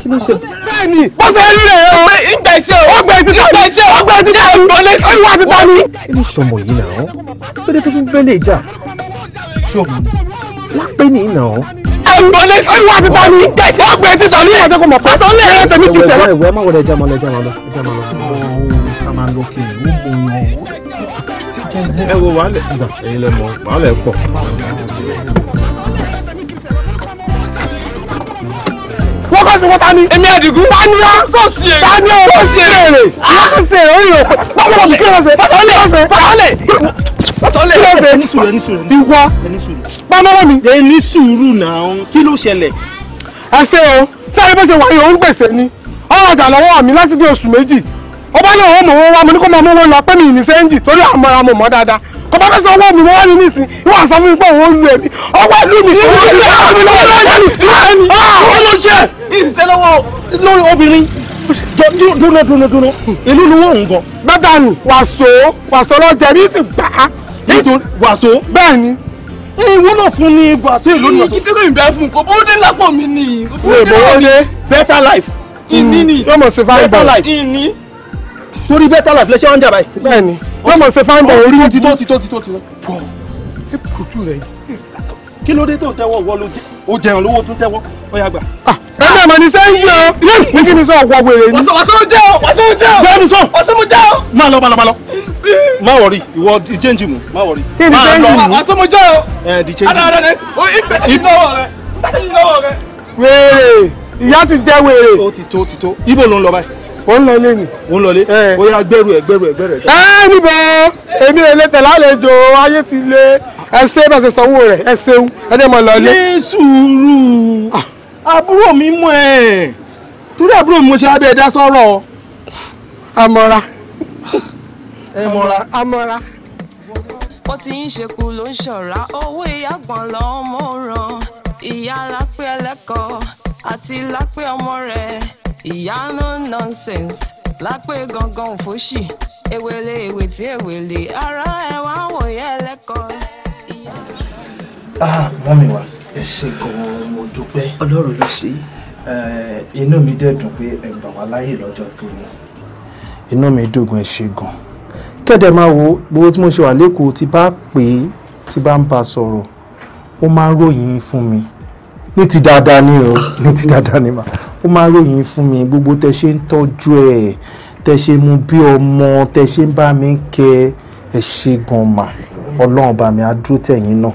kí ló ṣe. bẹ́ẹ̀ni wọ́n fẹ́ rí rẹ̀ o. ìgbà tí o ó gbẹ títà mi ó gbẹ títà mi ó wà títà mi. kí ni sọmọ yìí náà ó pété tó tún fẹ́ lè jà sọmọ lápẹ́ ní ìnáwó ni ìwà àti tani wọ́n pè é ti tani. èmi àdìgún. tani tani ọ sọ́ọ̀sì èrè. a kò sèrè ó pàṣẹ pàṣẹ pàṣẹ sọlẹ ẹ ní sùúrù ẹ ní sùúrù ìwọ ẹ ní sùúrù pamọ́wọ́ mi. ẹ ní sùúrù náà kí ló ṣẹlẹ̀. àṣẹ o sáré bó ṣe wáyé òun gbèsè ni ọ̀rọ̀ ọjà lọ́wọ́ mi láti bí oṣù méjì ó bá lọ́wọ́ mọ̀ owó wa mo ní kó máa mú owó lọ pé mi ì ní sẹ́ńjì torí àmọ́ ra mo mọ̀ dáadáa kò bá fẹ́ sọ owó mi mo wá ní nísìn ìwọ àṣà fún mi pé òun lu ẹni ọwọ́ ìlú mi ìwọ ìlú mi lọ́wọ́ lọ́wọ́ lọ́wọ́ lọ́wọ́ lọ́wọ́ lọ́wọ́ lọ́wọ́ lọ́wọ́ lọ́wọ́ lọ́wọ́ lọ́wọ́ dúró dúró dúró ìlú ni wọ́n ń gan. bàbá mi wàṣọ wàṣọ lọ́jà mi sì gbà á. nítorí wàṣọ. bẹ́ẹ̀ ni. ìwọ náà fún ní wàṣọ ìlú ni wàṣọ. ìṣègùn ìbẹ́ fún kò bó dé lápò mi ni. wèé bó dé. better life ìní ni mm. better life ìní. torí better life lẹ́sẹ̀ wọn jà báyìí. bẹ́ẹ̀ ni wọ́n mọ̀ ṣe fáńdà orí mi. títọ́ títọ́ títọ́ títọ́. kí ló dé tó tẹ́wọ́ wọ́ ó jẹun lówó tún tẹ́wọ́ ó yà gbà. ẹ náà mọ̀ ní sẹ́yìn o yé mi kí ni sọ ọ̀pọ̀ wèrè ni. wàsó wàsó jẹ́ o wàsó jẹ́ o bẹ́ẹ̀ni sọ wàsó mu jẹ́ o. má lọ má lọ má lọ má wọrí ìwọ di change mu má wọrí. kí ni change mu wàsó mu jẹ́ o. ẹ di change mu. adada dẹ o ìfẹ́ ti náwó rẹ ìfẹ́ ti náwó rẹ. wèrè ìyá ti jẹ wèrè. ó ti tó ó ti to ibo ló ń lọ báyìí ó ń lọ ilé ni. ó ń lọ ilé ó yà gbẹrù ẹ gbẹrù ẹ gbẹrù ẹ. ẹ níbo èmi èlétẹ lálejò ayé ti le ẹ ṣe bá ṣe sanwó rẹ ẹ ṣeun ẹ dẹ́ mọ lọ ilé. ní sùúrù ah. àbúrò mi mọ ẹ torí àbúrò mi mo ṣe abẹ́ ẹ̀dá sọ̀rọ̀. amọ̀ra. ẹ mọ̀ra. amọ̀ra. ti ń ṣekú ló ń ṣọ̀rá owó ìyá gbọ̀n lọ́ọ́ ìyá lápẹ́ ẹlẹ́kọ̀ọ́ àti lápẹ́ ọmọ rẹ̀ ìyá nonsense lápè gangan òfòṣì ewele ewetí ewele ara ẹ wá wòye ẹlẹ́kọ̀ọ́. ah mọ́mi wa ẹ ṣe gan-an mo dúpẹ́. ọlọ́run ló ṣe. Eh, inú mi dẹ̀ dùn pé ẹ gbà wá láyè lọ́jọ́ tó ní. inú mi dùn ẹ ṣe gan-an. kẹ́dẹ̀ máa wo gbogbo tí mo ṣe wà lẹ́kọ̀ọ́ ti bá pè é tí bá ń bá a sọ̀rọ̀ ó máa ń ròyìn fún mi ní ti dáadáa ni o ní ti dáadáa ni ma. ó máa ròyìn fún mi gbogbo tẹ ṣe ń tọ́jú ẹ̀ tẹ ṣe mú bí ọmọ tẹ ṣe ń bá mi kẹ́ ẹ ṣe gan mà ọlọ́run bá mi á dúró náà.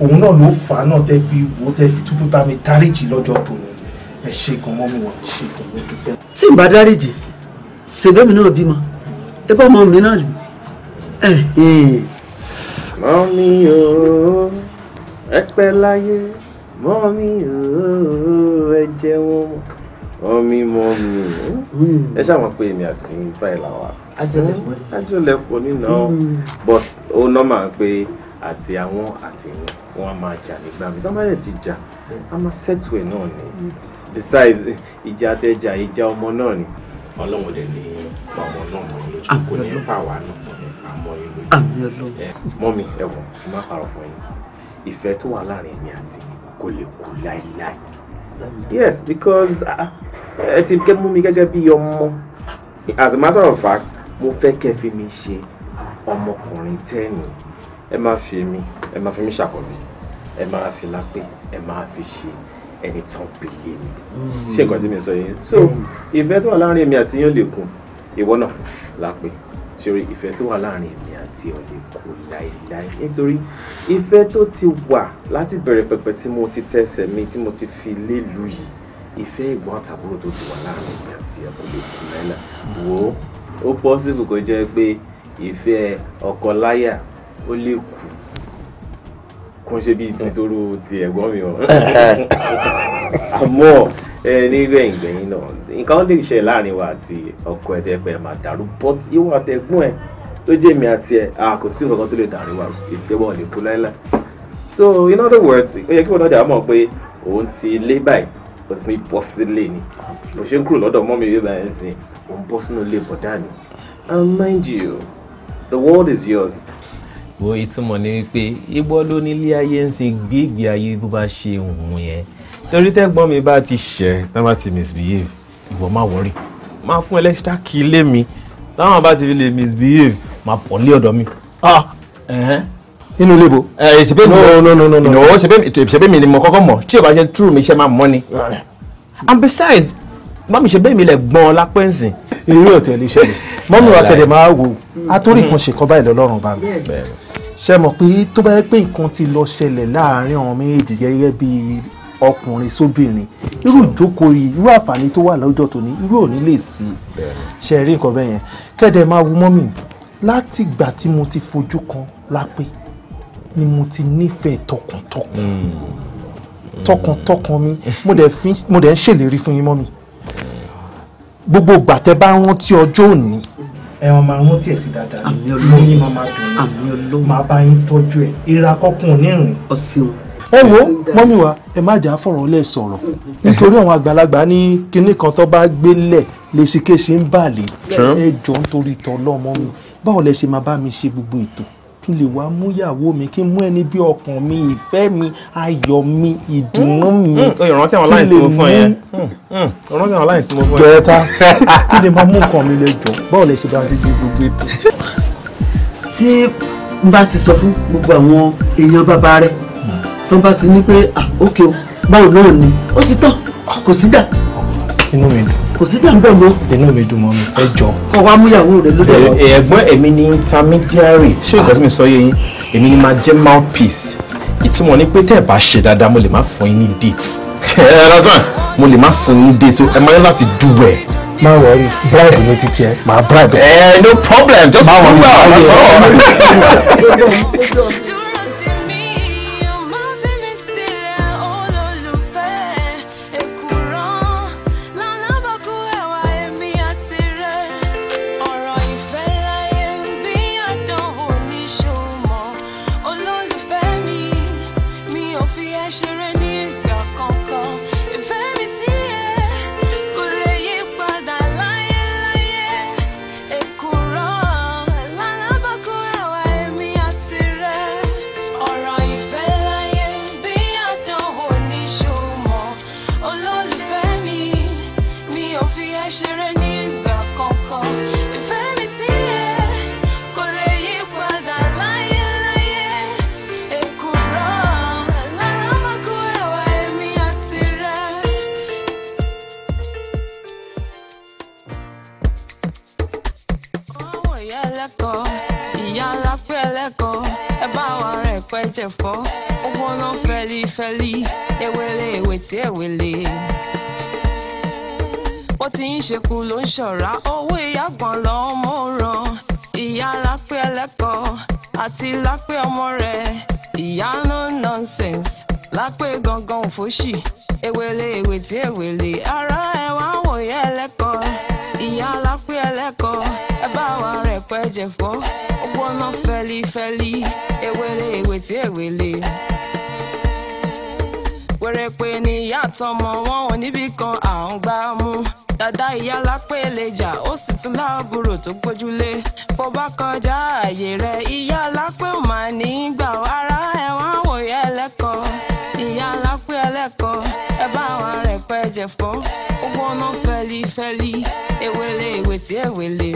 òun náà ló fà á náà tẹ fi wò tẹ fi tún fi bá mi dáríjì lọ́jọ́ tòun ẹ ṣe gan mọ́ mi wọ̀ ẹ ṣe gan mo dúpẹ́. tí n bá dáríjì ṣèbẹ́mi náà bímọ ẹ bá ọmọ mi náà lù. mọ́mí o ẹ pẹ́ láyé mọ́mí ẹ jẹun mọ́mí mọ́mí hmm. ẹ ṣàmọ̀ pé èmi àti báyìí làwà ajọ́lẹ̀pọ̀ nínú but ó nọ́mà pé àti àwọn àti wọn a máa jà nígbà mi tọ́mọ́ yẹn ti jà a máa settle ẹ̀ náà ni hmm. besides ìjà àtẹ̀jà ìjà ọmọ náà ni ọlọ́run dẹ̀ ní pa ọmọ náà mọ́ ní ojú kò ní pa wà náà àmọ́ ìlú mọ́mí ẹ̀wọ̀n mo máa parọ́ fún yín ìfẹ́ tó wà láàrin èmi àti yín kò lè kú yes because ah, ah, ẹ ti mú mi gẹ́gẹ́ bí ọmọ as a matter of fact mo fẹ́ kẹ́ fi mi ṣe ọmọkùnrin tẹ́yìn ẹ máa fi mi ẹ máa fi mi ṣàkọ́bí ẹ máa fi lápé ẹ máa fi ṣe ẹni tán pèlè mi ṣé nǹkan tí mi sọ yẹn so ìfẹ́ tó wà láàrin èmi àti yín lè kún ìwọ náà lápé ṣe ìfẹ́ tó wà láàrin èmi tí ò lè kú láéláé nítorí ìfẹ́ tó ti wà láti bẹ̀rẹ̀ pẹ̀pẹ̀ tí mo ti tẹsẹ̀ mi tí mo ti fi lélùú yìí ìfẹ́ ìgbọ́n tàbúrò tó ti wà láàrin ìgbà tí ẹ kò lè kú láéláé wò ó ó pọ́sibù kó jẹ́ pé ìfẹ́ ọkọ láyà ó lè kú kò ṣe bíi tìtòrò ti ẹ̀gbọ́n mi o àmọ́ nígbẹ̀ ìgbẹ̀yìn náà nǹkan lè ṣe láàrin wa àti ọkọ ẹ̀dẹ́gbẹ̀ẹ́ màdàrú but ìwà àtẹ̀gbọ́n ẹ̀ tó jẹ́ èmi àti ẹ̀ a kò sí nǹkan tó lè dàrí wa ìfẹ́ wọn lè kú láíláí so in other words ó yẹ kí wọn náà dàá mọ̀ pé òun ti lé báyìí ó ti bọ́ sílé ni mo ṣe ń kúrò lọ́dọ̀ mọ́ mi bí báyìí sí òun bọ́ sínú ilé bọ̀dá ni and mind you the world is yours. wo ìtumọ̀ ni wípé igbó ló nílé ayé ń sin gbígbé ayé bó bá ṣe òun yẹn torí tẹ́gbọ́n mi bá ti ṣẹ̀ tán bá ti misbehave ìwọ má wọrí máa fún ẹlẹ́sítà kí lé mi táwọn bá ti fi lè misbehave Ma pọ̀ nílé ọ̀dọ̀ mi. inú ah. ilé bo. ṣèpé mi no ṣèpé mi ni mo kọ́kọ́ mọ̀ tí o bá ṣe túrù mi ṣe máa mọ́ ni. and besides mọ́mí ṣe bẹ́ẹ̀ mi lẹ̀ gbọ́n lápẹ́ ǹsìn. irú ọ̀tẹ̀ lè ṣẹlẹ̀ mọ́mí wa kẹ̀dẹ̀ máa wò àtórí kan ṣe kan báyìí lọ́lọ́run bá mi ṣe mọ̀ pé tó bá yẹ pé nǹkan ti lọ ṣẹlẹ̀ láàárín àwọn méjèèjì gẹ́gẹ́ bí ọkùnrin sóbìnrin irú ìjókòó yìí irú àǹfààní tó wà lọ́jọ́ tòní irú òní lè sí ṣe rí nǹkan bẹ́ẹ̀ yẹn kẹ́dẹ̀ máa wo mọ́mí láti ìgbà tí mo ti fojú kan lápé ni mo ti nífẹ̀ẹ́ tọkàntọkàn hmm. tọkàntọkàn mi mo dẹ̀ ń ṣèlérí fún yín mọ́ mi gbogbo ìgbà tẹ́ bá rántí ọjọ́ òní ẹ̀wọ̀n máa rántí ẹ̀ sí dáadáa mo yín máa máa dùn ní máa bá yín tọ́jú ẹ̀ ìra kọ́kùn ò ní rìn. ẹ wo mọ́mí wa ẹ má jà fọ̀rọ̀ lẹ̀ sọ̀rọ̀ nítorí àwọn àgbàlagbà ní kinní kan tó bá gbélé lèṣikéṣi ń bà lè ẹ jọ nítorí tọ́lọ́ mọ́mí báwo lẹ ṣe máa bá mi ṣe gbogbo ètò kí n lè wá mú ìyàwó mi kí n mú ẹni bí ọkàn mi ìfẹ́ mi ayọ̀ mi ìdùnnú mm, mi mm. kí lè mú mm, jọta kí lè máa mú nǹkan mi lẹ́jọ́ báwo lẹ ṣe bá mi ṣe gbogbo ètò. tí n bá ti sọ fún gbogbo àwọn èèyàn bàbá rẹ tó bá ti ní pé ah ok báwo náà ni ó ti tọ́ kò sí dà. inú mi dùn kò sí jàǹbọ̀ mọ́. inú mi dùn mọ́ mi ẹ jọ. kọ wá múyàwó rẹ ló dé lọ. ẹ̀gbọ́n èmi ni intermediary ṣé ìgbà tí mi sọ yẹn èmi ni máa jẹ́ mouthpiece ìtumọ̀ ni pé tẹ́ ẹ̀ bá ṣe dáadáa mo lè má fún yín ní date ẹ ẹ razan mo lè má fún yín ní date ẹ máa ní láti do well. má wọrí bribe ní títí ẹ máa bribe. ẹ no problem just do well that's all. ṣekú ló ń ṣọ̀rá owó ìyá gan lọ́mọ ràn ìyá lápẹ́ ẹlẹ́kọ̀ọ́ àti lápẹ́ ọmọ rẹ̀ ìyá no nonsense lápẹ́ gangan òfóṣì ewele ewe tí ewele ara ẹ wá wòye ẹlẹ́kọ̀ọ́ ìyá lápẹ́ ẹlẹ́kọ̀ọ́ ẹ bá wa rẹ̀ pẹ́ jẹ̀fọ́ ó gbóná fẹ́lifẹ́li ewele ewe tí ewele wẹ̀rẹ̀ pé níyà tọmọ wọn ò níbì kan à ń gbá mọ́ dá ìyá lápẹ́lẹ̀ jà ó sì tún láàbúrò tó gbójúlé bó bá kọjá ààyè rẹ ìyá lápẹ́ ò máa ní í gbà ó ara ẹ̀ wọ́n wò ìyá lápẹ́ ẹlẹ́kọ̀ọ́ ẹ bá wọn rẹ̀ pẹ́ jẹ̀fọ́ ó gbóná fẹ́lifẹ́li ewele ìwé tí ewele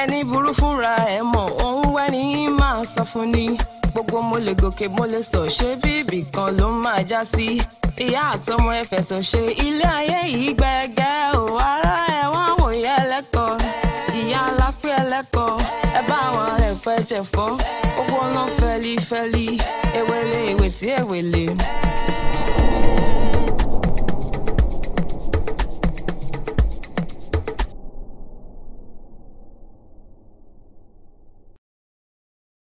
ẹni burú fúnra ẹ̀ mọ̀ òun tí ń máa sọ fún ni gbogbo mo lè gòkè mo lè sọ ṣé bíbì kan ló máa já sí ìyá àtọmọ ẹ fẹ̀sọ̀ ṣe ilé ayé yìí gbẹgẹ ò ara ẹ wòye ẹlẹ́kọ̀ọ́ ìyá alápẹ ẹlẹ́kọ̀ọ́ ẹ bá àwọn rẹ pẹjẹ fọ owó náà fẹlifẹli ewele ìwé tí ewele.